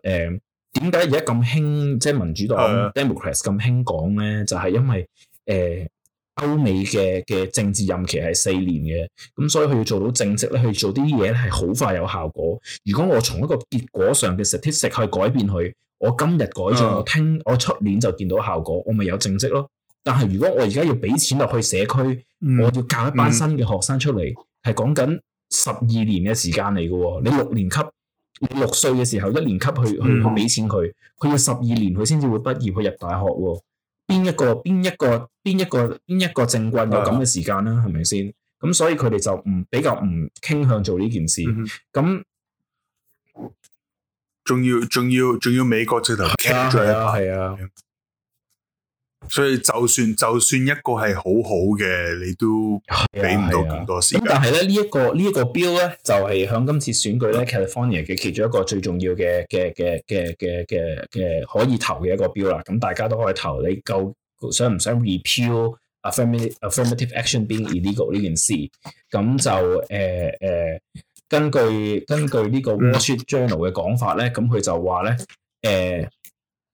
點解而家咁興即係民主黨、嗯、Democrats 咁興講咧？就係、是、因為誒。呃歐美嘅嘅政治任期係四年嘅，咁所以佢要做到政績咧，去做啲嘢咧係好快有效果。如果我從一個結果上嘅 statistic 去改變佢，我今日改咗、嗯，我聽我出年就見到效果，我咪有政績咯。但係如果我而家要俾錢落去社區，嗯、我要教一班新嘅學生出嚟，係講緊十二年嘅時間嚟嘅。你六年級你六歲嘅時候，一年級去去俾錢佢，佢要十二年佢先至會畢業去入大學。邊一個邊一個邊一個邊一個政棍有咁嘅時間啦，係咪先？咁所以佢哋就唔比較唔傾向做呢件事。咁仲、嗯、哼那要仲要仲要美國直頭，傾咗啦。係啊啊。所以就算就算一個係好好嘅，你都俾唔到咁多時間。啊啊、但係咧呢一、這個、這個、呢一個標咧，就係、是、響今次選舉咧，California 嘅其中一個最重要嘅嘅嘅嘅嘅嘅嘅可以投嘅一個標啦。咁大家都可以投。你夠想唔想 repeal affirmative affirmative action being illegal 呢件事？咁就誒誒、呃呃，根據根據個呢個 Wall Street Journal 嘅講法咧，咁佢就話咧誒。呃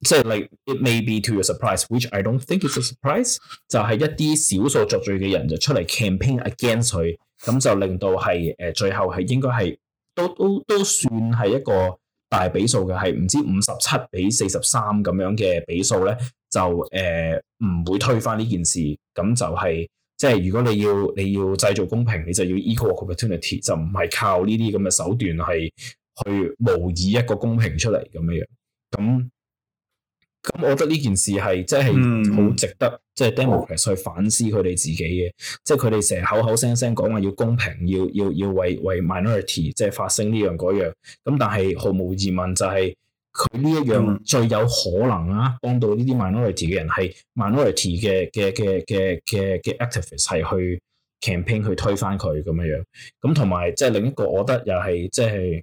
即係 like it may be to your surprise, which I don't think is a surprise，就係一啲少數作罪嘅人就出嚟 campaign against 佢，咁就令到係誒、呃、最後係應該係都都都算係一個大比數嘅係唔知五十七比四十三咁樣嘅比數咧，就誒唔、呃、會推翻呢件事，咁就係、是、即係如果你要你要製造公平，你就要 equal opportunity，就唔係靠呢啲咁嘅手段係去模擬一個公平出嚟咁樣樣，咁。咁我覺得呢件事係即係好值得，即係、嗯、Democrats 去反思佢哋自己嘅，嗯、即係佢哋成日口口聲聲講話要公平，要要要為為 minority，即係發聲呢樣嗰樣。咁但係毫無疑問就係佢呢一樣最有可能啦、啊，幫、嗯、到呢啲 minority 嘅人係 minority 嘅嘅嘅嘅嘅嘅 activist 係去 campaign 去推翻佢咁樣樣。咁同埋即係另一個我覺，我覺得又係即係。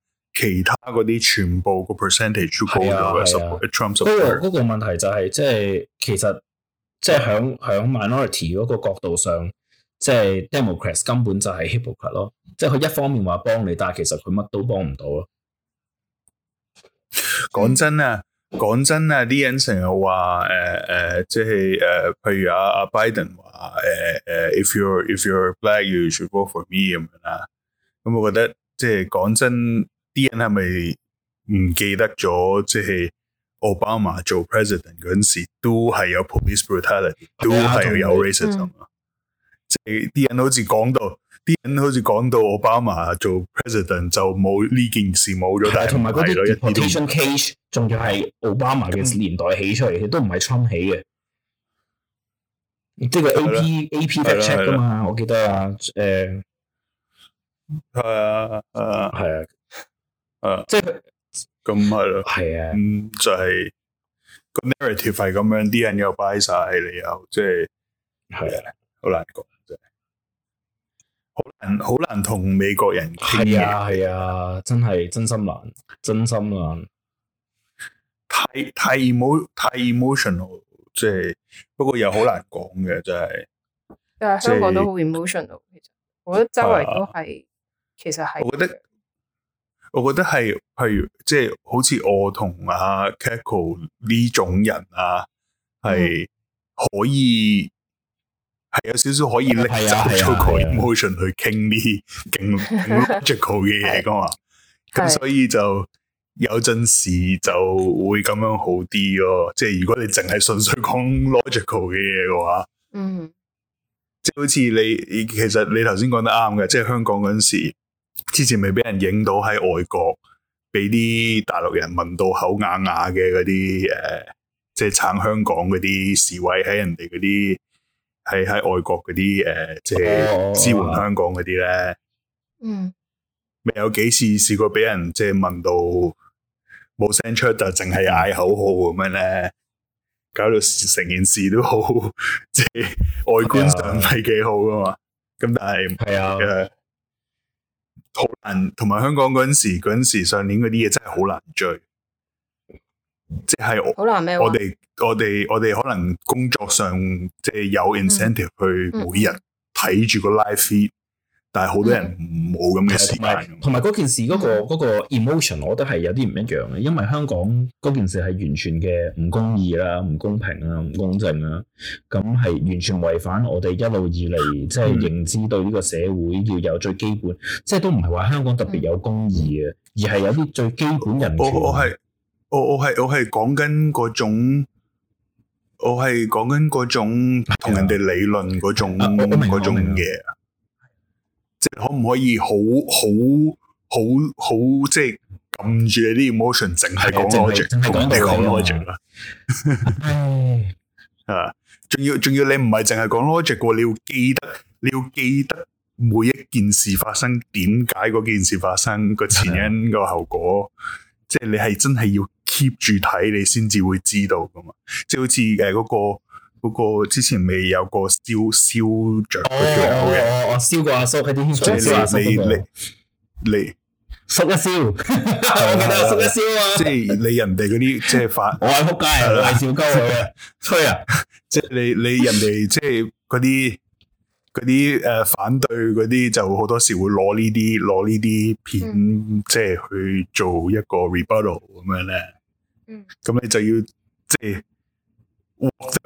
其他嗰啲全部個 percentage 高咗啊！Trump 嗰個嗰個問題就係、是、即係其實即係響響 minority 嗰個角度上，即係 Democrats 根本就係 hypocrite 咯，即係佢一方面話幫你，但係其實佢乜都幫唔到咯。講、嗯、真啊，講真啊，啲人成日話誒誒，即係誒、呃，譬如啊阿 Biden 話誒誒，if you if you're black you should vote for me 咁樣啦，咁我覺得即係講真。啲人係咪唔記得咗？即係奧巴馬做 president 嗰陣時，都係有 police brutality，都係有 racism 啊！即係啲人好似講到，啲人好似講到奧巴馬做 president 就冇呢件事冇咗，但係同埋嗰啲 deportation case 仲要係奧巴馬嘅年代起出嚟，都唔係侵起嘅。呢、這個 AP 的 AP Fact 的 check 㗎嘛，的我記得啊，誒、uh, 的，係啊，誒，係啊。誒，即係咁係咯，係啊，嗯，就係個 narrative 係咁樣，啲人又 buy 晒，你又即係係啊，好難講，真係好難，好難同美國人傾啊，係啊，真係真心難，真心難，太太 emotional，太 emotional，即係不過又好難講嘅，真係。誒，香港都好 emotional，其實我覺得周圍都係，其實係。我覺得係，譬如即係，好似我同阿 Cecil 呢種人啊，係、嗯、可以係有少少可以拎出咗 emotion 去傾啲 logical 嘅嘢噶嘛，咁所以就有陣時就會咁樣好啲咯、哦。即係如果你淨係純粹講 logical 嘅嘢嘅話，嗯，即係好似你其實你頭先講得啱嘅，即係香港嗰陣時。之前咪俾人影到喺外國，俾啲大陸人問到口啞啞嘅嗰啲誒，即係撐香港嗰啲示威喺人哋嗰啲，喺喺外國嗰啲誒，即係支援香港嗰啲咧。嗯、哦，咪有幾次試過俾人即係問到冇聲出就淨係嗌口號咁樣咧，搞到成件事都好即係外觀上唔係幾好噶嘛。咁但係係啊。好難，同埋香港嗰陣時，嗰陣時上年嗰啲嘢真係好難追，即係我難我哋我哋我哋可能工作上即係有 incentive，嗯，去每日睇住個 live feed。但係好多人冇咁嘅事，同埋嗰件事嗰、嗰個、嗰個 emotion，我覺得係有啲唔一樣嘅，因為香港嗰件事係完全嘅唔公義啦、啊、唔公平啦、啊、唔公正啦、啊，咁係完全違反我哋一路以嚟即係認知對呢個社會要有最基本，嗯、即係都唔係話香港特別有公義嘅，嗯、而係有啲最基本人權我我係我我係我係講緊嗰種，我係講緊嗰種同人哋理論嗰種、嗯、種嘢。啊。即係可唔可以好好好好即係撳住你啲 emotion 淨係講 logic，淨係講 logic 啦。係啊， 仲要仲要你唔係淨係講 logic，你要記得你要記得每一件事發生點解嗰件事發生個的前因個後果，即係你係真係要 keep 住睇你先至會知道噶嘛。即係好似誒嗰個。不過之前未有過燒燒着佢做好嘅，我我燒過阿叔佢啲，即係你未你你縮一燒，我記得一燒啊！即係你，你，你人哋嗰啲即係反，我係撲街，我係笑鳩佢啊！吹啊！即係你你人哋即係嗰啲嗰啲誒反對嗰啲，就好多時會攞呢啲攞呢啲片，即係去做一個 rebuttal 咁樣咧。嗯，咁你就要即係。就是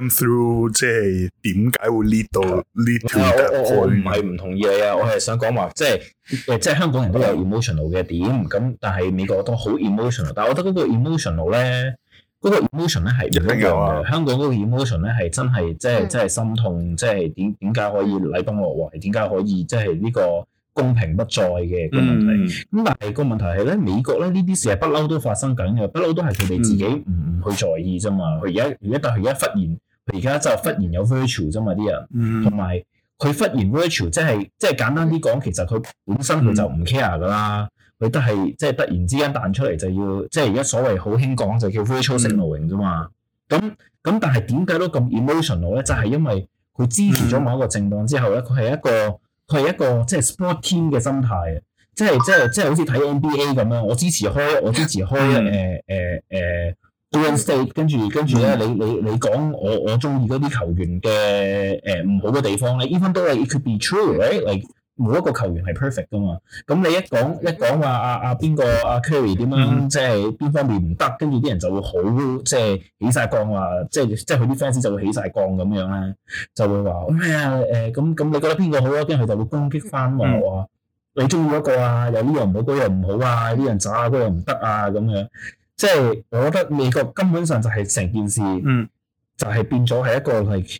through 即係點解會 lead 到 lead 我我我唔係唔同意你啊，我係想講話即係誒，即係香港人都有 emotional 嘅點，咁但係美國都好 emotional，但係我覺得嗰個 emotional 咧，嗰、嗰個 emotion 咧係唔一樣嘅。啊、香港嗰個 emotion 咧係真係即係即係心痛，即係點點解可以禮崩樂壞？點解可以即係呢、呢個？公平不在嘅、嗯、個問題，咁但係個問題係咧，美國咧呢啲事係不嬲都發生緊嘅，不嬲都係佢哋自己唔去在意啫嘛。佢而家如果但係而家忽然，而家就忽然有 virtual 啫嘛啲人，同埋佢忽然 virtual，即、就、係、是、即係、就是、簡單啲講，其實佢本身佢就唔 care 噶啦，佢、嗯、都係即係突然之間彈出嚟就要，即係而家所謂好興講就叫 virtual signalling 啫嘛。咁咁但係點解都咁 emotional 咧？就係、是、因為佢支持咗某一個政黨之後咧，佢係、嗯、一個。佢係一個即係 sport team 嘅心態，即係即係即係好似睇 NBA 咁樣，我支持開，我支持開誒誒誒 Golden State，跟住跟住咧、嗯，你你你講我我中意嗰啲球員嘅誒唔好嘅地方咧，even though it could be true，right？冇一個球員係 perfect 噶嘛？咁你一講一講話阿阿邊個阿 Kerry 點樣，嗯、即係邊方面唔得，跟住啲人就會好即係起晒槓話，即係即係佢啲 fans 就會起晒槓咁樣咧，就會話咩、嗯哎呃、啊？誒咁咁，你覺得邊個好啊？跟住就會攻擊翻我啊！嗯、你中意嗰個啊？有呢樣唔好，嗰樣唔好啊！啲人渣啊，嗰樣唔得啊！咁樣，即係我覺得美國根本上就係成件事，就係變咗係一個係。嗯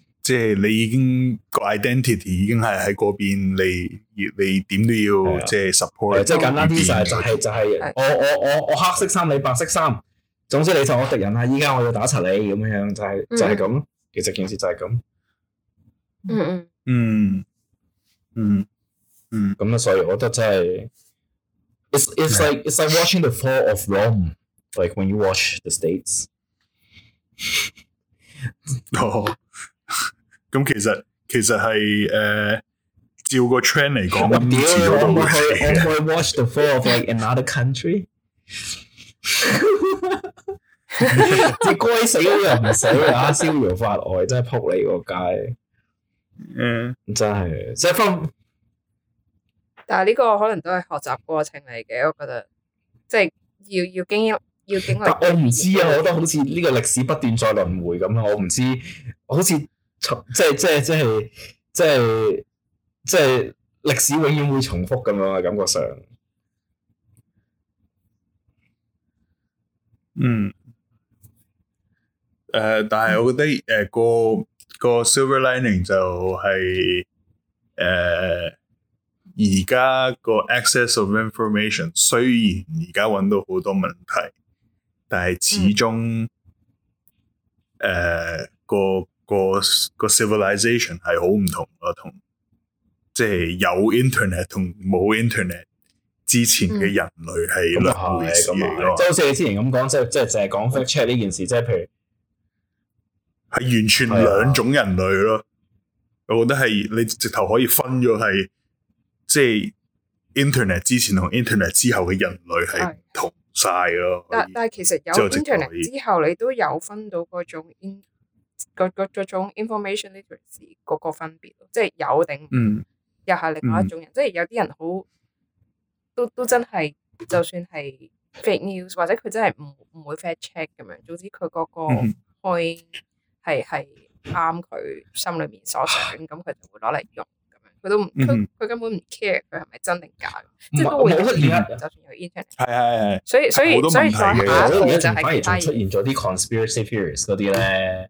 即係你已經個 identity 已經係喺嗰邊，你你點都要即係 support。即係簡單啲曬，就係就係我我我我黑色衫你白色衫，總之你係我敵人啦！依家我要打柒你咁樣，就係就係咁。其實件事就係咁。嗯嗯嗯嗯嗯。咁啊，所以我覺得真係，it's it's like it's like watching the fall of Rome, like when you watch the states。哦。咁其實其實係誒、呃，照個 trend 嚟講，咁跌都冇計嘅。Should we watch the fall of like another country？你該死又唔死，吓，逍遙法外，真係扑你個街！嗯，真係。但係呢個可能都係學習過程嚟嘅，我覺得，即係要要經要經歷。但係我唔知啊，嗯、我覺得好似呢個歷史不斷再輪迴咁啦，我唔知，好似。 即係即係即係即係即係歷史永遠會重複咁樣嘅感覺上，嗯，誒、呃，但係我覺得誒、呃、個個 silver lining 就係誒而家個 access of information 雖然而家揾到好多問題，但係始終誒、嗯呃、個。個個 civilization 係好唔同咯，同即係有 internet 同冇、no、internet 之前嘅人類係兩回事咯。即好似你之前咁講，即係即係淨係講 fact check 呢件事，即係譬如係完全兩種人類咯。啊、我覺得係你直頭可以分咗係，即係、就是、internet 之前同 internet 之後嘅人類係唔同晒咯的以。但但係其實有 internet 之後，你都有分到嗰種。各個各種 information literacy 個個分別，即係有定，又係另外一種人。嗯嗯、即係有啲人好，都都真係就算係 fake news，或者佢真係唔唔會 fact check 咁樣。總之佢個個愛係啱佢心裏面所想，咁佢、啊、就會攞嚟用。咁樣佢都唔佢根本唔 care 佢係咪真定假，即係都會有出現。就算有 internet，係係係，所以所以所以再下一步就係而出現咗啲 conspiracy theories 嗰啲咧。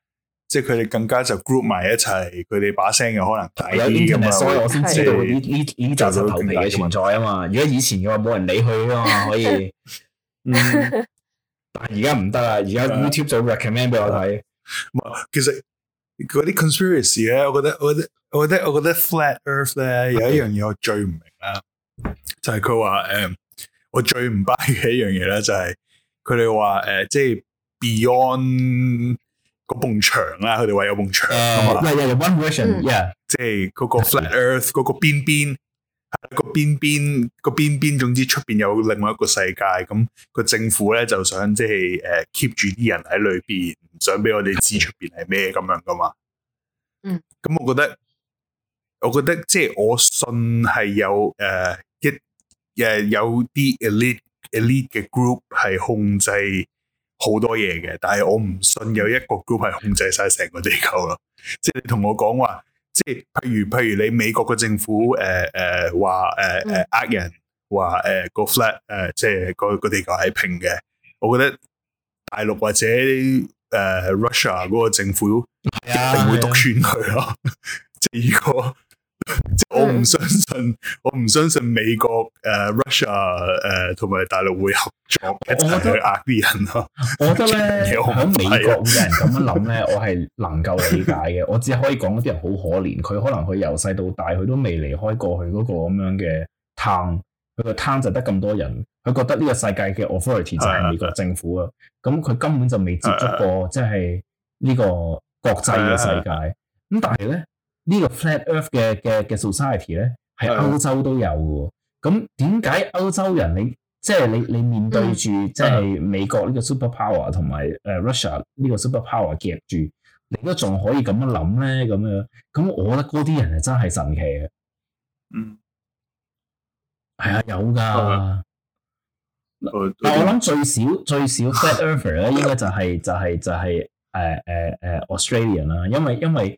即係佢哋更加就 group 埋一齊，佢哋把聲又可能大啲咁啊！所以我先知道，呢以 YouTube 集集頭皮嘅存在啊嘛。 如果以前嘅話冇人理佢啊嘛，可以。嗯、但係而家唔得啦，而家 YouTube 就會 recommend 俾我睇。其實嗰啲 conspiracy 咧，我覺得，我覺得，我覺得，我覺得 Flat Earth 咧有一樣嘢我最唔明啦，的就係佢話誒，我最唔 buy 嘅一樣嘢咧就係佢哋話誒，即係 Beyond，個埲牆啦，佢哋話有埲牆咁啊，係係係 one version，即係嗰個 flat earth 嗰個邊邊，個邊邊個邊邊，總之出邊有另外一個世界，咁個政府咧就想即係誒 keep 住啲人喺裏邊，唔想俾我哋知出邊係咩咁樣噶嘛。嗯，咁我覺得，我覺得即係我信係有誒一誒有啲 elite elite 嘅 group 係控制。好多嘢嘅，但係我唔信有一個 group 係控制晒成個地球咯。即係你同我講話，即係譬如譬如你美國嘅政府誒誒話誒誒呃，呃，呃人話誒、呃、個 flat 誒、呃、即係個地球係平嘅，我覺得大陸或者誒、呃、Russia 嗰個政府一定會督穿佢咯。即係 Yeah,、嗯、如果。即係我唔相信，的我唔相信美國誒、Russia 誒同埋大陸會合作我也一齊去壓啲人咯、啊。我覺得咧，喺 美國嘅人咁樣諗咧， 我係能夠理解嘅。我只可以講嗰啲人好可憐，佢可能佢由細到大，佢都未離開過去嗰個咁樣嘅 town。佢個 town 就得咁多人，佢覺得呢個世界嘅 authority 就係美國政府啊。咁佢根本就未接觸過，即係呢個國際嘅世界。咁的的但係咧。個 so、呢個 flat earth 嘅嘅嘅 society 咧，係歐洲都有嘅。咁點解歐洲人你即係你你面對住的即係美國呢個 superpower 同埋誒 Russia 呢個 superpower 夾住，你都仲可以咁樣諗咧咁樣？咁我覺得嗰啲人係真係神奇嘅。嗯，係啊，有㗎。的我諗最少最少 flat earth 咧，應該就係、是、就係、是、就係誒誒誒 Australian 啦，因為因為。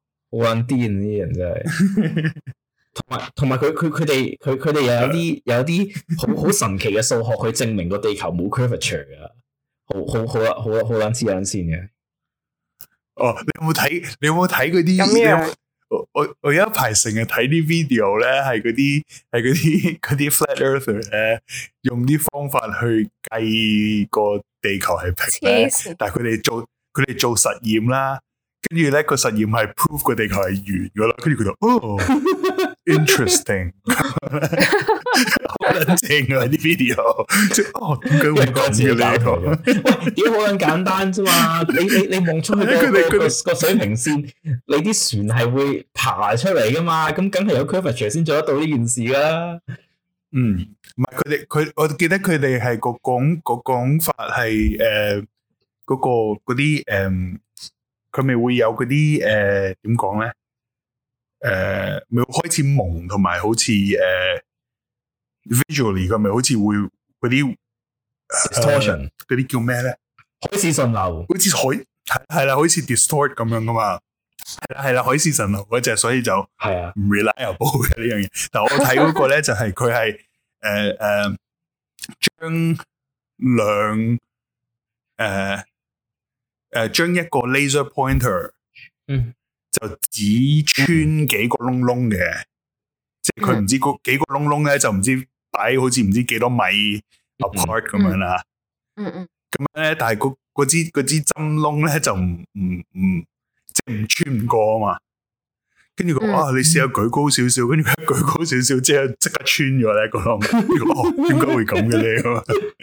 好卵癲！呢啲人真係，同埋同埋佢佢佢哋佢佢哋又有啲有啲好好神奇嘅數學去證明個地球冇 curvature 噶，好好好啦好啦好卵痴卵線嘅。看看哦，你有冇睇？你有冇睇嗰啲？我我有一排成日睇啲 video 咧，係嗰啲係啲啲 flat earther 用啲方法去計個地球係平，但係佢哋做佢哋做實驗啦。跟住咧個實驗係 prove 個地球係圓噶啦，跟住佢就哦，interesting，好正啊啲 video，即係哦，點解會咁簡單？喂，點好咁簡單啫嘛？你你你望出去佢哋個水平線，你啲船係會爬出嚟噶嘛？咁梗係有 curvature 先做得到呢件事啦。嗯，唔係佢哋佢，我記得佢哋係個講個講法係誒，嗰個嗰啲誒。佢咪會有嗰啲誒點講咧？誒、呃、咪、呃、開始矇同埋好似誒、呃、visually 佢咪好似會嗰啲 distortion 嗰啲叫咩咧？海市蜃樓，好似海係啦，好似 distort 咁樣㗎嘛，係啦係啦，海市蜃樓嗰隻，所以就係 re 啊唔 reliable 嘅呢樣嘢。但我睇嗰個咧 就係佢係誒誒將兩誒。呃呃誒，將一個 laser pointer，嗯，就只穿幾個窿窿嘅，即係佢唔知嗰幾個窿窿咧，就唔知擺好似唔知幾多米 apart 咁樣啦。嗯嗯，咁咧，但係嗰支嗰支針窿咧就唔唔唔，即係唔穿唔過啊嘛。跟住佢話，你試下，舉高少少，跟住佢舉高少少，即係即刻穿咗呢個窿。點解，啊、會咁嘅咧？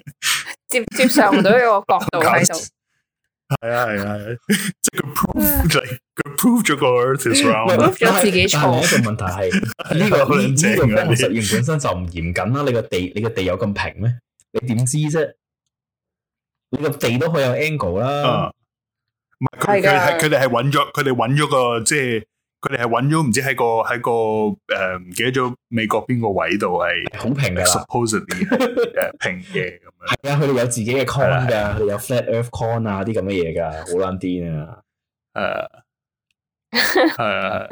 接接受唔到呢個角度。係啊，係啊，即係佢 prove 就 proof 就個 earth is round 是。唔，自己創一個問題係呢個呢個，本身實驗本身就唔嚴謹啦。你個地你個地有咁平咩？你點知啫？你個地都可以有 angle 啦、啊。佢佢係佢哋係揾咗，佢哋揾咗個即係。佢哋係揾咗唔知喺個喺個誒，唔記得咗美國邊個位度係好平嘅，supposedly，誒平嘅咁樣。係啊，佢哋有自己嘅 con 噶，佢哋有 flat earth con 啊啲咁嘅嘢噶，好卵癲啊。誒，係啊，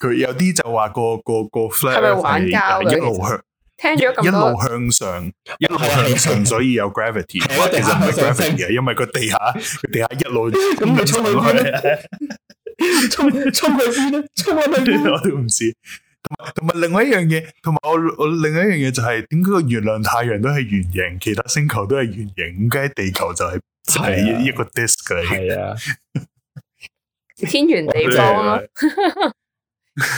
佢有啲就話個個個 flat earth 係假嘅。聽咗咁多一路向上一路向上，所以有 gravity 係啊，其實唔係 gravity 嘅，因為個地下個地下一路咁，你衝去邊咧？衝衝去邊咧？衝去邊咧？我都唔知。同埋另外一樣嘢，同埋我我另一樣嘢就係，點解個月亮、太陽都係圓形，其他星球都係圓形，點解地球就係係一一個 disk 嚟嘅。係啊，天圓地方啊！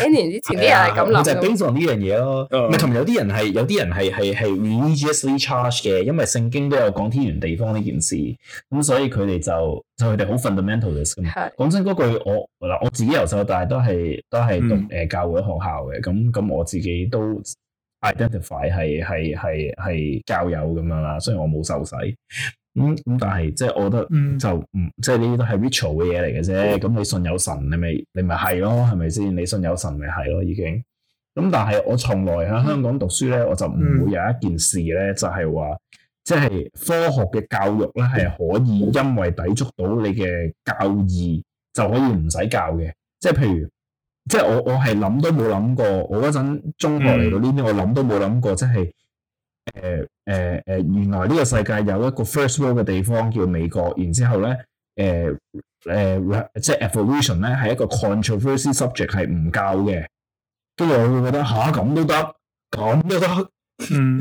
幾年之前啲人係咁諗，就係 base on 呢樣嘢咯。咪同、uh huh. 有啲人係，有啲人係係係 religiously charge 嘅，因為聖經都有講天圓地方呢件事，咁、嗯、所以佢哋就就佢哋好 fundamentalist 咁。係講是真嗰句，我嗱我自己由細到大都係都係讀誒、嗯、教會學校嘅，咁咁我自己都 identify 係係係教友咁樣啦。雖然我冇受洗。咁咁、嗯，但係即係，我覺得就唔即係呢啲都係 ritual 嘅嘢嚟嘅啫。咁、嗯、你信有神你，你咪你咪係咯，係咪先？你信有神，咪係咯，已經。咁但係我從來喺香港讀書咧，我就唔會有一件事咧，嗯、就係話即係科學嘅教育咧，係可以因為抵觸到你嘅教義就可以唔使教嘅。即、就、係、是、譬如，即、就、係、是、我我係諗都冇諗過，我嗰陣中學嚟到呢邊，我諗都冇諗過，即係、嗯。就是誒誒誒，原來呢個世界有一個 first world 嘅地方叫美國，然之後咧，誒誒，即係 evolution 咧係一個 controversy subject 係唔夠嘅，跟住我會覺得吓咁都得，咁都得，嗯，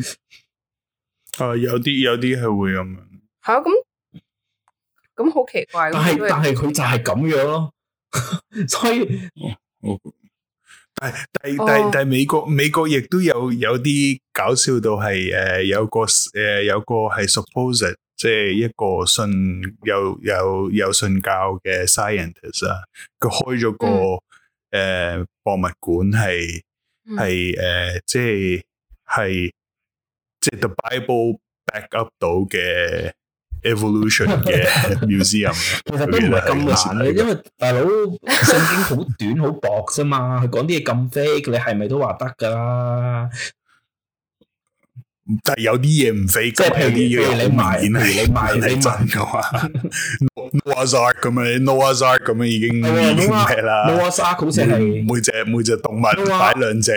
啊有啲有啲係會咁樣，係啊，咁咁好奇怪，但係但係佢就係咁樣咯，所以，嗯。係，但但、oh. 但美國美國亦都有有啲搞笑到係，誒有個誒有個係 suppose 即係一個信有有有信教嘅 scientist 啊，佢開咗個誒、mm. 呃、博物館係係誒即係係即係 the Bible back up 到嘅。evolution 嘅 museum， 其實都唔係咁難嘅，因為大佬聖 經好短好薄啫嘛，佢講啲嘢咁 fake，你係咪都話得㗎啦？但係有啲嘢唔肥，嗰啲嘢你賣呢？你賣你真嘅話，Noah's Ark 咁樣，Noah's Ark 咁樣已經唔係啦。Noah's Ark 好似係每隻每隻動物擺兩隻，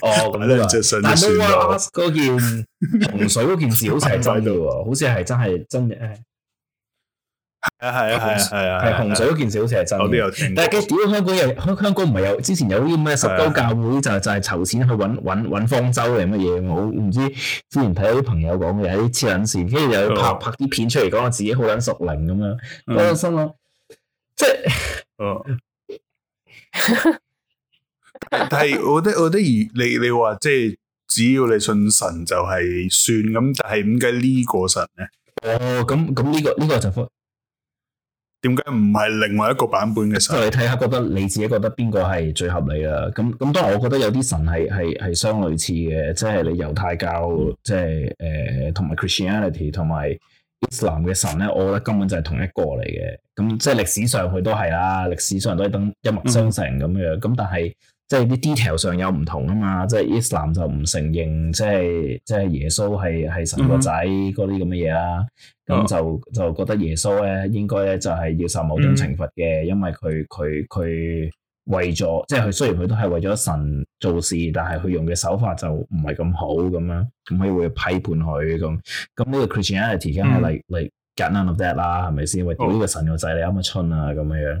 哦咁樣，但 Noah's Ark 嗰件洪水嗰件事好似係真嘅，好似係真係真嘅誒。啊係啊係啊係啊，係洪、啊啊啊、水嗰件事好似係真嘅。我都有聽。但係佢點解香港又香？香港唔係有之前有啲咩十洲教會，就是，就就係籌錢去搵搵方舟定乜嘢？我唔知之前睇有啲朋友講嘅喺黐捻綫，跟住又去拍拍啲片出嚟，講我自己好捻熟靈咁樣。我個心諗，即係，嗯、啊，但係我覺得我覺得而你你話即係只要你信神就係算咁，但係點解呢個神咧？哦、嗯，咁咁呢個呢個就。嗯嗯嗯嗯嗯點解唔係另外一個版本嘅神？你睇下，覺得你自己覺得邊個係最合理啦？咁咁，當然我覺得有啲神係係係相類似嘅，即係你猶太教，即係誒，同埋 Christianity 同埋 Islam 嘅神咧，我覺得根本就係同一個嚟嘅。咁即係歷史上佢都係啦，歷史上都係等一脈相承咁樣樣。咁但係。即係啲 detail 上有唔同啊嘛，即係 Islam 就唔承認，即係即係耶穌係係神個仔嗰啲咁嘅嘢啦，咁、mm hmm. 就就覺得耶穌咧，應該咧就係要受某種懲罰嘅，因為佢佢佢為咗，即係佢雖然佢都係為咗神做事，但係佢用嘅手法就唔係咁好咁樣，咁可以會批判佢咁，咁呢個 Christianity 已經係、like, 嚟嚟 get、mm hmm. like、none of that 啦，係咪先？喂，屌呢個神個仔你啱乜春啊，咁樣樣。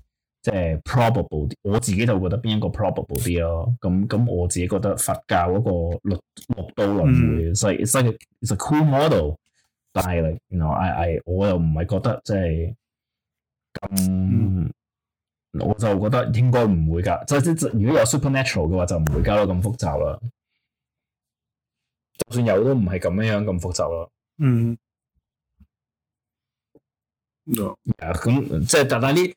即係 probable 啲，我自己就覺得邊一個 probable 啲咯、啊。咁咁，我自己覺得佛教嗰個六六道輪迴，mm. 所以所以 it's a cool model 但。但係，你，我我又唔係覺得即係咁，mm. 我就覺得應該唔會噶。即係如果有 supernatural 嘅話，就唔會搞到咁複雜啦。就算有都，都唔係咁樣樣咁複雜啦。嗯、mm. Yeah. yeah。咁即係但係呢。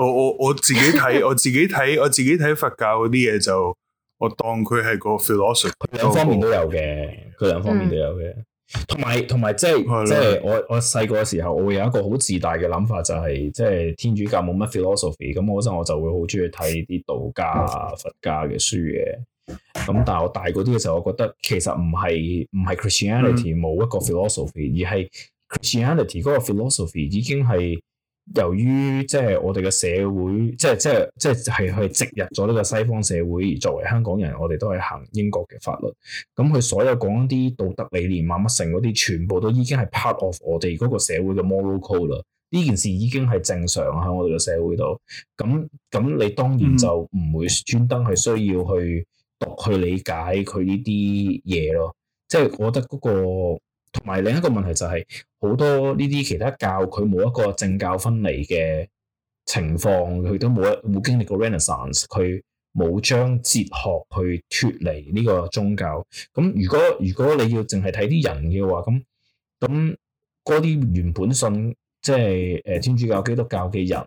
我我我自己睇我自己睇我自己睇佛教嗰啲嘢，就我當佢係個 philosophy，兩方面都有嘅，佢兩方面都有嘅。同埋同埋即係即係我我細個嘅時候我會有一個好自大嘅諗法就係即係天主教冇乜 philosophy，咁嗰陣我就會好中意睇啲道家啊佛家嘅書嘅。咁但係我大嗰啲嘅時候我覺得其實唔係唔係 Christianity 冇一個 philosophy，嗯、而係 Christianity 嗰個 philosophy 已經係。由於即係我哋嘅社會，即係即係即係係去植入咗呢個西方社會，而作為香港人，我哋都係行英國嘅法律。咁佢所有講啲道德理念啊乜性嗰啲，全部都已經係 part of 我哋嗰個社會嘅 moral code 啦。呢件事已經係正常喺我哋嘅社會度。咁咁你當然就唔會專登去需要去讀去理解佢呢啲嘢咯。即係我覺得嗰個。同埋另一個問題就係好多呢啲其他教佢冇一個政教分離嘅情況，佢都冇冇經歷過 Renaissance，佢冇將哲學去脫離呢個宗教。咁如果如果你要淨係睇啲人嘅話，咁咁嗰啲原本信即係誒天主教基督教嘅人，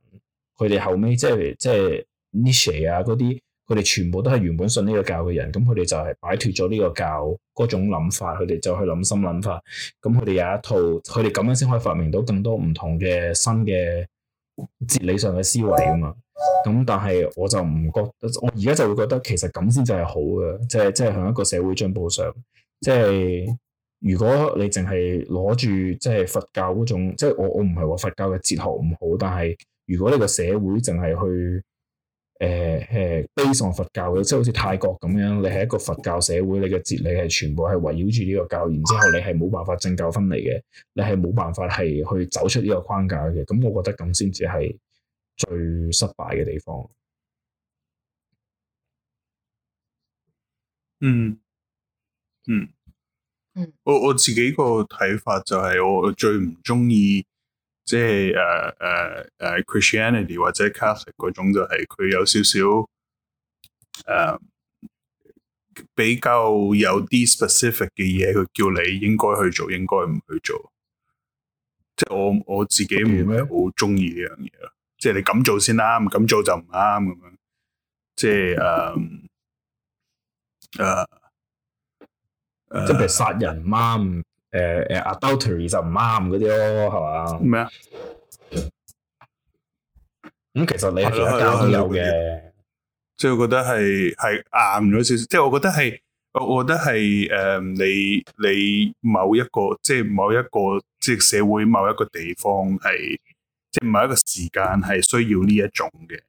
佢哋後尾即係即係 Nietzsche 啊嗰啲。佢哋全部都係原本信呢個教嘅人，咁佢哋就係擺脫咗呢個教嗰種諗法，佢哋就去諗心諗法。咁佢哋有一套，佢哋咁樣先可以發明到更多唔同嘅新嘅哲理上嘅思維噶嘛。咁但係我就唔覺得，我而家就會覺得其實咁先就係好嘅，即係即係向一個社會進步上。即係如果你淨係攞住即係佛教嗰種，即係我我唔係話佛教嘅哲學唔好，但係如果你個社會淨係去。誒誒，悲上佛教嘅，即係好似泰國咁樣，你係一個佛教社會，你嘅哲理係全部係圍繞住呢個教，然之後你係冇辦法政教分離嘅，你係冇辦法係去走出呢個框架嘅。咁我覺得咁先至係最失敗嘅地方。嗯嗯，嗯嗯我我自己個睇法就係我最唔中意。即係誒誒誒 Christianity 或者 Catholic 嗰種就係佢有少少誒、uh, 比較有啲 specific 嘅嘢，佢叫你應該去做，應該唔去做。即係我我自己唔係好中意呢樣嘢 Okay. 即係你咁做先啱，咁做就唔啱咁樣。即係誒誒，um, uh, uh, 即係譬如殺人唔啱。誒誒、uh,，adultery 就唔啱嗰啲咯，係嘛麼？咩啊？咁、 嗯、其實你大家有嘅，即係我覺得係係硬咗少少，即係我覺得係，我、就是、我覺得係誒，你你某一個即係、就是、某一個即係、就是、社會某一個地方係，即、就、係、是、某一個時間係需要呢一種嘅，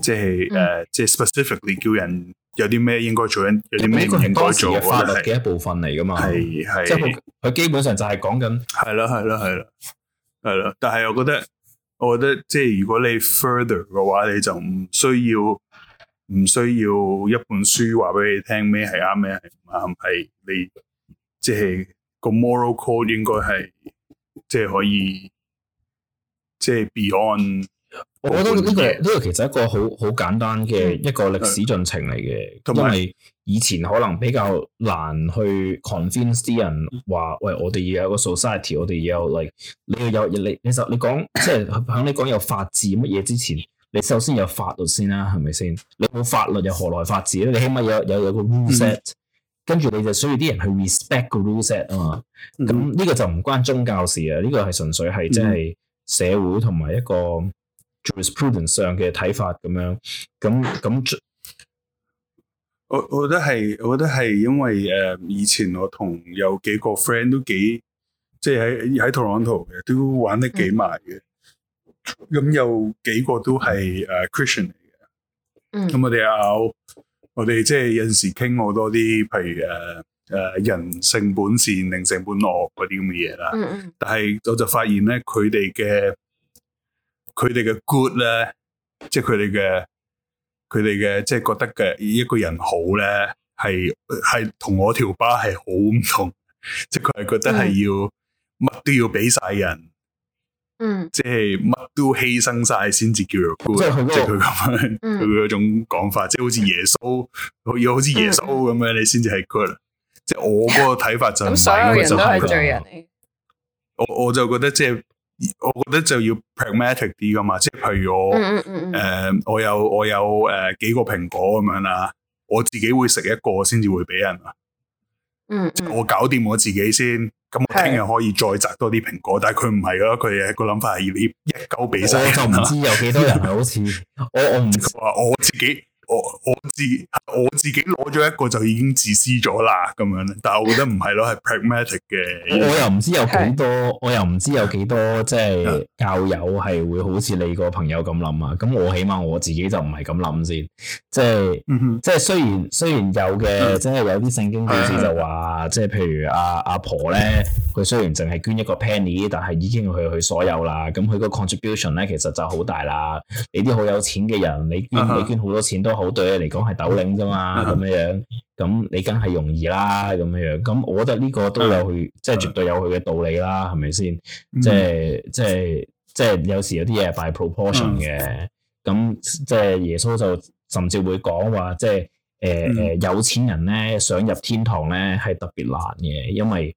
即係誒，即係、嗯、specifically 叫人。有啲咩應該做緊，有啲咩應該做，嘅法律嘅一部分嚟噶嘛？係係，即係佢基本上就係講緊。係啦係啦係啦，係啦。但係我覺得，我覺得即係如果你 further 嘅話，你就唔需要唔需要一本書話俾你聽咩係啱，咩係唔啱。係你即係個 moral code 應該係即係可以即係 beyond。我覺得呢、這個呢、這個其實一個好好簡單嘅一個歷史進程嚟嘅，嗯、因為以前可能比較難去 convince 啲人話，喂，我哋要有個 society，我哋要有，你要有你，你就你講，即係響你講有法治乜嘢之前，你首先有法律先啦、啊，係咪先？你冇法律又何來法治咧？你起碼有有有個 rule set，跟住你就需要啲人去 respect 個 rule set 啊。咁呢、嗯、個就唔關宗教事啊，呢、這個係純粹係即係社會同埋一個。jurisprudence 上嘅睇法咁樣，咁咁，我我覺得係，我覺得係因為誒、呃，以前我同有幾個 friend 都幾，即係喺喺 Toronto 嘅，都玩得幾埋嘅。咁、嗯嗯、有幾個都係誒 Christian 嚟嘅，嗯。咁我哋有，我哋即係有陣時傾好多啲，譬如誒誒、啊、人性本善，人性本惡嗰啲咁嘅嘢啦。嗯、但係我就發現咧，佢哋嘅佢哋嘅 good 咧，即係佢哋嘅佢哋嘅，即係覺得嘅一個人好咧，係係同我條巴係好唔同，即係佢係覺得係要乜、嗯、都要俾晒人，嗯，即係乜都犧牲晒先至叫做 good，即係佢咁樣，佢嗰種講法，即係好似耶穌，嗯、好似好似耶穌咁樣，你先至係 good，即係我嗰個睇法就唔係咁樣，所有人都係罪人嚟，我我就覺得即係。我覺得就要 pragmatic 啲噶嘛，即係譬如我誒、嗯嗯呃、我有我有誒、呃、幾個蘋果咁樣啦，我自己會食一個先至會俾人，嗯，嗯，即係我搞掂我自己先，咁我聽日可以再摘多啲蘋果，但係佢唔係㗎，佢嘅個諗法係要一九俾晒，我就唔知有幾多人、啊、 好似我我唔～我話，我自己。我自我自己攞咗一個就已經自私咗啦咁樣，但係我覺得唔係咯，係 pragmatic 嘅。嗯、我又唔知有幾多，是的 我又唔知有幾多即係教友係會好似你個朋友咁諗啊！咁我起碼我自己就唔係咁諗先，即係、嗯、哼 即係雖然雖然有嘅，是的 即係有啲聖經故事就話，是的 即係譬如阿、啊、阿、啊、婆咧，佢雖然淨係捐一個 penny，但係已經去佢所有啦。咁佢個 contribution 咧其實就好大啦。你啲好有錢嘅人，你捐你捐好多錢都。我對你嚟講係斗零啫嘛，咁樣、嗯、樣，咁你梗係容易啦，咁樣樣，咁我覺得呢個都有佢，嗯、即係絕對有佢嘅道理啦，係咪先？即係即係即係有時有啲嘢係 by proportion 嘅，咁、嗯、即係耶穌就甚至會講話，即係誒誒，呃嗯、有錢人咧想入天堂咧係特別難嘅，因為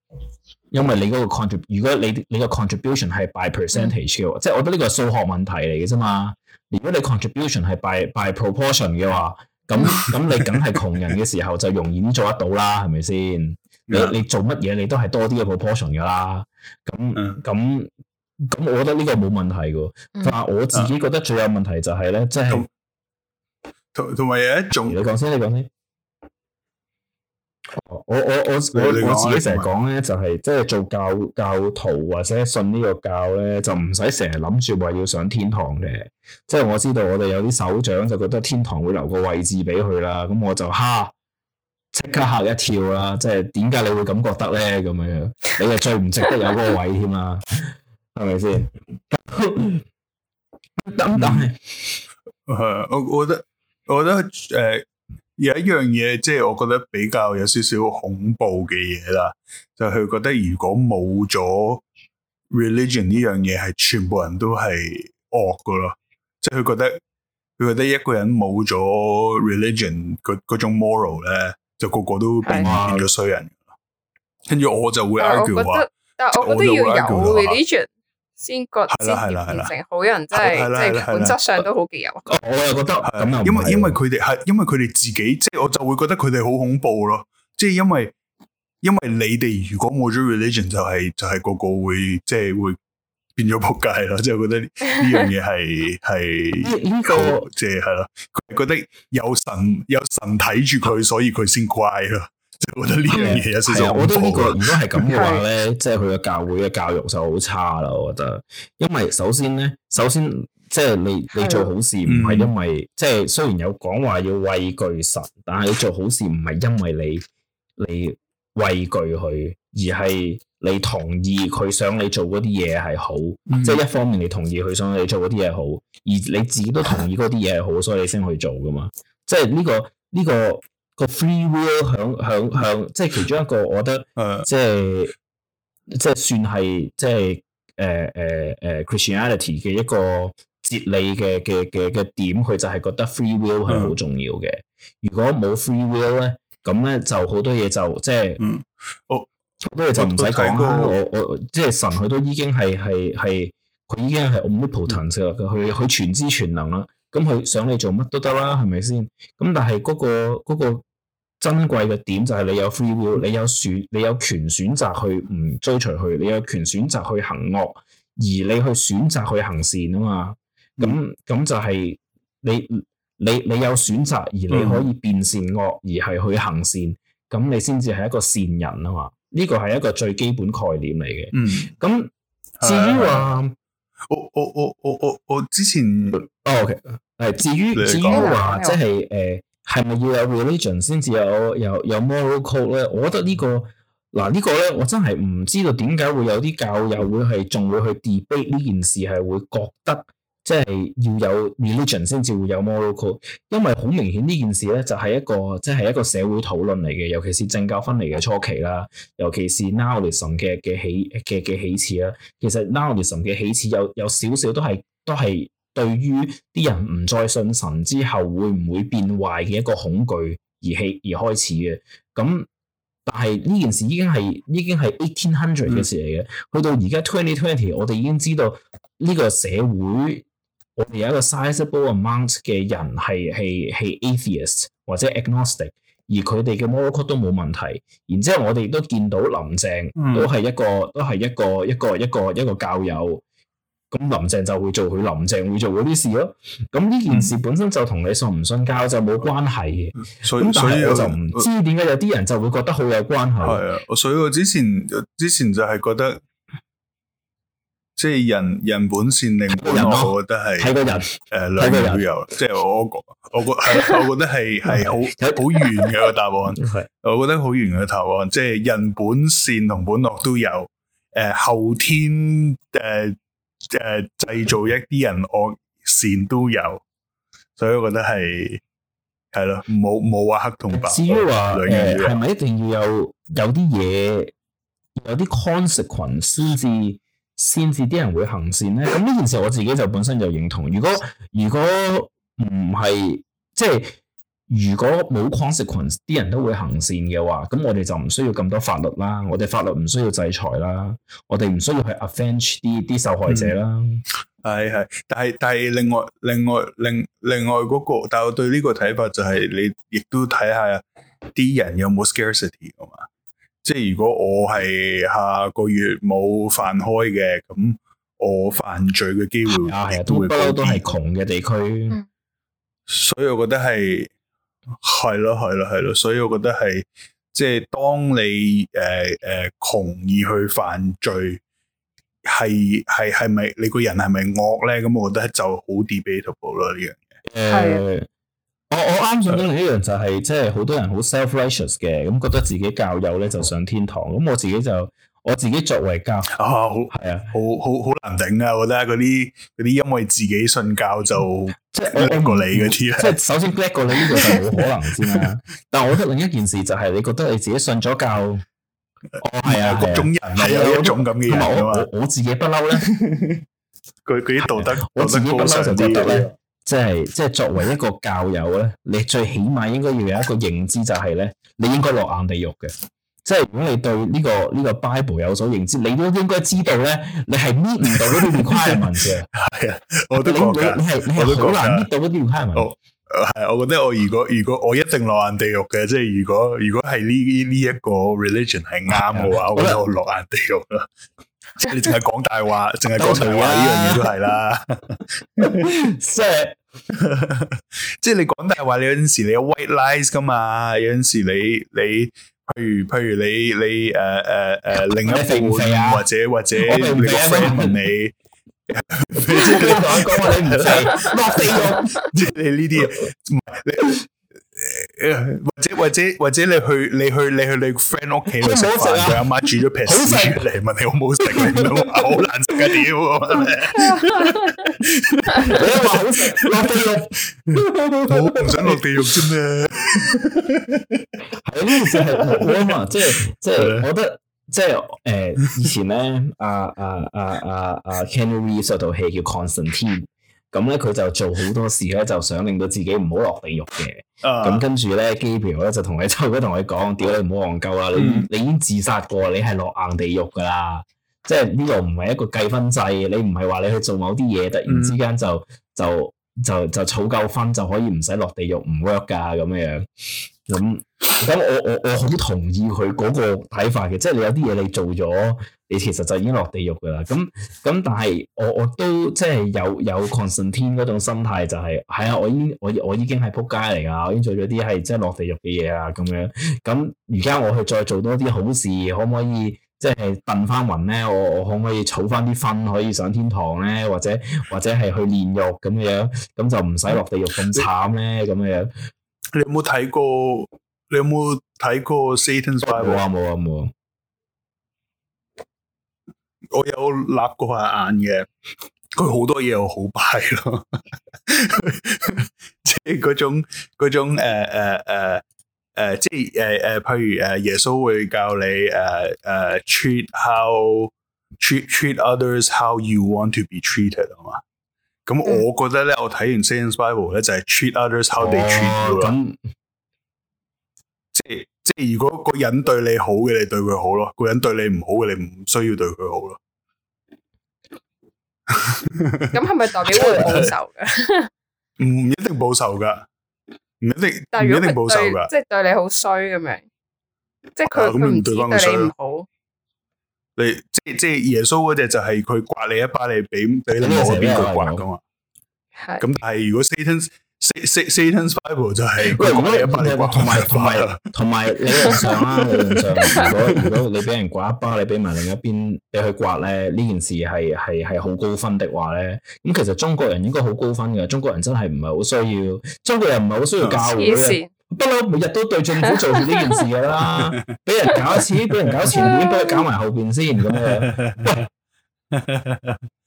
因為你嗰個 contribute，如果你你個 contribution 係 by percentage 嘅，嗯、即係我覺得呢個數學問題嚟嘅啫嘛。如果你 contribution 係 by by proportion 嘅話，咁咁你梗係窮人嘅時候就容易做得到啦，係咪先？你你做乜嘢你都係多啲嘅 proportion 噶啦，咁咁咁，嗯、我覺得呢個冇問題噶。但係、嗯、我自己覺得最有問題就係、係、咧，即係同同埋有一種。你講先，你講先。我我我我我自己成日講咧，就係即係做教教徒或者信呢個教咧，就唔使成日諗住話要上天堂嘅。即係我知道我哋有啲手掌就覺得天堂會留個位置俾佢啦，咁我就吓，即刻吓一跳啦。即係點解你會咁覺得咧？咁樣樣，你係最唔值得有嗰個位添啦，係咪先？咁但係，誒，我我覺得我覺得誒。呃有一樣嘢，即係我覺得比較有少少恐怖嘅嘢啦，就係佢覺得如果冇咗 religion 呢樣嘢，係全部人都係惡噶咯，即係佢覺得佢覺得一個人冇咗 religion 嗰嗰種 moral 咧，就個個都變變咗衰人。跟住是的 我就會 argue、er、話，但係我都要有 religion。先覺先變成好人，真係即係本質上都好極有。我又覺得咁又，因為因為佢哋係因為佢哋自己，即係我就會覺得佢哋好恐怖咯。即係因為因為你哋如果冇咗 religion 就係就係個個會即係會變咗仆街咯。即係覺得呢樣嘢係係應該，即係係咯。佢係覺得有神有神睇住佢，所以佢先乖咯。我覺得呢樣嘢係，我覺得呢個如果係咁嘅話咧，的即係佢個教會嘅教育就好差啦。我覺得，因為首先咧，首先即係你你做好事唔係因為，即係的雖然有講話要畏懼神，但係做好事唔係因為你你畏懼佢，而係你同意佢想你做嗰啲嘢係好，即係的一方面你同意佢想你做嗰啲嘢好，而你自己都同意嗰啲嘢係好，所以你先去做噶嘛。即係呢個呢個。這個個 free will 響響響，即係其中一個，我覺得， 即係即係算係，即係誒誒誒、呃呃、Christianity 嘅一個哲理嘅嘅嘅嘅點，佢就係覺得 free will 係好重要嘅。嗯、如果冇 free will 咧，咁咧就好多嘢就即係，好多嘢就唔使講啦。我講講我，我，我，我即係神，佢都已經係係係，佢已經係 omnipotent 佢佢、嗯、全知全能啦。咁佢想你做乜都得啦，係咪先？咁但係嗰、嗰個、嗰個珍貴嘅點就係你有 free will、嗯、你有選，你有權選擇去唔追隨佢，你有權選擇去行惡，而你去選擇去行善啊嘛。咁咁就係你你你有選擇，而你可以辨善惡，而係去行善。咁、嗯、你先至係一個善人啊嘛。呢個係一個最基本概念嚟嘅。嗯。咁那至於話。嗯我我我我我我之前，哦，係至於至於話即係誒，係咪、 就是 uh, 要有 religion 先至有有有 moral code 咧？我覺得、這個這個、呢個嗱呢個咧，我真係唔知道點解會有啲教友會係仲會去 debate 呢件事，係會覺得。即係要有 religion 先至會有 morality 因為好明顯呢件事咧就係一個即係、就是、一個社會討論嚟嘅，尤其是政教分離嘅初期啦，尤其是 nihilism 嘅嘅起嘅嘅起始啦。其實 nihilism 嘅起始有有少少都係都係對於啲人唔再信神之後會唔會變壞嘅一個恐懼而起而開始嘅。咁但係呢件事已經係已經係 eighteen hundred 嘅事嚟嘅，去、嗯、到而家 twenty twenty，我哋已經知道呢個社會。我哋有一個 sizeable amount 嘅人係係係 atheist 或者 agnostic，而佢哋嘅 moral code 都冇問題。然之後我哋都見到林鄭都係一個都係一個一個一個一個教友？咁林鄭就會做佢林鄭會做嗰啲事咯。咁呢件事本身就同你信唔信教就冇關係嘅。咁、嗯、但係我就唔知點解我有啲人就會覺得好有關係。係啊，所以我之前之前就係覺得。即係人，人本善定本惡，我覺得係睇個人。誒，兩個人都有。即係我，我覺，我我覺，得係係好，好圓嘅個答案。係，我覺得好圓嘅答案。 即係人本善同本惡都有。誒、呃，後天誒誒，製、呃呃、造一啲人惡善都有。所以我覺得係係咯，冇冇話黑同白。至於話兩樣係咪一定要有有啲嘢，有啲 consequence 先至。先至啲人會行善咧，咁呢件事我自己就本身就認同。如果如果唔係即係如果冇 consequence，啲人都會行善嘅話，咁我哋就唔需要咁多法律啦，我哋法律唔需要制裁啦，我哋唔需要去 avenge 啲啲受害者啦。係係、嗯，但係但係另外另外另另外嗰、嗰個，但我對呢個睇法就係、係、你亦都睇下，啲人有冇 scarcity 啊？即係如果我係下個月冇犯開嘅，咁我犯罪嘅機會啊係都會高，都係窮嘅地區、嗯。所以我覺得係係咯係咯係咯，所以我覺得係即係當你誒誒窮而去犯罪，係係係咪你個人係咪惡咧？咁我覺得就好 debatable 啦呢樣嘢。嗯我我啱想到你一樣就係，即係好多人好 self righteous 嘅，咁覺得自己教友咧，就上天堂。咁我自己就我自己作為教啊好，係啊好好好難頂啊，我覺得嗰啲嗰啲，因為自己信教就即係叻過你嗰啲，即係首先叻過你呢個就冇可能先啦，但係我覺得另一件事就係你覺得你自己信咗教，哦係啊各種人係有一種咁嘅人，我我自己不嬲咧，佢啲道德道德高尚啲。即係即係作為一個教友咧，你最起碼應該要有一個認知就係咧，你應該落硬地獄嘅。即係如果你對呢個呢個 Bible 有所認知，你都應該知道咧，你係搣唔到嗰啲 requirement 嘅。係啊，我都講啦。我都講啦。你係好難搣到啲 requirement。係，我覺得我如果如果我一定落硬地獄嘅，即係如果如果係呢呢呢一個 religion 係啱嘅話，我覺得我落硬地獄。.即係你淨係講大話，淨係講大話啊！呢樣嘢都係啦， 即係即係你講大話，你有陣時你有 white lies 噶嘛，有陣時你你，譬如譬如你你誒誒誒，零、呃呃、一零肥，肥啊，或者或者你個 friend 問你，你唔肥，落地肉，即係呢啲。或者或者或者你去你去，你去你去你 friend 屋企食飯，佢阿、啊、媽，媽煮咗劈屎，你問你好唔好食？你唔好話好難食嘅點啊！ 我話好食落地獄， 我唔想落地獄咋嘛！係呢件事係我嘛，即係即係，就是、我覺得即係誒以前咧，啊啊啊啊阿 Canary 嗰套戲叫 Constantine。Uh, 咁咧佢就做好多事咧， 就想令到自己唔好落地獄嘅。咁、uh, 跟住咧，機票咧就同佢就同佢講：屌你唔好戇鳩啦！你你，已經自殺過，你係落硬地獄噶啦。即係呢、這個唔係一個計分制，你唔係話你去做某啲嘢，突然之間就、uh, 就就就儲夠分就可以唔使落地獄，唔 work 噶咁樣。咁咁我我我好同意佢嗰個睇法嘅，即係你有啲嘢你做咗。你其實就已經落地獄噶啦，咁咁但係我我都即係、就是、有有 constant 天嗰種心態、就是，就係係啊，我已經我我已經係撲街嚟噶，我已經做咗啲係即係落地獄嘅嘢啊，咁樣咁而家我去再做多啲好事，可唔可以即係頓翻雲咧？我我可唔可以儲翻啲分，可以上天堂咧？或者或者係去煉獄咁樣，咁就唔使落地獄咁慘咧？咁樣你有冇睇過？你有冇睇過《Satan's Bible》？冇啊冇啊我有立過下眼嘅，佢好多嘢我好擺咯，即係嗰種嗰種誒誒誒誒，即係誒誒，譬如誒耶穌會教你誒誒、呃呃、treat how treat treat others how you want to be treated 係嘛？咁、嗯嗯、我覺得咧，我睇完《New Testament Bible》咧就係 treat others how they treat 你啦、哦那。即係即係，如果個人對你好嘅，你對佢好咯；個人對你唔好嘅，你唔需要對佢好咯。咁係咪代表會報仇噶？唔 一定報仇噶，唔一定。但係如果係對，即係 對你，對你好衰咁樣，即係佢唔對翻佢衰，好你即係即係耶穌嗰隻就係佢刮你一巴，嗯、你俾俾攞邊佢刮噶嘛？係咁，啊、但係如果 Satan 四四四聽 Bible 就係，同埋同埋同埋你上啦，你上。如果如果你俾人刮一巴，你俾埋另一邊你去刮咧，呢件事係係係好高分的話咧。咁、嗯、其實中國人應該好高分噶，中國人真係唔係好需要，中國人唔係好需要教會啊。不嬲，每日都對政府做住呢件事噶啦，俾 人搞錢，俾人搞前 搞面，俾佢搞埋後邊先咁啊。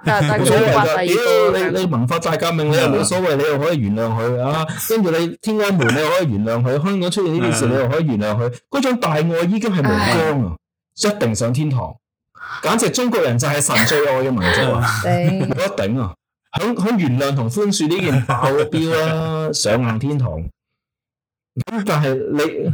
冇所謂，㗎，屌你你，你文化大革命你又冇所謂，你又可以原諒佢啊。跟住你天安門，你又可以原諒佢。香港出現呢件事，你又可以原諒佢。嗰種大愛已經係無疆啊，一的定上天堂。簡直中國人就係神最愛嘅民族啊，頂啊的！響響原諒同寬恕呢件目標啦，上硬天堂。咁但係你，誒、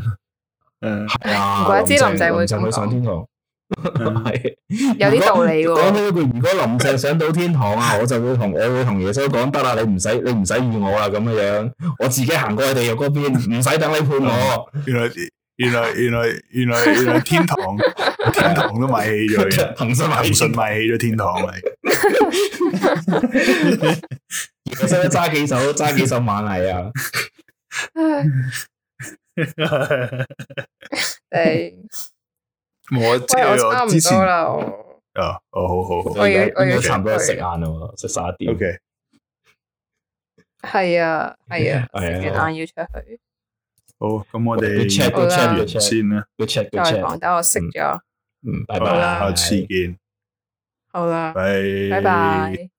嗯，唔怪之林鄭會上天堂。係有啲道理嘅。講起一句，如果林鄭上到天堂啊，我就會同我會同耶穌講，得啦，你唔使你唔使判我啦，咁嘅樣，我自己行過去地獄嗰邊，唔使等你判我。原來原來原來原來原來天堂天堂都買起咗，憑信賣唔信買起咗天堂嚟。而家揸幾手揸幾手馬泥啊！哎，係。我我我之前，啊，好好好好，我差唔多食晏啊，食十一點。O K，係啊係啊，食完晏要出去。好，咁我哋 check 完先啦，check 完再講等我食咗。嗯，拜拜啦，下次見。好啦，拜拜。